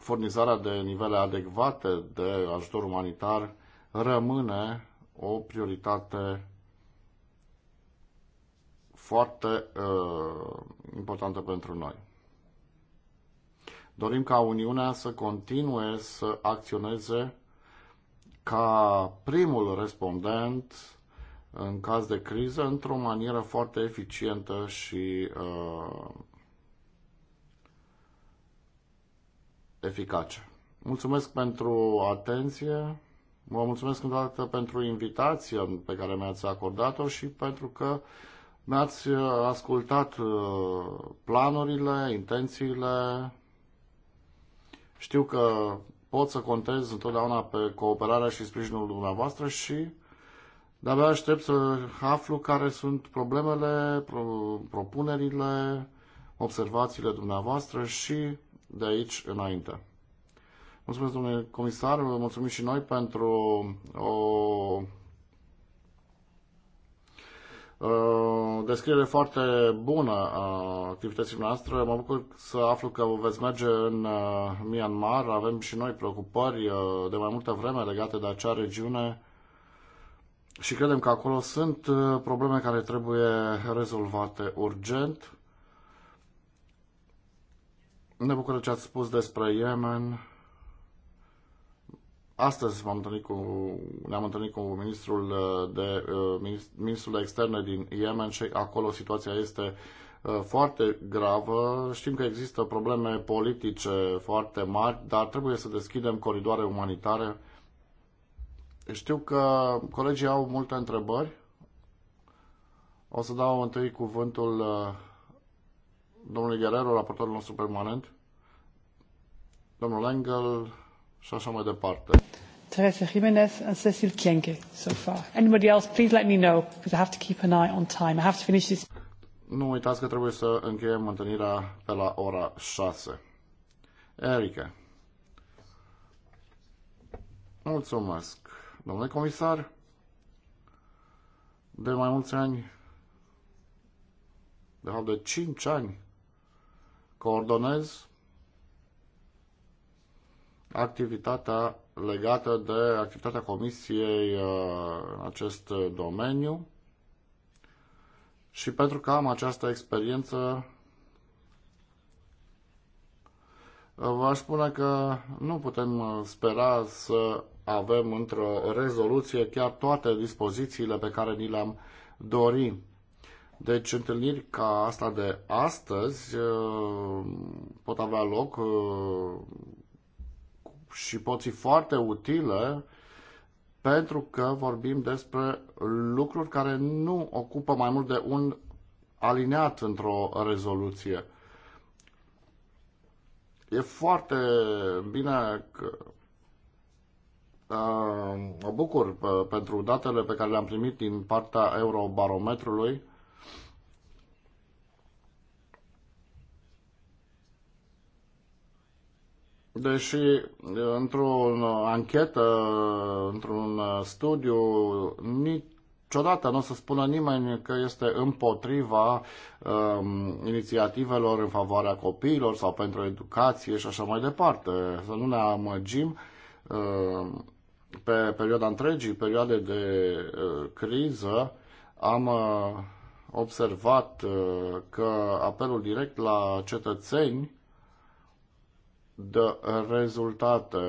furnizarea de nivele adecvate de ajutor umanitar rămâne o prioritate foarte uh, importantă pentru noi. Dorim ca Uniunea să continue să acționeze ca primul respondent în caz de criză într-o manieră foarte eficientă și uh, eficace. Mulțumesc pentru atenție, vă mulțumesc încă o dată pentru invitația pe care mi-ați acordat-o și pentru că mi-ați uh, ascultat uh, planurile, intențiile. Știu că pot să contez întotdeauna pe cooperarea și sprijinul dumneavoastră și de-abia aștept să aflu care sunt problemele, propunerile, observațiile dumneavoastră și de aici înainte. Mulțumesc, domnule comisar, vă mulțumim și noi pentru o descriere foarte bună a activității noastre. Mă bucur să aflu că veți merge în uh, Myanmar. Avem și noi preocupări uh, de mai multă vreme legate de acea regiune și credem că acolo sunt uh, probleme care trebuie rezolvate urgent. Ne bucură ce ați spus despre Yemen. Astăzi am întâlnit cu, ne-am întâlnit cu ministrul, de, uh, ministrul de externe din Yemen și acolo situația este uh, foarte gravă. Știm că există probleme politice foarte mari, dar trebuie să deschidem coridoare umanitare. Știu că colegii au multe întrebări. O să dau întâi cuvântul uh, domnului Guerrero, raportorul nostru permanent, domnul Engel și așa mai departe. Teresa Jimenez and Cecil Kienge so far. Anybody else, please let me know, because I have to keep an eye on time. I have to finish this. Nu uitați că trebuie să încheiem întâlnirea pe la ora 6. Erika. Mulțumesc. Domnule comisar, de mai mulți ani, de fapt de 5 ani, coordonez activitatea legată de activitatea Comisiei uh, în acest domeniu și pentru că am această experiență uh, v-aș spune că nu putem uh, spera să avem într-o rezoluție chiar toate dispozițiile pe care ni le-am dorit. Deci întâlniri ca asta de astăzi uh, pot avea loc uh, și pot fi foarte utile pentru că vorbim despre lucruri care nu ocupă mai mult de un alineat într-o rezoluție. E foarte bine că uh, mă bucur pentru datele pe care le-am primit din partea Eurobarometrului Deși într-o anchetă, într-un studiu, niciodată nu o să spună nimeni că este împotriva um, inițiativelor în favoarea copiilor sau pentru educație și așa mai departe. Să nu ne amăgim um, pe perioada întregii perioade de uh, criză am uh, observat uh, că apelul direct la cetățeni dă rezultate.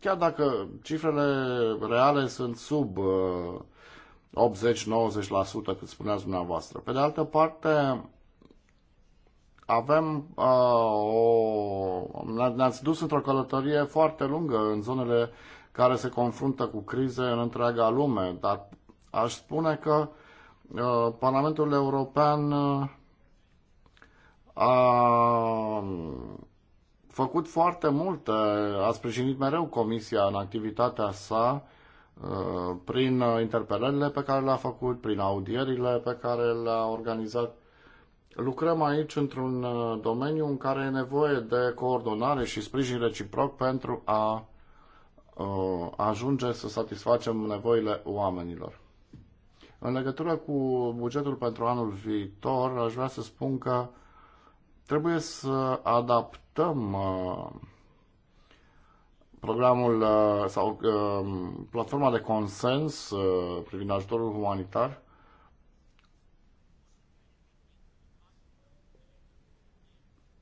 Chiar dacă cifrele reale sunt sub 80-90%, uh, cât spuneați dumneavoastră. Pe de altă parte, avem uh, o... ne-ați dus într-o călătorie foarte lungă în zonele care se confruntă cu crize în întreaga lume, dar aș spune că uh, Parlamentul European uh, a făcut foarte mult, uh, a sprijinit mereu Comisia în activitatea sa uh, prin uh, interpelările pe care le-a făcut, prin audierile pe care le-a organizat. Lucrăm aici într-un domeniu în care e nevoie de coordonare și sprijin reciproc pentru a ajunge să satisfacem nevoile oamenilor. În legătură cu bugetul pentru anul viitor, aș vrea să spun că trebuie să adaptăm adaptăm uh, programul uh, sau uh, platforma de consens privind ajutorul umanitar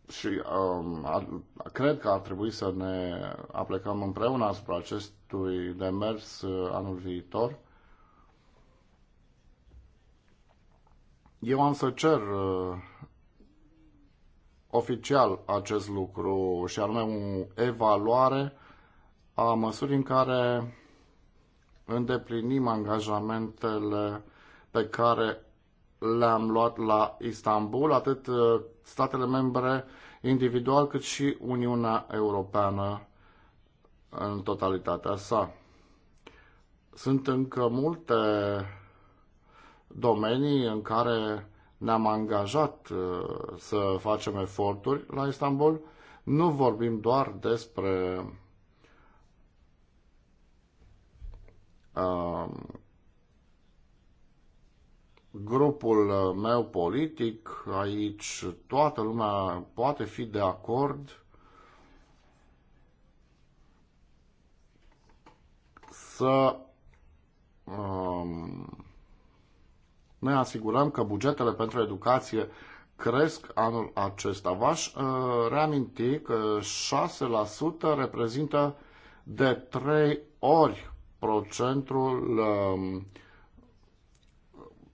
și um, ar, cred că ar trebui să ne aplicăm împreună asupra acestui demers uh, anul viitor. Eu am să cer uh, oficial acest lucru și anume o evaluare a măsurii în care îndeplinim angajamentele pe care le-am luat la Istanbul, atât uh, statele membre individual, cât și Uniunea Europeană în totalitatea sa. Sunt încă multe domenii în care ne-am angajat uh, să facem eforturi la Istanbul. Nu vorbim doar despre uh, grupul meu politic, aici toată lumea poate fi de acord să ne asigurăm că bugetele pentru educație cresc anul acesta. V-aș uh, reaminti că 6% reprezintă de 3 ori procentul um,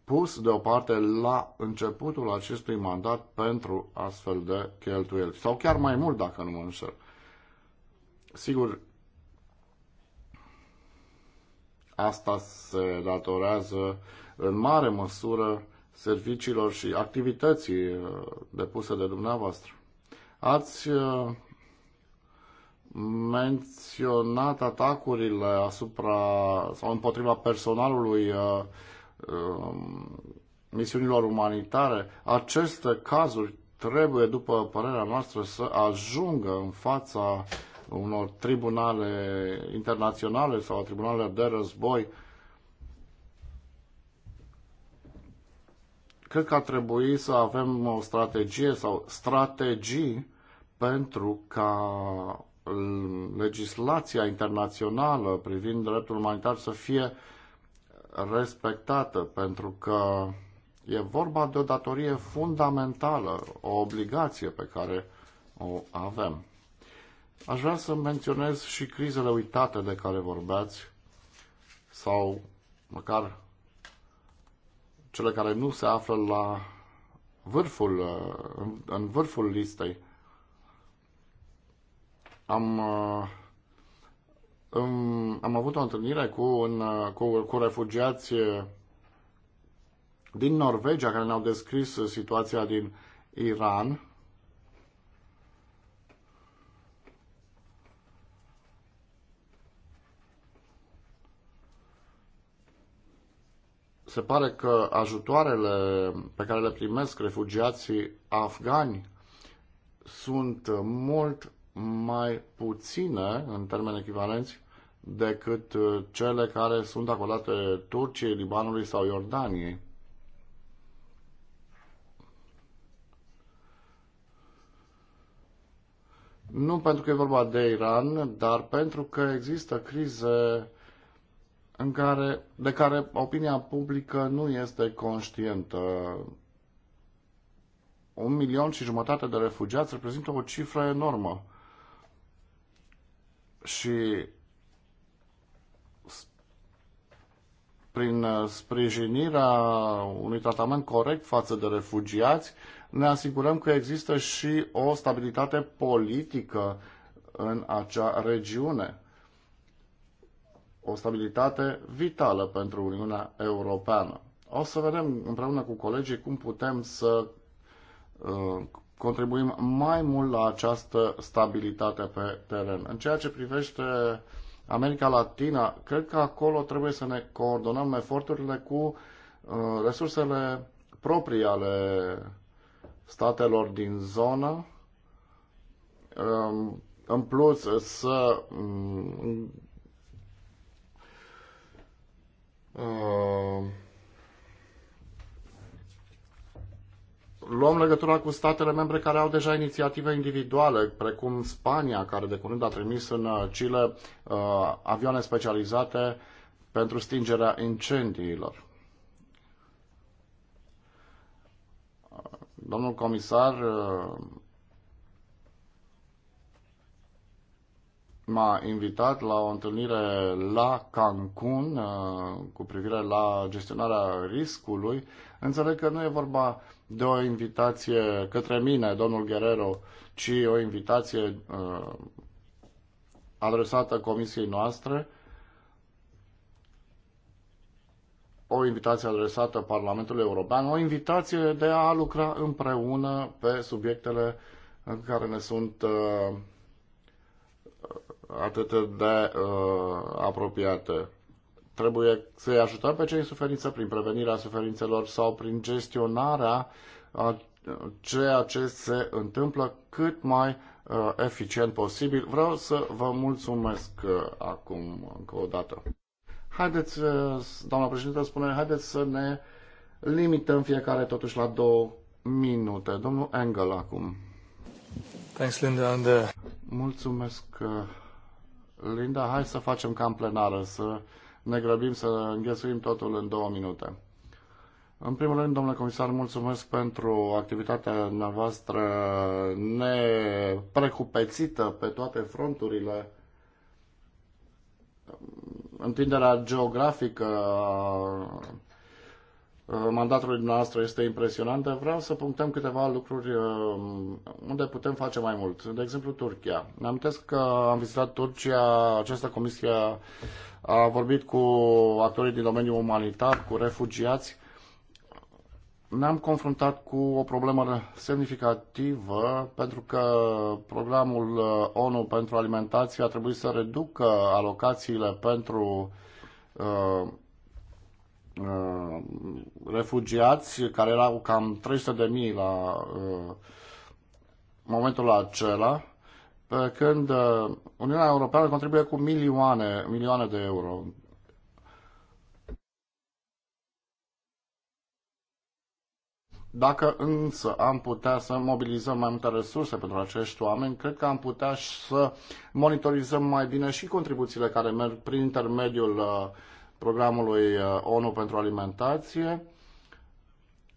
pus deoparte la începutul acestui mandat pentru astfel de cheltuieli. Sau chiar mai mult, dacă nu mă înșel. Sigur, asta se datorează în mare măsură serviciilor și activității uh, depuse de dumneavoastră. Ați uh, menționat atacurile asupra sau împotriva personalului uh, um, misiunilor umanitare. Aceste cazuri trebuie, după părerea noastră, să ajungă în fața unor tribunale internaționale sau tribunale de război cred că ar trebui să avem o strategie sau strategii pentru ca legislația internațională privind dreptul umanitar să fie respectată, pentru că e vorba de o datorie fundamentală, o obligație pe care o avem. Aș vrea să menționez și crizele uitate de care vorbeați, sau măcar cele care nu se află la vârful, uh, în, vârful listei. Am, am, uh, am avut o întâlnire cu, un, uh, cu, cu refugiați din Norvegia care ne-au descris situația din Iran Se pare că ajutoarele pe care le primesc refugiații afgani sunt mult mai puține în termeni echivalenți decât uh, cele care sunt acordate Turciei, Libanului sau Iordaniei. Nu pentru că e vorba de Iran, dar pentru că există crize în care, de care opinia publică nu este conștientă. Un milion și jumătate de refugiați reprezintă o cifră enormă. Și prin sprijinirea unui tratament corect față de refugiați, ne asigurăm că există și o stabilitate politică în acea regiune o stabilitate vitală pentru Uniunea Europeană. O să vedem împreună cu colegii cum putem să uh, contribuim mai mult la această stabilitate pe teren. În ceea ce privește America Latina, cred că acolo trebuie să ne coordonăm eforturile cu uh, resursele proprii ale statelor din zonă, um, în plus să um, Uh, luăm legătura cu statele membre care au deja inițiative individuale, precum Spania, care de curând a trimis în uh, Chile uh, avioane specializate pentru stingerea incendiilor. Uh, domnul comisar, uh, m-a invitat la o întâlnire la Cancun uh, cu privire la gestionarea riscului. Înțeleg că nu e vorba de o invitație către mine, domnul Guerrero, ci o invitație uh, adresată comisiei noastre, o invitație adresată Parlamentului European, o invitație de a lucra împreună pe subiectele în care ne sunt uh, atât de uh, apropiate. Trebuie să-i ajutăm pe cei în suferință prin prevenirea suferințelor sau prin gestionarea a ceea ce se întâmplă cât mai uh, eficient posibil. Vreau să vă mulțumesc uh, acum încă o dată. Haideți, uh, doamna președintă spune, haideți să ne limităm fiecare totuși la două minute. Domnul Engel acum. Thanks, Linda. And, uh... Mulțumesc. Uh Linda, hai să facem cam plenară, să ne grăbim să înghesuim totul în două minute. În primul rând, domnule comisar, mulțumesc pentru activitatea noastră neprecupețită pe toate fronturile. Întinderea geografică Uh, mandatului dumneavoastră este impresionantă, vreau să punctăm câteva lucruri uh, unde putem face mai mult. De exemplu, Turcia. Ne amintesc că am vizitat Turcia, această comisie a vorbit cu actorii din domeniul umanitar, cu refugiați. Ne-am confruntat cu o problemă semnificativă pentru că programul uh, ONU pentru alimentație a trebuit să reducă alocațiile pentru uh, Uh, refugiați, care erau cam 300 de mii la uh, momentul acela, pe când uh, Uniunea Europeană contribuie cu milioane, milioane de euro. Dacă însă am putea să mobilizăm mai multe resurse pentru acești oameni, cred că am putea să monitorizăm mai bine și contribuțiile care merg prin intermediul uh, programului uh, ONU pentru alimentație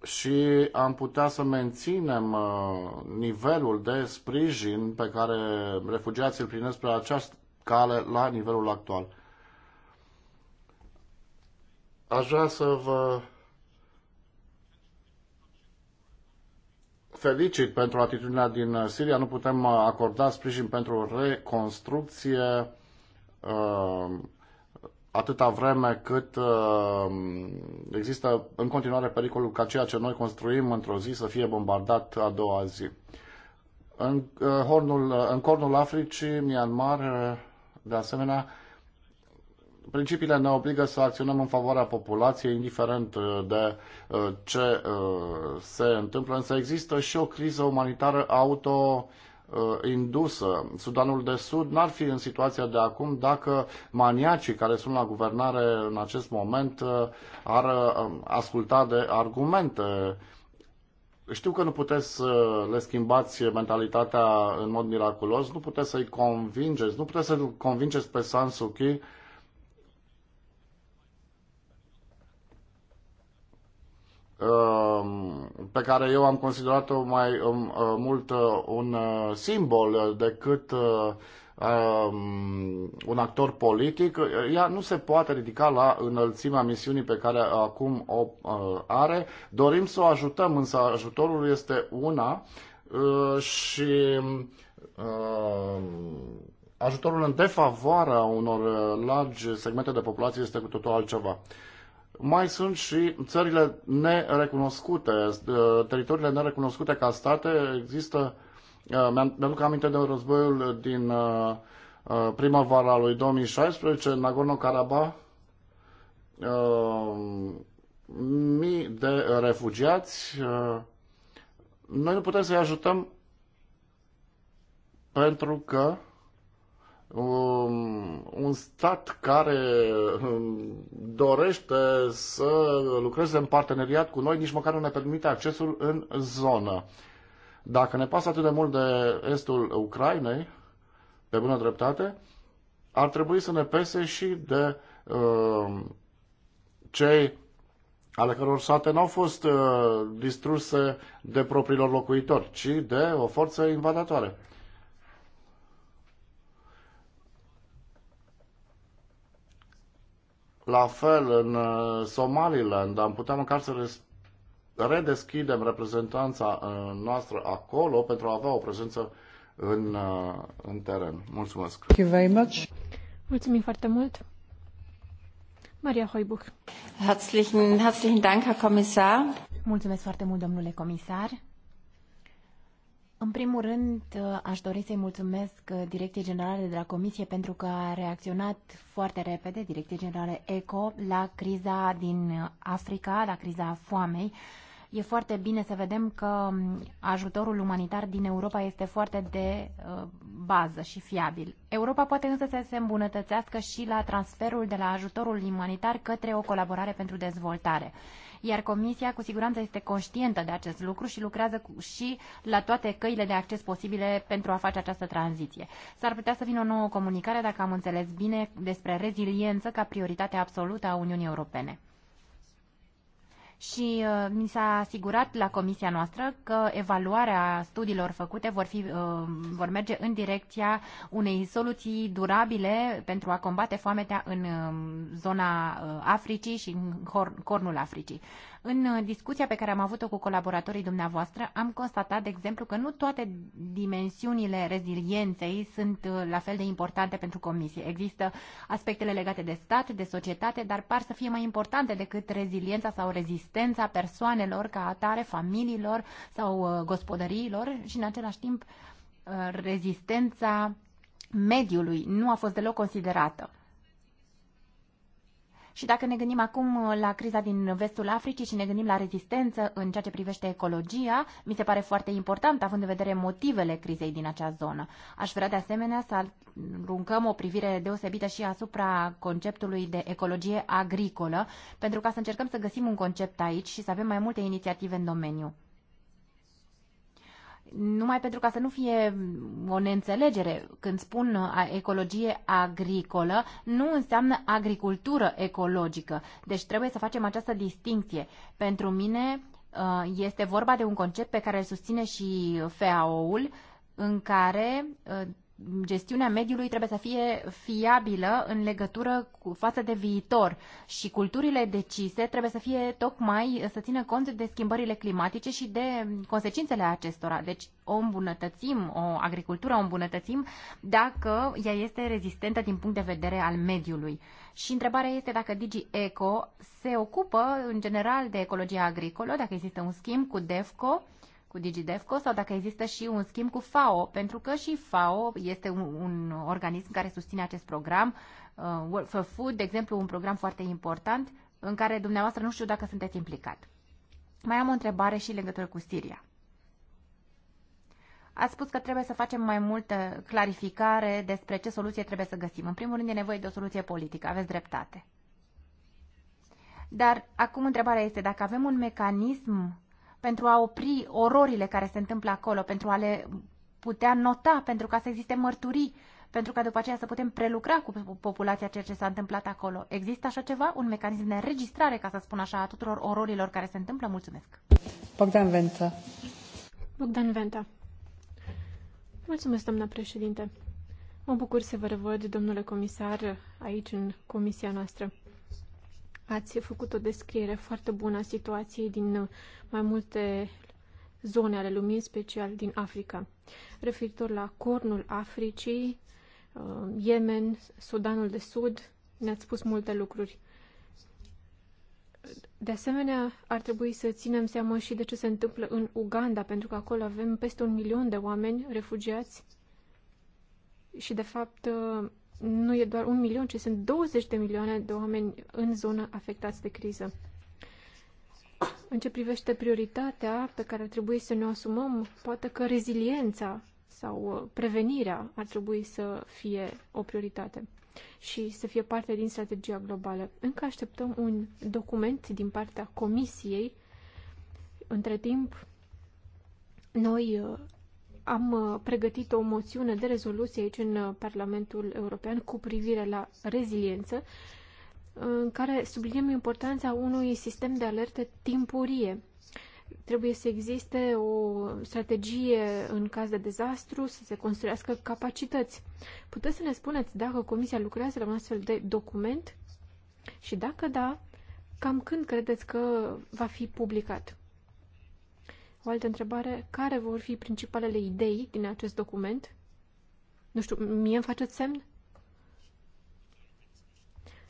și am putea să menținem uh, nivelul de sprijin pe care refugiații îl primesc pe această cale la nivelul actual. Aș vrea să vă felicit pentru atitudinea din Siria. Nu putem acorda sprijin pentru reconstrucție. Uh, atâta vreme cât uh, există în continuare pericolul ca ceea ce noi construim într-o zi să fie bombardat a doua zi. În, uh, hornul, uh, în cornul Africii, Myanmar, de asemenea, principiile ne obligă să acționăm în favoarea populației, indiferent de ce se întâmplă, însă există și o criză umanitară auto Uh, indusă. Sudanul de Sud n-ar fi în situația de acum dacă maniacii care sunt la guvernare în acest moment uh, ar um, asculta de argumente. Știu că nu puteți să le schimbați mentalitatea în mod miraculos, nu puteți să-i convingeți, nu puteți să-l convingeți pe Sansuki Um, pe care eu am considerat-o mai um, uh, mult uh, un uh, simbol decât um, un actor politic, ea nu se poate ridica la înălțimea misiunii pe care acum o are. Dorim să o ajutăm, însă ajutorul este una și ajutorul în defavoarea unor largi segmente de populație este cu totul altceva. Mai sunt și țările nerecunoscute, ă, teritoriile nerecunoscute ca state. Există, ă, mi-aduc aminte de războiul din ă, primăvara lui 2016, în Nagorno-Karabakh, mii de refugiați. Noi nu putem să-i ajutăm pentru că Um, un stat care um, dorește să lucreze în parteneriat cu noi, nici măcar nu ne permite accesul în zonă. Dacă ne pasă atât de mult de estul Ucrainei, pe bună dreptate, ar trebui să ne pese și de uh, cei ale căror sate n-au fost uh, distruse de propriilor locuitori, ci de o forță invadatoare. La fel, în uh, Somaliland am putea măcar să redeschidem reprezentanța uh, noastră acolo pentru a avea o prezență în, uh, în teren. Mulțumesc! Thank you very much. Mulțumim foarte mult! Maria Hoibuch. Herzlichen, herzlichen Dank, Herr Kommissar. Mulțumesc foarte mult, domnule comisar. În primul rând, aș dori să-i mulțumesc Direcției Generale de la Comisie pentru că a reacționat foarte repede, Direcției Generale ECO, la criza din Africa, la criza foamei. E foarte bine să vedem că ajutorul umanitar din Europa este foarte de uh, bază și fiabil. Europa poate însă să se îmbunătățească și la transferul de la ajutorul umanitar către o colaborare pentru dezvoltare iar Comisia cu siguranță este conștientă de acest lucru și lucrează și la toate căile de acces posibile pentru a face această tranziție. S-ar putea să vină o nouă comunicare, dacă am înțeles bine, despre reziliență ca prioritate absolută a Uniunii Europene și uh, mi s-a asigurat la comisia noastră că evaluarea studiilor făcute vor, fi, uh, vor merge în direcția unei soluții durabile pentru a combate foametea în uh, zona uh, Africii și în cornul Africii. În uh, discuția pe care am avut-o cu colaboratorii dumneavoastră, am constatat, de exemplu, că nu toate dimensiunile rezilienței sunt uh, la fel de importante pentru comisie. Există aspectele legate de stat, de societate, dar par să fie mai importante decât reziliența sau rezistența persoanelor ca atare, familiilor sau uh, gospodăriilor și, în același timp, rezistența mediului nu a fost deloc considerată. Și dacă ne gândim acum uh, la criza din vestul Africii și ne gândim la rezistență în ceea ce privește ecologia, mi se pare foarte important, având în vedere motivele crizei din acea zonă. Aș vrea de asemenea să aruncăm o privire deosebită și asupra conceptului de ecologie agricolă, pentru ca să încercăm să găsim un concept aici și să avem mai multe inițiative în domeniu numai pentru ca să nu fie o neînțelegere, când spun ecologie agricolă, nu înseamnă agricultură ecologică. Deci trebuie să facem această distinție. Pentru mine este vorba de un concept pe care îl susține și FAO-ul, în care gestiunea mediului trebuie să fie fiabilă în legătură cu față de viitor și culturile decise trebuie să fie tocmai să țină cont de schimbările climatice și de consecințele acestora. Deci o îmbunătățim, o agricultură o îmbunătățim dacă ea este rezistentă din punct de vedere al mediului. Și întrebarea este dacă Digi Eco se ocupă în general de ecologia agricolă, dacă există un schimb cu DEFCO, cu DigiDefco sau dacă există și un schimb cu FAO, pentru că și FAO este un, un organism care susține acest program. Uh, World for Food, de exemplu, un program foarte important în care dumneavoastră nu știu dacă sunteți implicat. Mai am o întrebare și legătură cu Siria. Ați spus că trebuie să facem mai multă clarificare despre ce soluție trebuie să găsim. În primul rând e nevoie de o soluție politică, aveți dreptate. Dar acum întrebarea este dacă avem un mecanism pentru a opri ororile care se întâmplă acolo, pentru a le putea nota, pentru ca să existe mărturii, pentru ca după aceea să putem prelucra cu populația ceea ce s-a întâmplat acolo. Există așa ceva? Un mecanism de înregistrare, ca să spun așa, a tuturor ororilor care se întâmplă? Mulțumesc! Bogdan Venta. Bogdan Venta. Mulțumesc, doamna președinte. Mă bucur să vă revăd, domnule comisar, aici în comisia noastră. Ați făcut o descriere foarte bună a situației din uh, mai multe zone ale lumii, în special din Africa. Referitor la cornul Africii, uh, Yemen, Sudanul de Sud, ne-ați spus multe lucruri. De asemenea, ar trebui să ținem seama și de ce se întâmplă în Uganda, pentru că acolo avem peste un milion de oameni refugiați și, de fapt, uh, nu e doar un milion, ci sunt 20 de milioane de oameni în zonă afectați de criză. În ce privește prioritatea pe care ar trebui să ne o asumăm, poate că reziliența sau uh, prevenirea ar trebui să fie o prioritate și să fie parte din strategia globală. Încă așteptăm un document din partea Comisiei. Între timp, noi uh, am uh, pregătit o moțiune de rezoluție aici în uh, Parlamentul European cu privire la reziliență, în care subliniem importanța unui sistem de alertă timpurie. Trebuie să existe o strategie în caz de dezastru, să se construiască capacități. Puteți să ne spuneți dacă Comisia lucrează la un astfel de document? Și dacă da, cam când credeți că va fi publicat? O altă întrebare, care vor fi principalele idei din acest document? Nu știu, mie îmi faceți semn?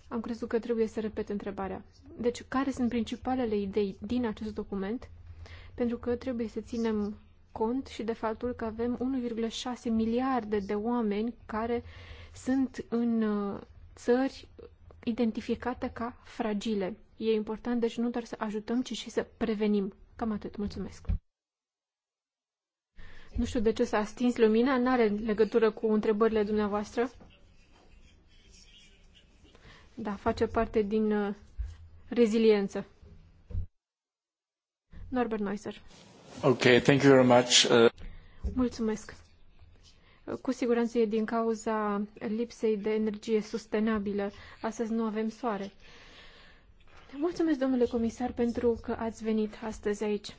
Am crezut că trebuie să repet întrebarea. Deci, care sunt principalele idei din acest document? Pentru că trebuie să ținem cont și de faptul că avem 1,6 miliarde de oameni care sunt în uh, țări identificate ca fragile. E important, deci, nu doar să ajutăm, ci și să prevenim Cam atât. Mulțumesc. Nu știu de ce s-a stins lumina, nu are legătură cu întrebările dumneavoastră. Da, face parte din uh, reziliență. Norbert Neusser. Ok, thank you very much. Uh... Mulțumesc. Cu siguranță e din cauza lipsei de energie sustenabilă. Astăzi nu avem soare. Uh, Mulțumesc, domnule comisar, pentru că ați venit astăzi aici.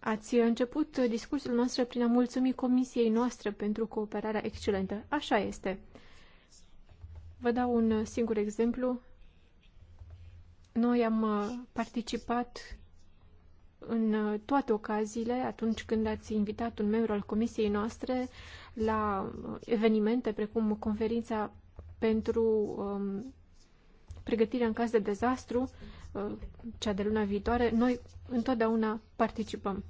Ați început discursul nostru prin a mulțumi comisiei noastre pentru cooperarea excelentă. Așa este. Vă dau un singur exemplu. Noi am participat în toate ocaziile, atunci când ați invitat un membru al comisiei noastre la evenimente precum conferința pentru um, pregătirea în caz de dezastru, Uh, cea de luna viitoare, noi întotdeauna participăm.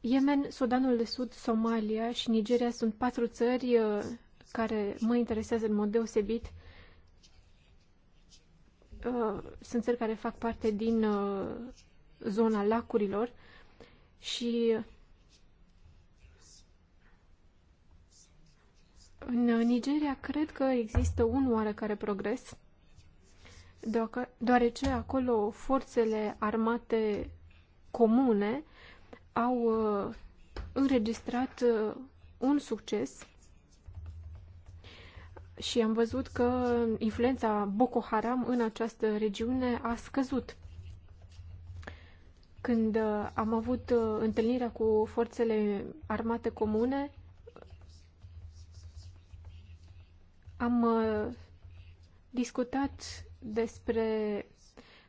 Yemen, Sudanul de Sud, Somalia și Nigeria sunt patru țări uh, care mă interesează în mod deosebit. Uh, sunt țări care fac parte din zona lacurilor și în Nigeria cred că există un oarecare progres deoarece acolo forțele armate comune au uh, înregistrat uh, un succes și am văzut că influența Boko Haram în această regiune a scăzut. Când uh, am avut întâlnirea cu forțele armate comune, am discutat despre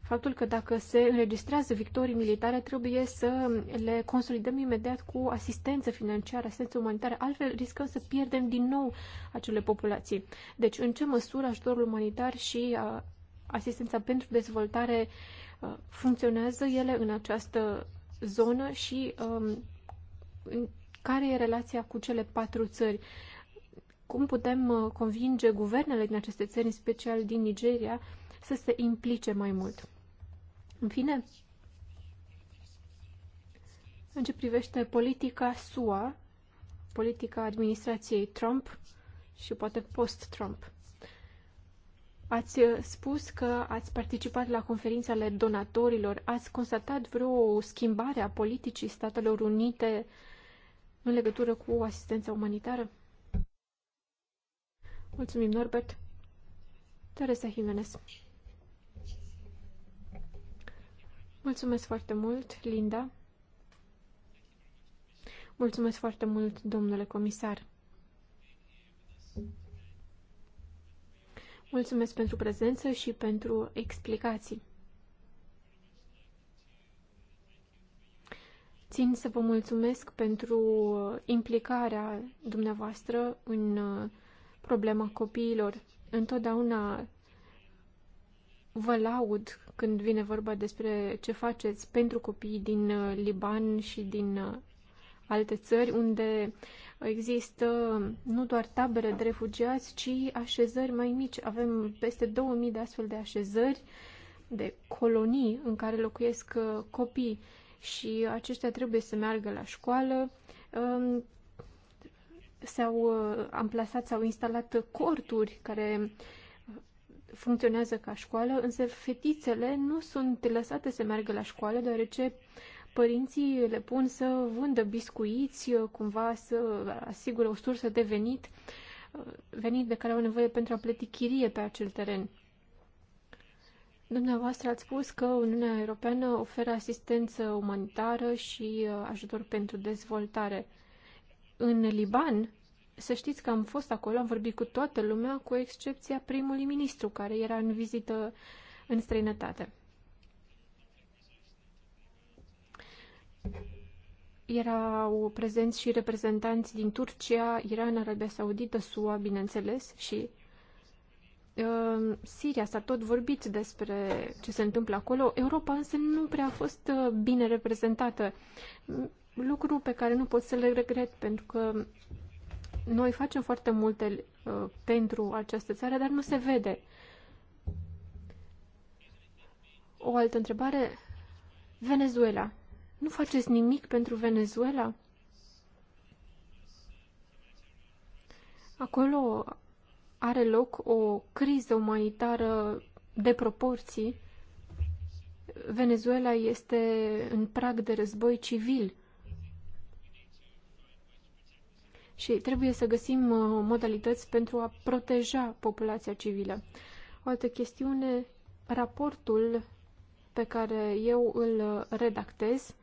faptul că dacă se înregistrează victorii militare, trebuie să le consolidăm imediat cu asistență financiară, asistență umanitară, altfel riscăm să pierdem din nou acele populații. Deci, în ce măsură ajutorul umanitar și a, asistența pentru dezvoltare a, funcționează ele în această zonă și a, um, în care e relația cu cele patru țări? Cum putem uh, convinge guvernele din aceste țări, în special din Nigeria, să se implice mai mult. În fine, în ce privește politica SUA, politica administrației Trump și poate post-Trump. Ați spus că ați participat la conferințele donatorilor. Ați constatat vreo schimbare a politicii Statelor Unite în legătură cu asistența umanitară? Mulțumim, Norbert. Teresa Jimenez. Mulțumesc foarte mult, Linda. Mulțumesc foarte mult, domnule comisar. Mulțumesc pentru prezență și pentru explicații. Țin să vă mulțumesc pentru implicarea dumneavoastră în uh, problema copiilor. Întotdeauna vă laud când vine vorba despre ce faceți pentru copiii din uh, Liban și din uh, alte țări unde există nu doar tabere de refugiați, ci așezări mai mici. Avem peste 2000 de astfel de așezări, de colonii în care locuiesc uh, copii și aceștia trebuie să meargă la școală. Um, s-au amplasat, s-au instalat corturi care funcționează ca școală, însă fetițele nu sunt lăsate să meargă la școală, deoarece părinții le pun să vândă biscuiți, cumva să asigure o sursă de venit, venit de care au nevoie pentru a plăti chirie pe acel teren. Dumneavoastră ați spus că Uniunea Europeană oferă asistență umanitară și uh, ajutor pentru dezvoltare. În Liban, să știți că am fost acolo, am vorbit cu toată lumea, cu excepția primului ministru care era în vizită în străinătate. Erau prezenți și reprezentanți din Turcia, Iran, Arabia Saudită, SUA, bineînțeles, și uh, Siria s-a tot vorbit despre ce se întâmplă acolo. Europa însă nu prea a fost uh, bine reprezentată. Lucru pe care nu pot să le regret, pentru că noi facem foarte multe uh, pentru această țară, dar nu se vede. O altă întrebare. Venezuela. Nu faceți nimic pentru Venezuela? Acolo are loc o criză umanitară de proporții. Venezuela este în prag de război civil. și trebuie să găsim uh, modalități pentru a proteja populația civilă. O altă chestiune, raportul pe care eu îl uh, redactez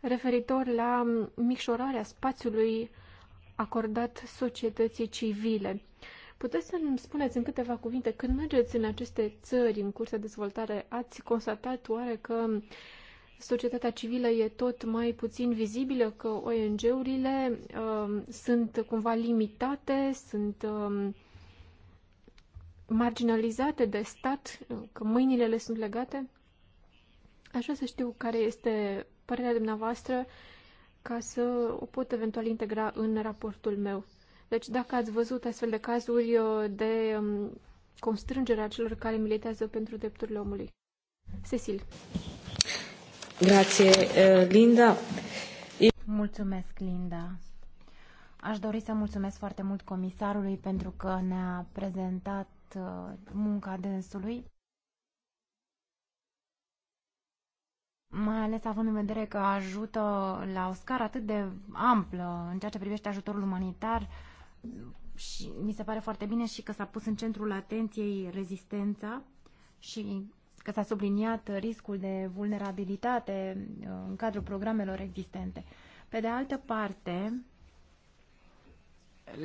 referitor la micșorarea spațiului acordat societății civile. Puteți să îmi spuneți în câteva cuvinte, când mergeți în aceste țări în curs de dezvoltare, ați constatat oare că uh, societatea civilă e tot mai puțin vizibilă, că ONG-urile uh, um, sunt cumva limitate, sunt uh, marginalizate de stat, că mâinile le sunt legate. Aș vrea să știu care este părerea dumneavoastră ca să o pot eventual integra în raportul meu. Deci dacă ați văzut astfel de cazuri uh, de um, a celor care militează pentru drepturile omului. Cecil. Grație, Linda. Mulțumesc, Linda. Aș dori să mulțumesc foarte mult comisarului pentru că ne-a prezentat munca dânsului. mai ales având în vedere că ajută la o scară atât de amplă în ceea ce privește ajutorul umanitar și mi se pare foarte bine și că s-a pus în centrul atenției rezistența și că s-a subliniat riscul de vulnerabilitate uh, în cadrul programelor existente. Pe de altă parte,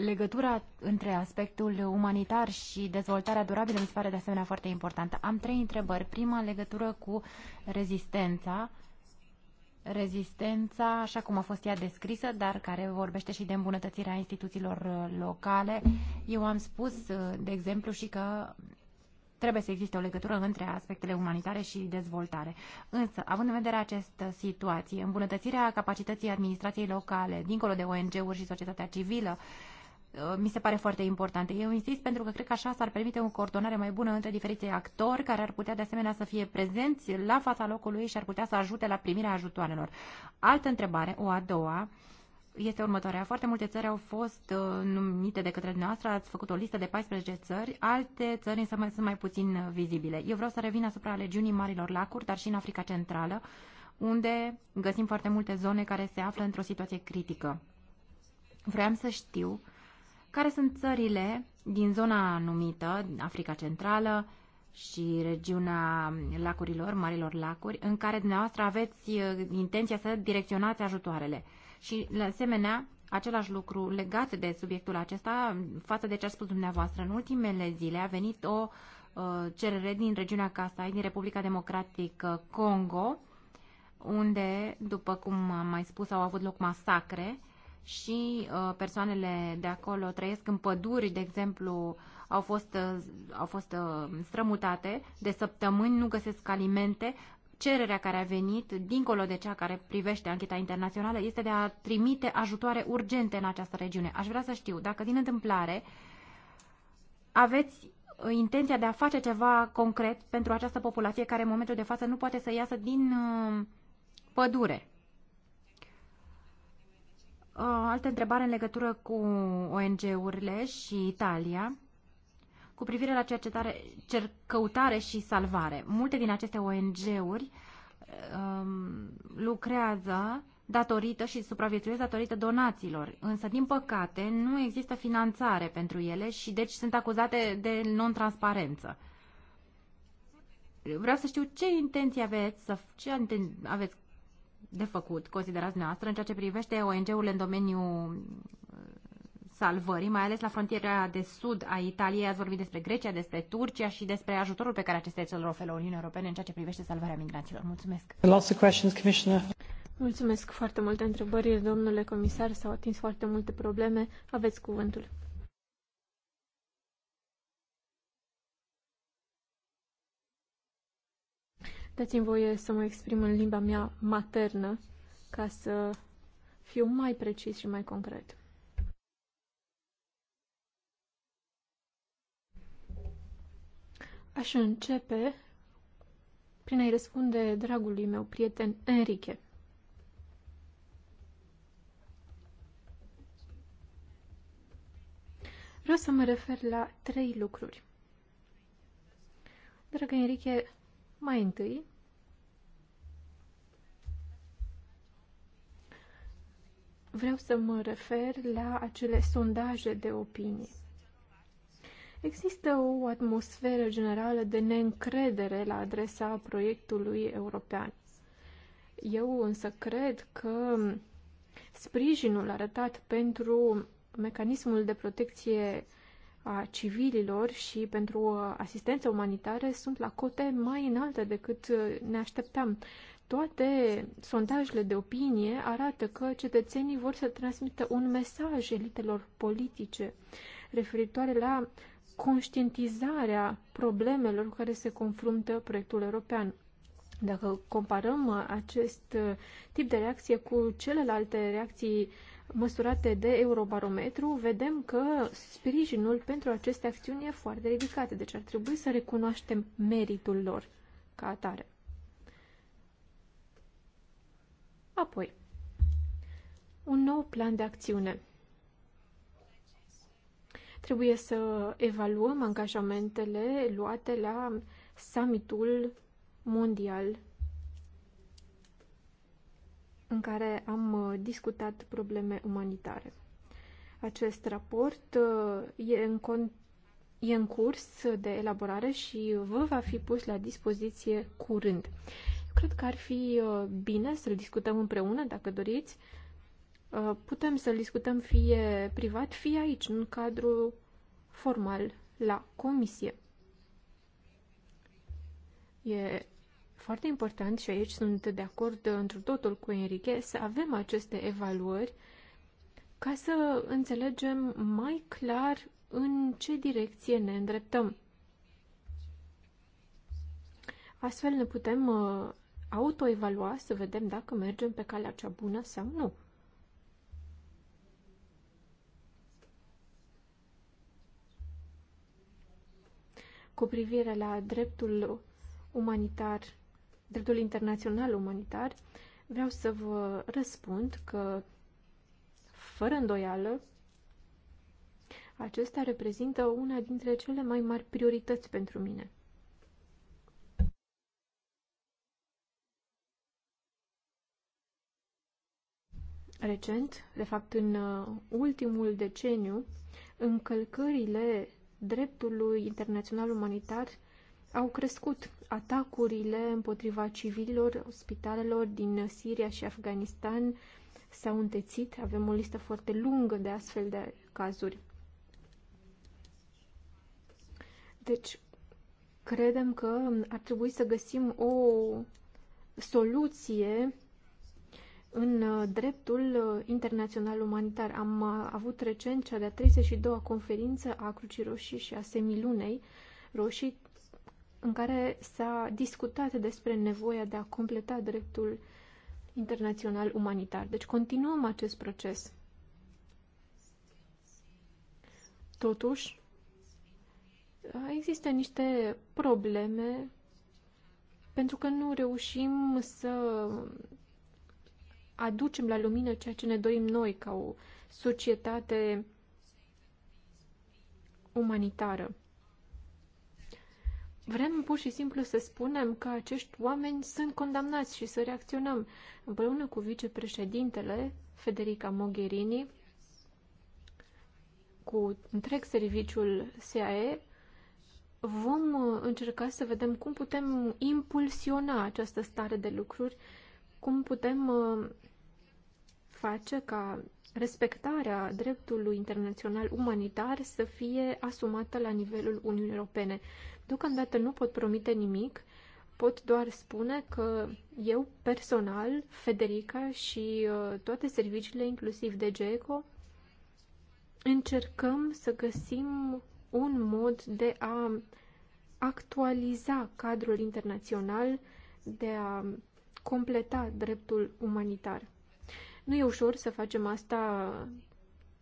legătura între aspectul umanitar și dezvoltarea durabilă mi se pare de asemenea foarte importantă. Am trei întrebări. Prima, în legătură cu rezistența. Rezistența, așa cum a fost ea descrisă, dar care vorbește și de îmbunătățirea instituțiilor uh, locale. Eu am spus, uh, de exemplu, și că trebuie să existe o legătură între aspectele umanitare și dezvoltare. Însă, având în vedere această situație, îmbunătățirea capacității administrației locale, dincolo de ONG-uri și societatea civilă, uh, mi se pare foarte importantă. Eu insist pentru că cred că așa s-ar permite o coordonare mai bună între diferiții actori care ar putea de asemenea să fie prezenți la fața locului și ar putea să ajute la primirea ajutoarelor. Altă întrebare, o a doua, uh, este următoarea. Foarte multe țări au fost uh, numite de către dumneavoastră, ați făcut o listă de 14 țări, alte țări însă mai, sunt mai puțin uh, vizibile. Eu vreau să revin asupra legiunii Marilor Lacuri, dar și în Africa Centrală, unde găsim foarte multe zone care se află într-o situație critică. Vreau să știu care sunt țările din zona numită, Africa Centrală, și regiunea lacurilor, marilor lacuri, în care dumneavoastră aveți uh, intenția să direcționați ajutoarele. Și, la asemenea, același lucru legat de subiectul acesta, față de ce a spus dumneavoastră, în ultimele zile a venit o uh, cerere din regiunea Kasai, din Republica Democratică Congo, unde, după cum am mai spus, au avut loc masacre și uh, persoanele de acolo trăiesc în păduri, de exemplu, au fost, uh, au fost uh, strămutate de săptămâni, nu găsesc alimente, cererea care a venit, dincolo de cea care privește ancheta internațională, este de a trimite ajutoare urgente în această regiune. Aș vrea să știu dacă din întâmplare aveți intenția de a face ceva concret pentru această populație care în momentul de față nu poate să iasă din uh, pădure. Uh, altă întrebare în legătură cu ONG-urile și Italia cu privire la cercetare, cer, căutare și salvare. Multe din aceste ONG-uri um, lucrează datorită și supraviețuiesc datorită donațiilor. Însă, din păcate, nu există finanțare pentru ele și deci sunt acuzate de non-transparență. Vreau să știu ce intenții aveți, să, ce aveți de făcut, considerați noastră, în ceea ce privește ONG-urile în domeniul salvării, mai ales la frontiera de sud a Italiei. Ați vorbit despre Grecia, despre Turcia și despre ajutorul pe care aceste țări îl oferă Uniunea Europeană în ceea ce privește salvarea migranților. Mulțumesc! Lots of questions, Commissioner. Mulțumesc foarte multe întrebări, domnule comisar. S-au atins foarte multe probleme. Aveți cuvântul. Dați-mi voie să mă exprim în limba mea maternă ca să fiu mai precis și mai concret. Aș începe prin a-i răspunde dragului meu prieten Enrique. Vreau să mă refer la trei lucruri. Dragă Enrique, mai întâi, vreau să mă refer la acele sondaje de opinie. Există o atmosferă generală de neîncredere la adresa proiectului european. Eu însă cred că sprijinul arătat pentru mecanismul de protecție a civililor și pentru asistență umanitară sunt la cote mai înalte decât ne așteptam. Toate sondajele de opinie arată că cetățenii vor să transmită un mesaj elitelor politice referitoare la conștientizarea problemelor cu care se confruntă proiectul european. Dacă comparăm uh, acest uh, tip de reacție cu celelalte reacții măsurate de Eurobarometru, vedem că sprijinul pentru aceste acțiuni e foarte ridicat, deci ar trebui să recunoaștem meritul lor ca atare. Apoi, un nou plan de acțiune – Trebuie să evaluăm angajamentele luate la summitul mondial în care am uh, discutat probleme umanitare. Acest raport uh, e în, con- e în curs de elaborare și vă va fi pus la dispoziție curând. cred că ar fi uh, bine să-l discutăm împreună, dacă doriți, Uh, putem să-l discutăm fie privat, fie aici, în cadrul formal la comisie. E foarte important și aici sunt de acord într totul cu Enrique să avem aceste evaluări ca să înțelegem mai clar în ce direcție ne îndreptăm. Astfel ne putem uh, autoevalua să vedem dacă mergem pe calea cea bună sau nu. cu privire la dreptul umanitar, dreptul internațional umanitar, vreau să vă răspund că, fără îndoială, acesta reprezintă una dintre cele mai mari priorități pentru mine. Recent, de fapt în uh, ultimul deceniu, încălcările dreptului internațional umanitar au crescut. Atacurile împotriva civililor, spitalelor din Siria și Afganistan s-au întețit. Avem o listă foarte lungă de astfel de cazuri. Deci, credem că ar trebui să găsim o soluție în uh, dreptul uh, internațional umanitar. Am uh, avut recent cea de-a 32-a conferință a Crucii Roșii și a Semilunei Roșii, în care s-a discutat despre nevoia de a completa dreptul internațional umanitar. Deci continuăm acest proces. Totuși, există niște probleme pentru că nu reușim să aducem la lumină ceea ce ne dorim noi ca o societate umanitară. Vrem pur și simplu să spunem că acești oameni sunt condamnați și să reacționăm. Împreună cu vicepreședintele Federica Mogherini, cu întreg serviciul SAE, vom încerca să vedem cum putem impulsiona această stare de lucruri, cum putem uh, face ca respectarea dreptului internațional umanitar să fie asumată la nivelul Uniunii Europene. Deocamdată nu pot promite nimic, pot doar spune că eu personal, Federica și uh, toate serviciile, inclusiv de GECO, încercăm să găsim un mod de a actualiza cadrul internațional, de a completa dreptul umanitar. Nu e ușor să facem asta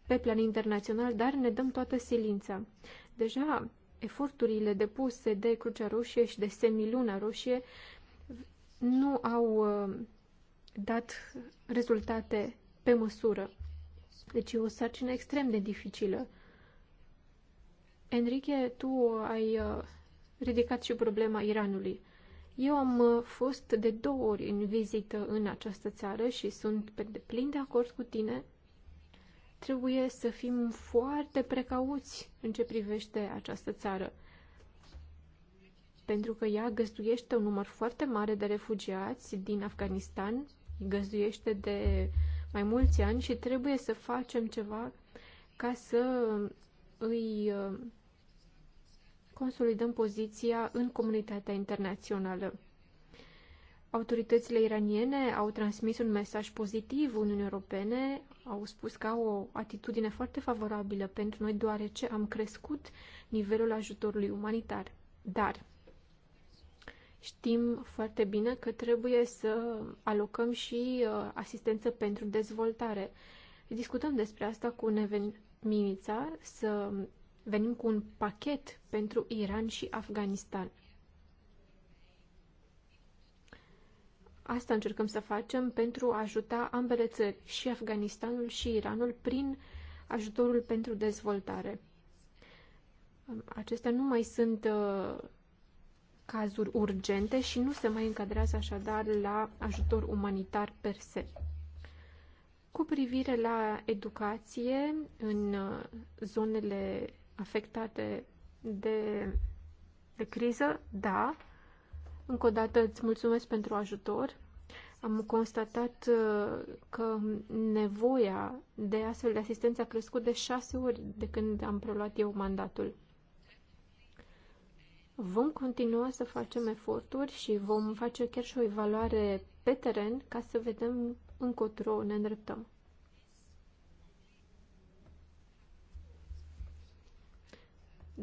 pe plan internațional, dar ne dăm toată silința. Deja eforturile depuse de Crucea Roșie și de Semiluna Roșie nu au uh, dat rezultate pe măsură. Deci e o sarcină extrem de dificilă. Enrique, tu ai uh, ridicat și problema Iranului. Eu am uh, fost de două ori în vizită în această țară și sunt pe deplin de acord cu tine. Trebuie să fim foarte precauți în ce privește această țară, pentru că ea găzduiește un număr foarte mare de refugiați din Afganistan, găzduiește de mai mulți ani și trebuie să facem ceva ca să îi uh, consolidăm poziția în comunitatea internațională. Autoritățile iraniene au transmis un mesaj pozitiv Uniunii Europene, au spus că au o atitudine foarte favorabilă pentru noi, deoarece am crescut nivelul ajutorului umanitar. Dar știm foarte bine că trebuie să alocăm și uh, asistență pentru dezvoltare. Discutăm despre asta cu Neven Mimița, să venim cu un pachet pentru Iran și Afganistan. Asta încercăm să facem pentru a ajuta ambele țări, și Afganistanul și Iranul, prin ajutorul pentru dezvoltare. Acestea nu mai sunt uh, cazuri urgente și nu se mai încadrează așadar la ajutor umanitar per se. Cu privire la educație în uh, zonele afectate de, de criză, da. Încă o dată îți mulțumesc pentru ajutor. Am constatat uh, că nevoia de astfel de asistență a crescut de șase ori de când am preluat eu mandatul. Vom continua să facem eforturi și vom face chiar și o evaluare pe teren ca să vedem încotro ne îndreptăm.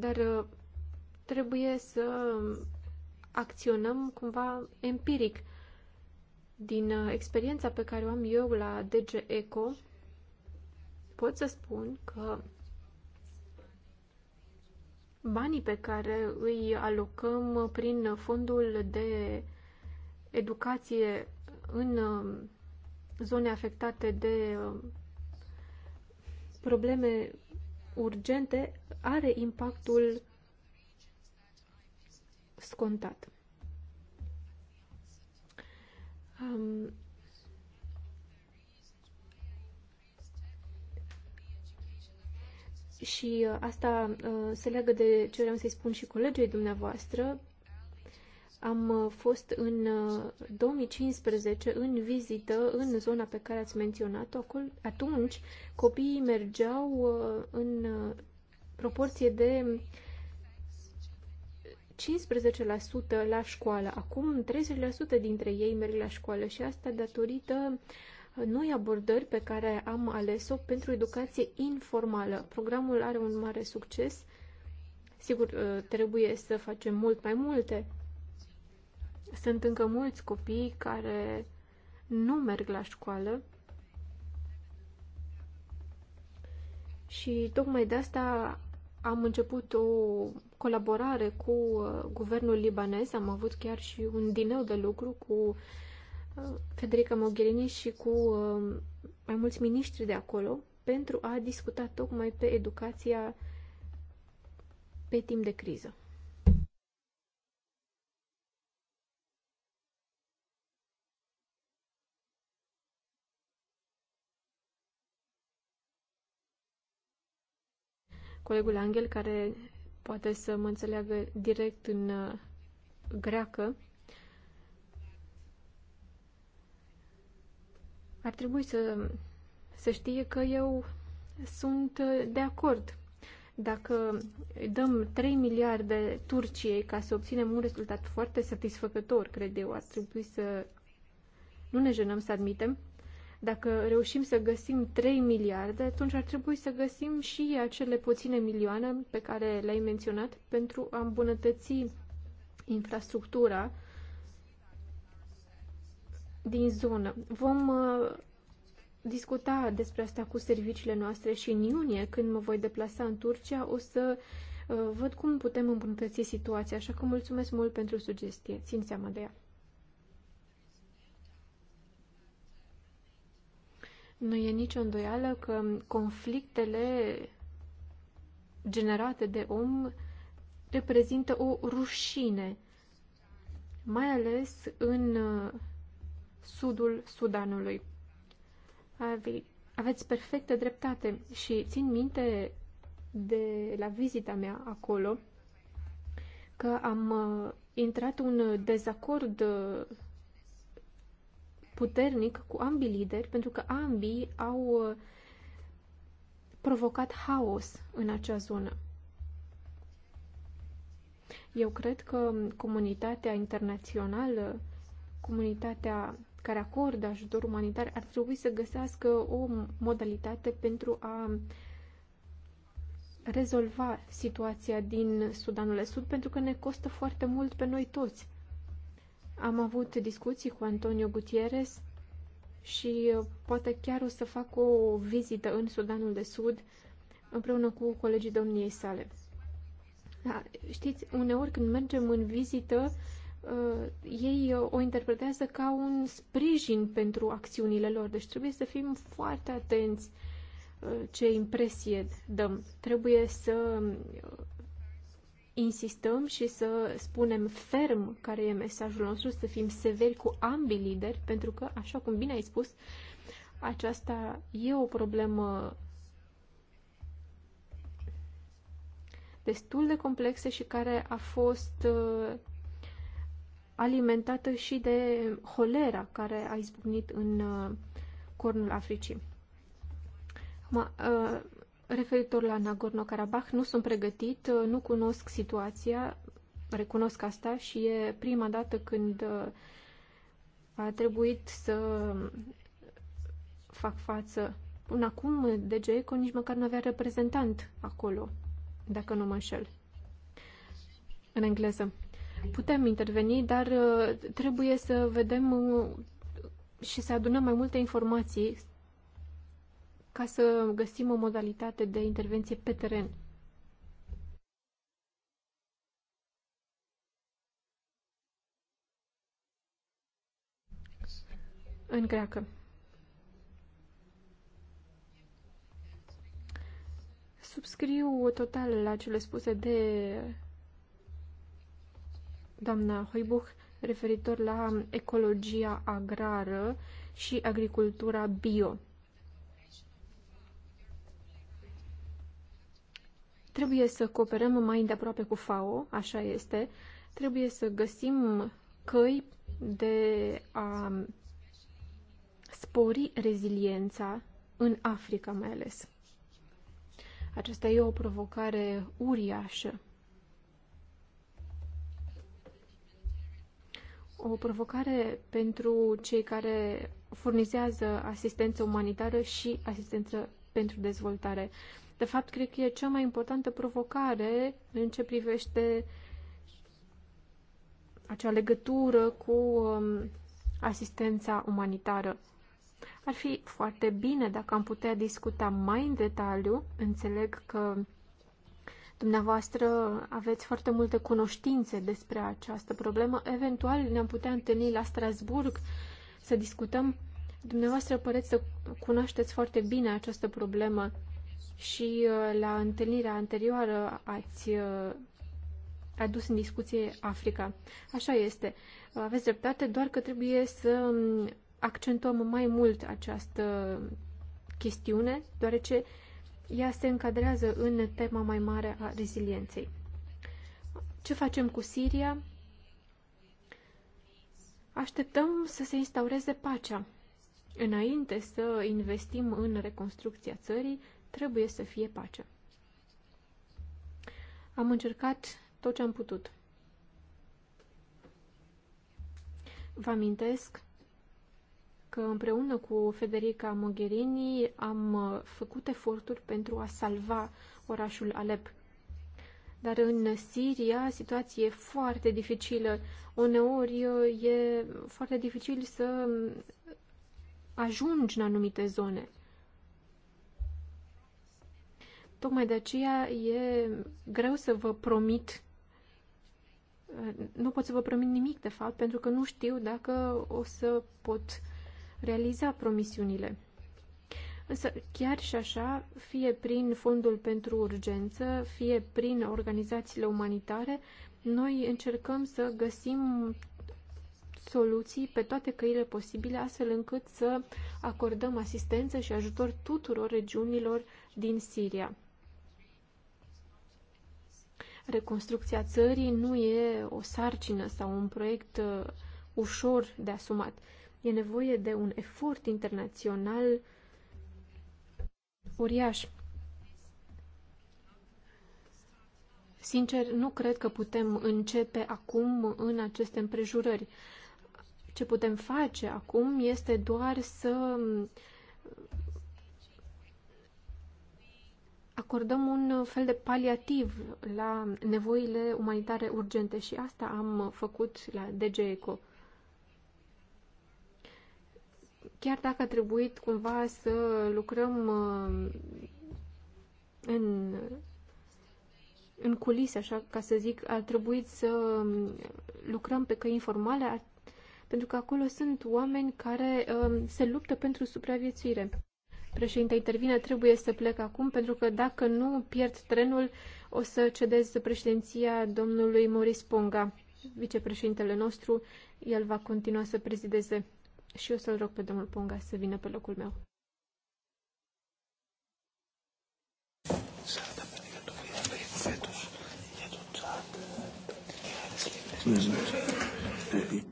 dar uh, trebuie să acționăm cumva empiric. Din uh, experiența pe care o am eu la DG Eco, pot să spun că banii pe care îi alocăm prin fondul de educație în uh, zone afectate de probleme urgente are impactul scontat. Um, și uh, asta uh, se leagă de ce vreau să-i spun și colegii dumneavoastră. Am uh, fost în 2015 uh, în vizită în zona pe care ați menționat-o. Atunci copiii mergeau uh, în proporție de 15% la școală. Acum 30% dintre ei merg la școală și asta datorită noi abordări pe care am ales-o pentru educație informală. Programul are un mare succes. Sigur, trebuie să facem mult mai multe, sunt încă mulți copii care nu merg la școală și tocmai de asta am început o colaborare cu uh, guvernul libanez, am avut chiar și un dineu de lucru cu uh, Federica Mogherini și cu uh, mai mulți miniștri de acolo pentru a discuta tocmai pe educația pe timp de criză. colegul Angel, care poate să mă înțeleagă direct în uh, greacă. Ar trebui să, să știe că eu sunt uh, de acord. Dacă dăm 3 miliarde Turciei ca să obținem un rezultat foarte satisfăcător, cred eu, ar trebui să nu ne jenăm să admitem dacă reușim să găsim 3 miliarde, atunci ar trebui să găsim și acele puține milioane pe care le-ai menționat pentru a îmbunătăți infrastructura din zonă. Vom uh, discuta despre asta cu serviciile noastre și în iunie, când mă voi deplasa în Turcia, o să uh, văd cum putem îmbunătăți situația, așa că mulțumesc mult pentru sugestie. Țin seama de ea. Nu e nicio îndoială că conflictele generate de om reprezintă o rușine, mai ales în uh, sudul Sudanului. Ave aveți perfectă dreptate și țin minte de la vizita mea acolo că am uh, intrat un dezacord uh, puternic cu ambii lideri, pentru că ambii au uh, provocat haos în acea zonă. Eu cred că comunitatea internațională, comunitatea care acordă ajutor umanitar, ar trebui să găsească o modalitate pentru a rezolva situația din Sudanul de Sud, pentru că ne costă foarte mult pe noi toți. Am avut discuții cu Antonio Gutierrez și uh, poate chiar o să fac o vizită în Sudanul de Sud împreună cu colegii domniei sale. Da, știți, uneori când mergem în vizită, uh, ei uh, o interpretează ca un sprijin pentru acțiunile lor, deci trebuie să fim foarte atenți uh, ce impresie dăm. Trebuie să uh, insistăm și să spunem ferm care e mesajul nostru, să fim severi cu ambii lideri, pentru că, așa cum bine ai spus, aceasta e o problemă destul de complexă și care a fost uh, alimentată și de holera care a izbucnit în uh, cornul Africii. Ma, Referitor la Nagorno-Karabakh, nu sunt pregătit, nu cunosc situația, recunosc asta și e prima dată când a trebuit să fac față. Până acum, DG Eco nici măcar nu avea reprezentant acolo, dacă nu mă înșel. În engleză. Putem interveni, dar uh, trebuie să vedem uh, și să adunăm mai multe informații ca să găsim o modalitate de intervenție pe teren. În greacă. Subscriu total la cele spuse de doamna Hoibuch referitor la ecologia agrară și agricultura bio. Trebuie să cooperăm mai îndeaproape cu FAO, așa este. Trebuie să găsim căi de a spori reziliența în Africa mai ales. Aceasta e o provocare uriașă. O provocare pentru cei care furnizează asistență umanitară și asistență pentru dezvoltare. De fapt, cred că e cea mai importantă provocare în ce privește acea legătură cu um, asistența umanitară. Ar fi foarte bine dacă am putea discuta mai în detaliu. Înțeleg că dumneavoastră aveți foarte multe cunoștințe despre această problemă. Eventual ne-am putea întâlni la Strasburg să discutăm. Dumneavoastră păreți să cunoașteți foarte bine această problemă și uh, la întâlnirea anterioară ați uh, adus în discuție Africa. Așa este. Aveți dreptate, doar că trebuie să um, accentuăm mai mult această chestiune, deoarece ea se încadrează în tema mai mare a rezilienței. Ce facem cu Siria? Așteptăm să se instaureze pacea. Înainte să investim în reconstrucția țării, Trebuie să fie pace. Am încercat tot ce am putut. Vă amintesc că împreună cu Federica Mogherini am uh, făcut eforturi pentru a salva orașul Alep. Dar în Siria situație foarte dificilă. Uneori uh, e foarte dificil să ajungi în anumite zone. Tocmai de aceea e greu să vă promit nu pot să vă promit nimic, de fapt, pentru că nu știu dacă o să pot realiza promisiunile. Însă, chiar și așa, fie prin Fondul pentru Urgență, fie prin organizațiile umanitare, noi încercăm să găsim soluții pe toate căile posibile, astfel încât să acordăm asistență și ajutor tuturor regiunilor din Siria reconstrucția țării nu e o sarcină sau un proiect uh, ușor de asumat. E nevoie de un efort internațional uriaș. Sincer, nu cred că putem începe acum în aceste împrejurări. Ce putem face acum este doar să acordăm un fel de paliativ la nevoile umanitare urgente și asta am făcut la DG Eco. Chiar dacă a trebuit cumva să lucrăm uh, în, în culise, așa ca să zic, a trebuit să lucrăm pe căi informale, pentru că acolo sunt oameni care uh, se luptă pentru supraviețuire. Președinte, intervine, trebuie să plec acum, pentru că dacă nu pierd trenul, o să cedez președinția domnului Maurice Ponga, vicepreședintele nostru. El va continua să prezideze și o să-l rog pe domnul Ponga să vină pe locul meu. Mm-hmm.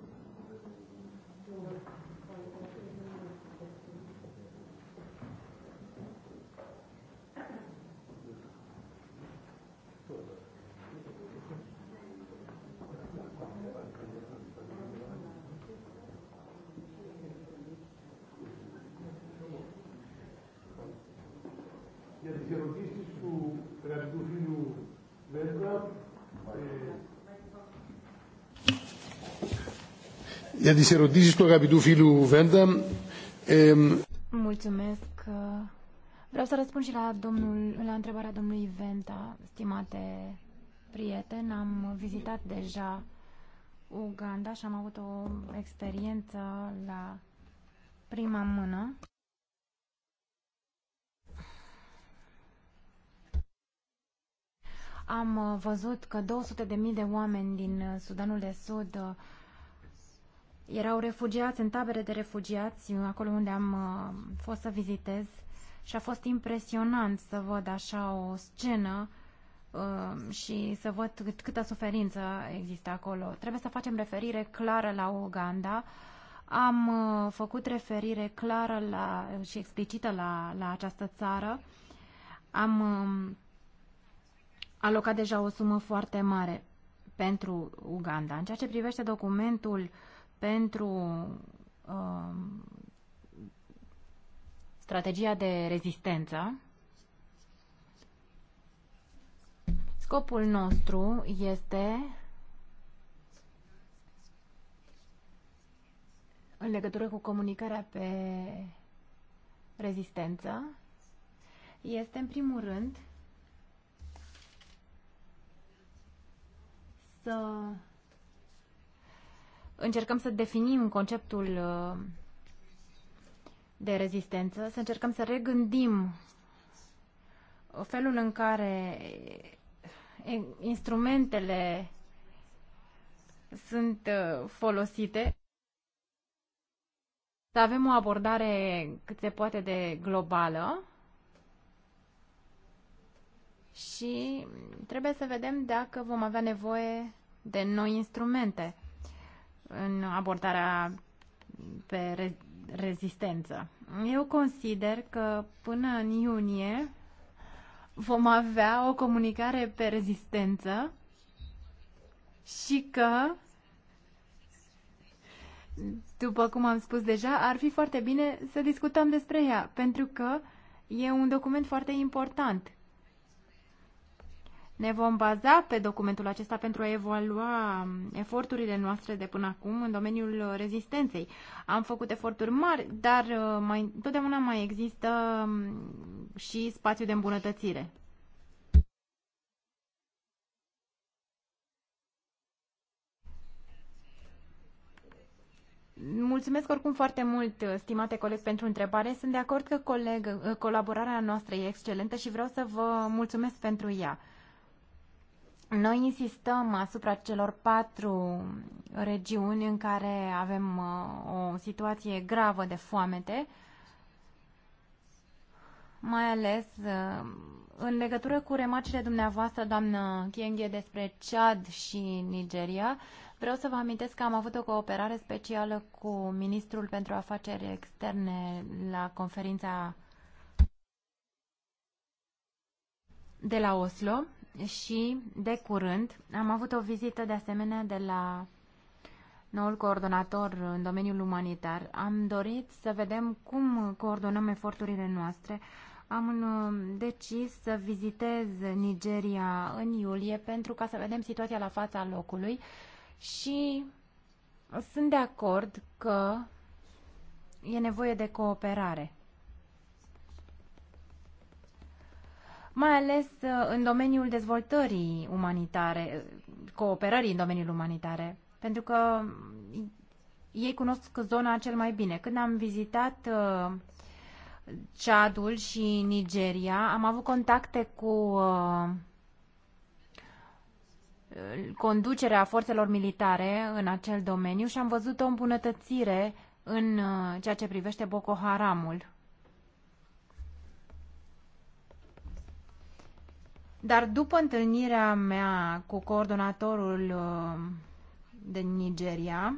για τις ερωτήσεις του αγαπητού φίλου Βέντα. Ε... Mulțumesc. Vreau să răspund și la, domnul, la întrebarea domnului Venta, stimate prieteni. Am vizitat deja Uganda și am avut o experiență la prima mână. Am uh, văzut că 200.000 de oameni din uh, Sudanul de Sud uh, erau refugiați în tabere de refugiați, uh, acolo unde am uh, fost să vizitez și a fost impresionant să văd așa o scenă uh, și să văd cât, câtă suferință există acolo. Trebuie să facem referire clară la Uganda. Am făcut referire clară la, și explicită la, la această țară. Am um, alocat deja o sumă foarte mare pentru Uganda. În ceea ce privește documentul uh, pentru uh, strategia de rezistență. Scopul nostru este în legătură cu comunicarea pe rezistență este în primul rând să încercăm să definim conceptul uh, de rezistență, să încercăm să regândim uh, felul în care instrumentele sunt uh, folosite, să avem o abordare cât se poate de globală și trebuie să vedem dacă vom avea nevoie de noi instrumente în abordarea pe rezistență. Eu consider că până în iunie vom avea o comunicare pe rezistență și că, după cum am spus deja, ar fi foarte bine să discutăm despre ea, pentru că e un document foarte important ne vom baza pe documentul acesta pentru a evalua um, eforturile noastre de până acum în domeniul uh, rezistenței. Am făcut eforturi mari, dar uh, mai, totdeauna mai există um, și spațiu de îmbunătățire. Mulțumesc oricum foarte mult, uh, stimate coleg, pentru întrebare. Sunt de acord că coleg, colaborarea noastră e excelentă și vreau să vă mulțumesc pentru ea. Noi insistăm asupra celor patru regiuni în care avem uh, o situație gravă de foamete, mai ales uh, în legătură cu remarcile dumneavoastră, doamnă Chienghe, despre Chad și Nigeria. Vreau să vă amintesc că am avut o cooperare specială cu ministrul pentru afaceri externe la conferința de la Oslo și, de curând, am avut o vizită de asemenea de la noul coordonator în domeniul umanitar. Am dorit să vedem cum coordonăm eforturile noastre. Am uh, decis să vizitez Nigeria în iulie pentru ca să vedem situația la fața locului și sunt de acord că e nevoie de cooperare. mai ales uh, în domeniul dezvoltării umanitare, uh, cooperării în domeniul umanitare, pentru că mm, ei cunosc zona cel mai bine. Când am vizitat uh, Chadul și Nigeria, am avut contacte cu conducerea forțelor militare în acel domeniu și am văzut o îmbunătățire în ceea ce privește Boko Haramul. Dar după întâlnirea mea cu coordonatorul uh, de Nigeria,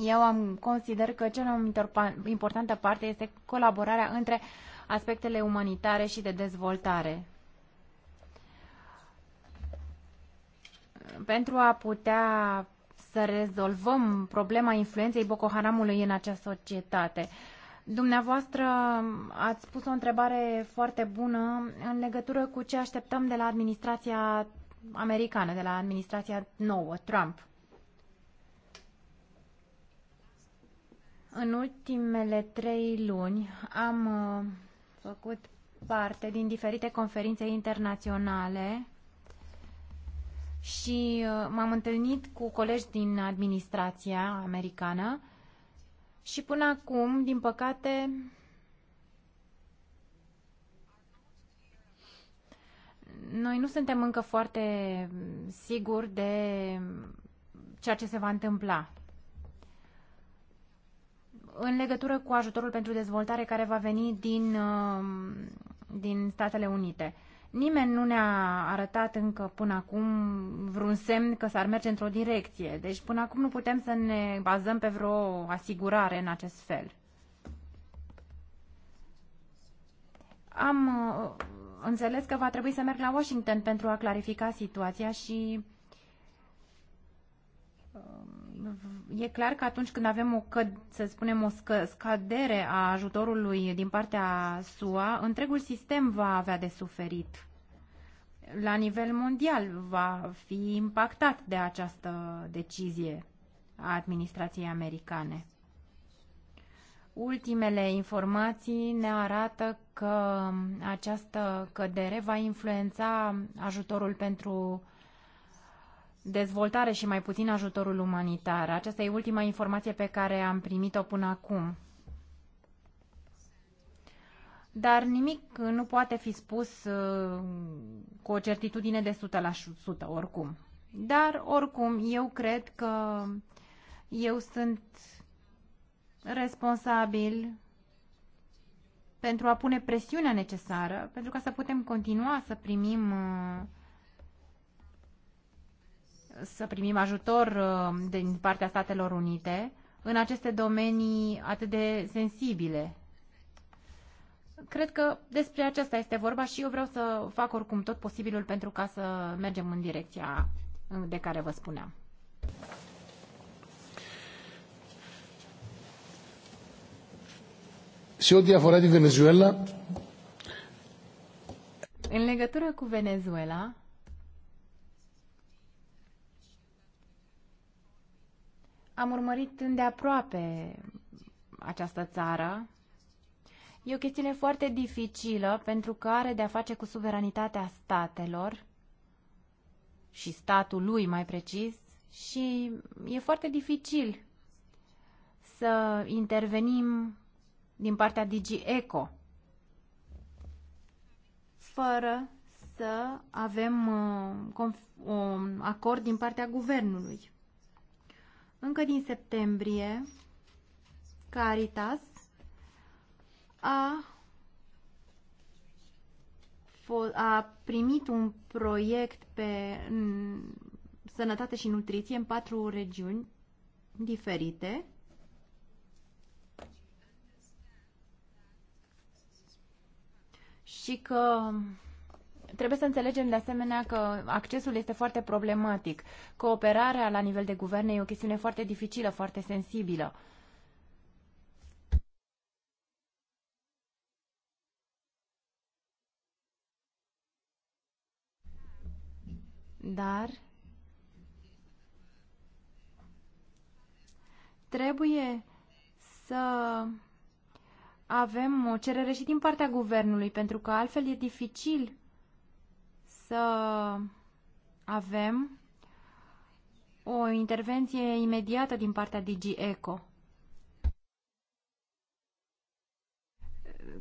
eu am consider că cea mai importantă parte este colaborarea între aspectele umanitare și de dezvoltare. Pentru a putea să rezolvăm problema influenței Boko Haramului în această societate. Dumneavoastră ați pus o întrebare foarte bună în legătură cu ce așteptăm de la administrația americană, de la administrația nouă, Trump. În ultimele trei luni am uh, făcut parte din diferite conferințe internaționale și uh, m-am întâlnit cu colegi din administrația americană și până acum, din păcate, noi nu suntem încă foarte siguri de ceea ce se va întâmpla. În legătură cu ajutorul pentru dezvoltare care va veni din, uh, din Statele Unite. Nimeni nu ne-a arătat încă până acum vreun semn că s-ar merge într-o direcție. Deci până acum nu putem să ne bazăm pe vreo asigurare în acest fel. Am uh, înțeles că va trebui să merg la Washington pentru a clarifica situația și uh, e clar că atunci când avem o, să spunem, o scă, scădere a ajutorului din partea SUA, întregul sistem va avea de suferit. La nivel mondial va fi impactat de această decizie a administrației americane. Ultimele informații ne arată că această cădere va influența ajutorul pentru uh, dezvoltare și mai puțin ajutorul umanitar. Aceasta e ultima informație pe care am primit-o până acum. Dar nimic nu poate fi spus uh, cu o certitudine de 100 la 100 oricum. Dar oricum, eu cred că eu sunt responsabil pentru a pune presiunea necesară pentru ca să putem continua să primim uh, să primim ajutor uh, din partea Statelor Unite în aceste domenii atât de sensibile. Cred că despre aceasta este vorba și eu vreau să fac oricum tot posibilul pentru ca să mergem în direcția uh, de care vă spuneam. și o diaforă din Venezuela? În legătură cu Venezuela, Am urmărit îndeaproape această țară. E o chestiune foarte dificilă pentru că are de-a face cu suveranitatea statelor și statul lui, mai precis, și e foarte dificil să intervenim din partea DigiEco fără să avem uh, un acord din partea guvernului. Încă din septembrie, Caritas a, a primit un proiect pe sănătate și nutriție în patru regiuni diferite. Și că Trebuie să înțelegem de asemenea că accesul este foarte problematic. Cooperarea la nivel de guverne e o chestiune foarte dificilă, foarte sensibilă. Dar trebuie să avem o cerere și din partea guvernului, pentru că altfel e dificil să avem o intervenție imediată din partea DigiEco.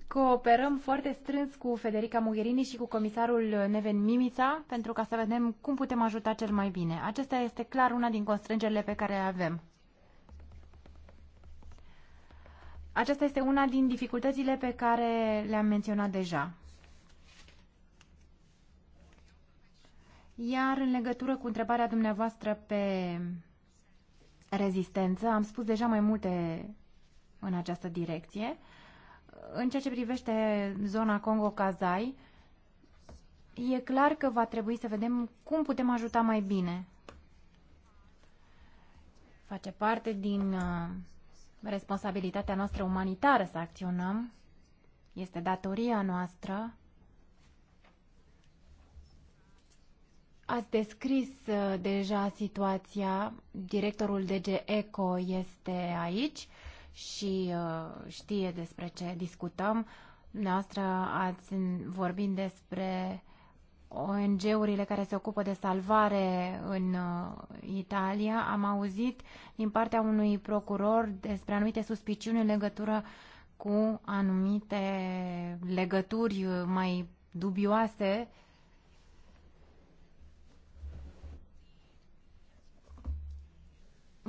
Cooperăm foarte strâns cu Federica Mogherini și cu comisarul Neven Mimița pentru ca să vedem cum putem ajuta cel mai bine. Acesta este clar una din constrângerile pe care le avem. Aceasta este una din dificultățile pe care le-am menționat deja. Iar în legătură cu întrebarea dumneavoastră pe rezistență, am spus deja mai multe în această direcție. În ceea ce privește zona Congo-Kazai, e clar că va trebui să vedem cum putem ajuta mai bine. Face parte din uh, responsabilitatea noastră umanitară să acționăm. Este datoria noastră Ați descris uh, deja situația, directorul DG ECO este aici și uh, știe despre ce discutăm. Noastră ați vorbit despre ONG-urile care se ocupă de salvare în uh, Italia. Am auzit din partea unui procuror despre anumite suspiciuni în legătură cu anumite legături mai dubioase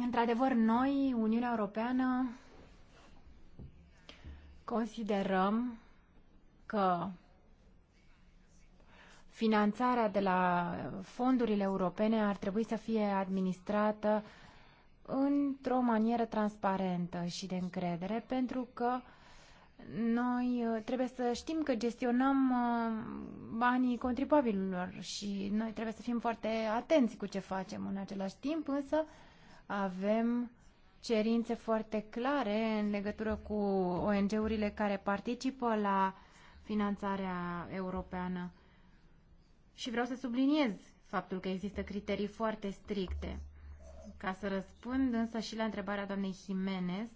Într-adevăr, noi, Uniunea Europeană, considerăm că finanțarea de la fondurile europene ar trebui să fie administrată într-o manieră transparentă și de încredere, pentru că noi uh, trebuie să știm că gestionăm uh, banii contribuabililor și noi trebuie să fim foarte atenți cu ce facem în același timp, însă avem cerințe foarte clare în legătură cu ONG-urile care participă la finanțarea europeană. Și vreau să subliniez faptul că există criterii foarte stricte. Ca să răspund însă și la întrebarea doamnei Jimenez,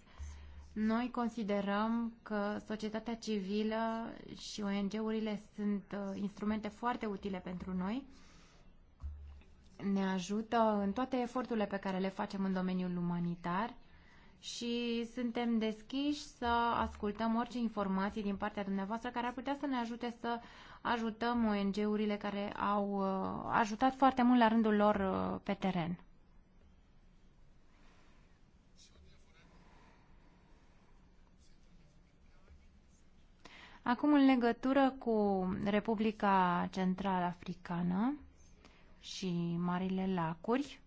noi considerăm că societatea civilă și ONG-urile sunt uh, instrumente foarte utile pentru noi ne ajută în toate eforturile pe care le facem în domeniul umanitar și suntem deschiși să ascultăm orice informații din partea dumneavoastră care ar putea să ne ajute să ajutăm ONG-urile care au uh, ajutat foarte mult la rândul lor uh, pe teren. Acum, în legătură cu Republica Central Africană, și marile lacuri.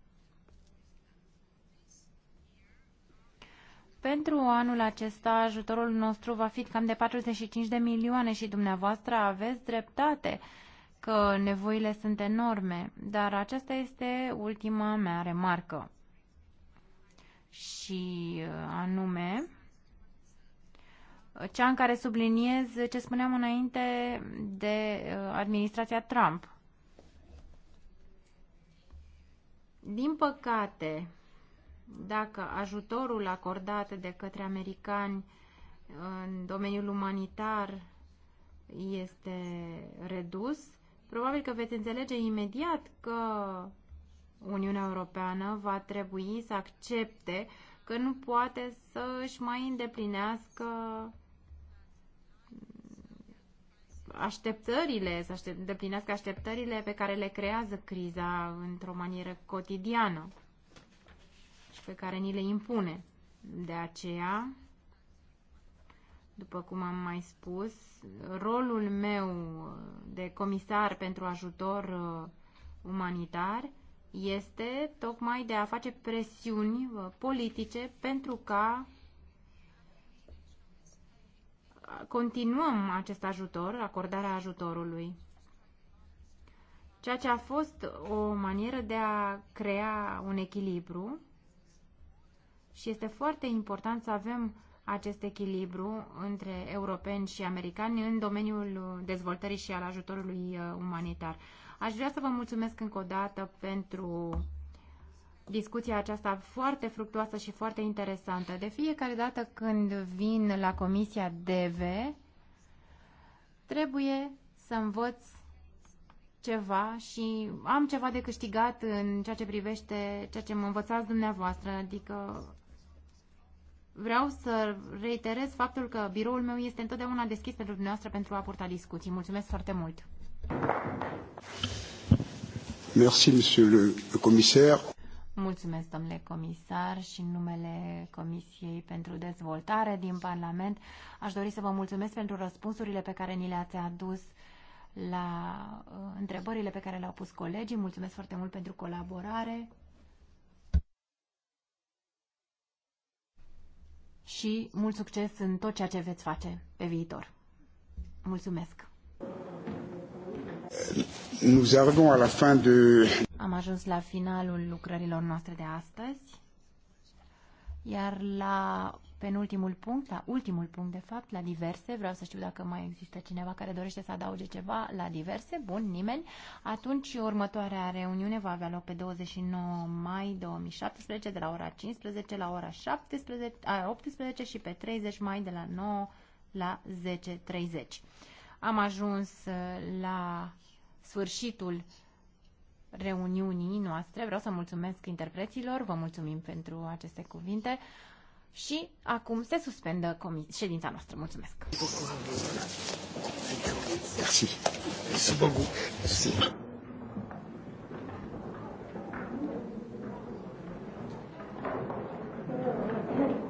Pentru anul acesta ajutorul nostru va fi cam de 45 de milioane și dumneavoastră aveți dreptate că nevoile sunt enorme, dar aceasta este ultima mea remarcă. Și uh, anume, cea în care subliniez ce spuneam înainte de uh, administrația Trump. Din păcate, dacă ajutorul acordat de către americani în domeniul umanitar este redus, probabil că veți înțelege imediat că Uniunea Europeană va trebui să accepte că nu poate să își mai îndeplinească așteptările, să aștept, îndeplinească așteptările pe care le creează criza într-o manieră cotidiană și pe care ni le impune. De aceea, după cum am mai spus, rolul meu de comisar pentru ajutor uh, umanitar este tocmai de a face presiuni uh, politice pentru ca continuăm acest ajutor, acordarea ajutorului. Ceea ce a fost o manieră de a crea un echilibru și este foarte important să avem acest echilibru între europeni și americani în domeniul dezvoltării și al ajutorului uh, umanitar. Aș vrea să vă mulțumesc încă o dată pentru discuția aceasta foarte fructuoasă și foarte interesantă. De fiecare dată când vin la Comisia DV, trebuie să învăț ceva și am ceva de câștigat în ceea ce privește ceea ce mă învățați dumneavoastră, adică vreau să reiterez faptul că biroul meu este întotdeauna deschis pentru dumneavoastră pentru a purta discuții. Mulțumesc foarte mult! Merci, monsieur le commissaire. Mulțumesc, domnule comisar, și în numele Comisiei pentru Dezvoltare din Parlament. Aș dori să vă mulțumesc pentru răspunsurile pe care ni le-ați adus la uh, întrebările pe care le-au pus colegii. Mulțumesc foarte mult pentru colaborare. Și mult succes în tot ceea ce veți face pe viitor. Mulțumesc! Nous arrivons à la fin de... Am ajuns la finalul lucrărilor noastre de astăzi, iar la penultimul punct, la ultimul punct de fapt, la diverse, vreau să știu dacă mai există cineva care dorește să adauge ceva la diverse, bun, nimeni, atunci următoarea reuniune va avea loc pe 29 mai 2017 de la ora 15 la ora 17, a, 18 și pe 30 mai de la 9 la 10.30. Am ajuns uh, la sfârșitul reuniunii noastre. Vreau să mulțumesc interpreților, vă mulțumim pentru aceste cuvinte și acum se suspendă ședința noastră. Mulțumesc! Merci. Merci beaucoup. Merci.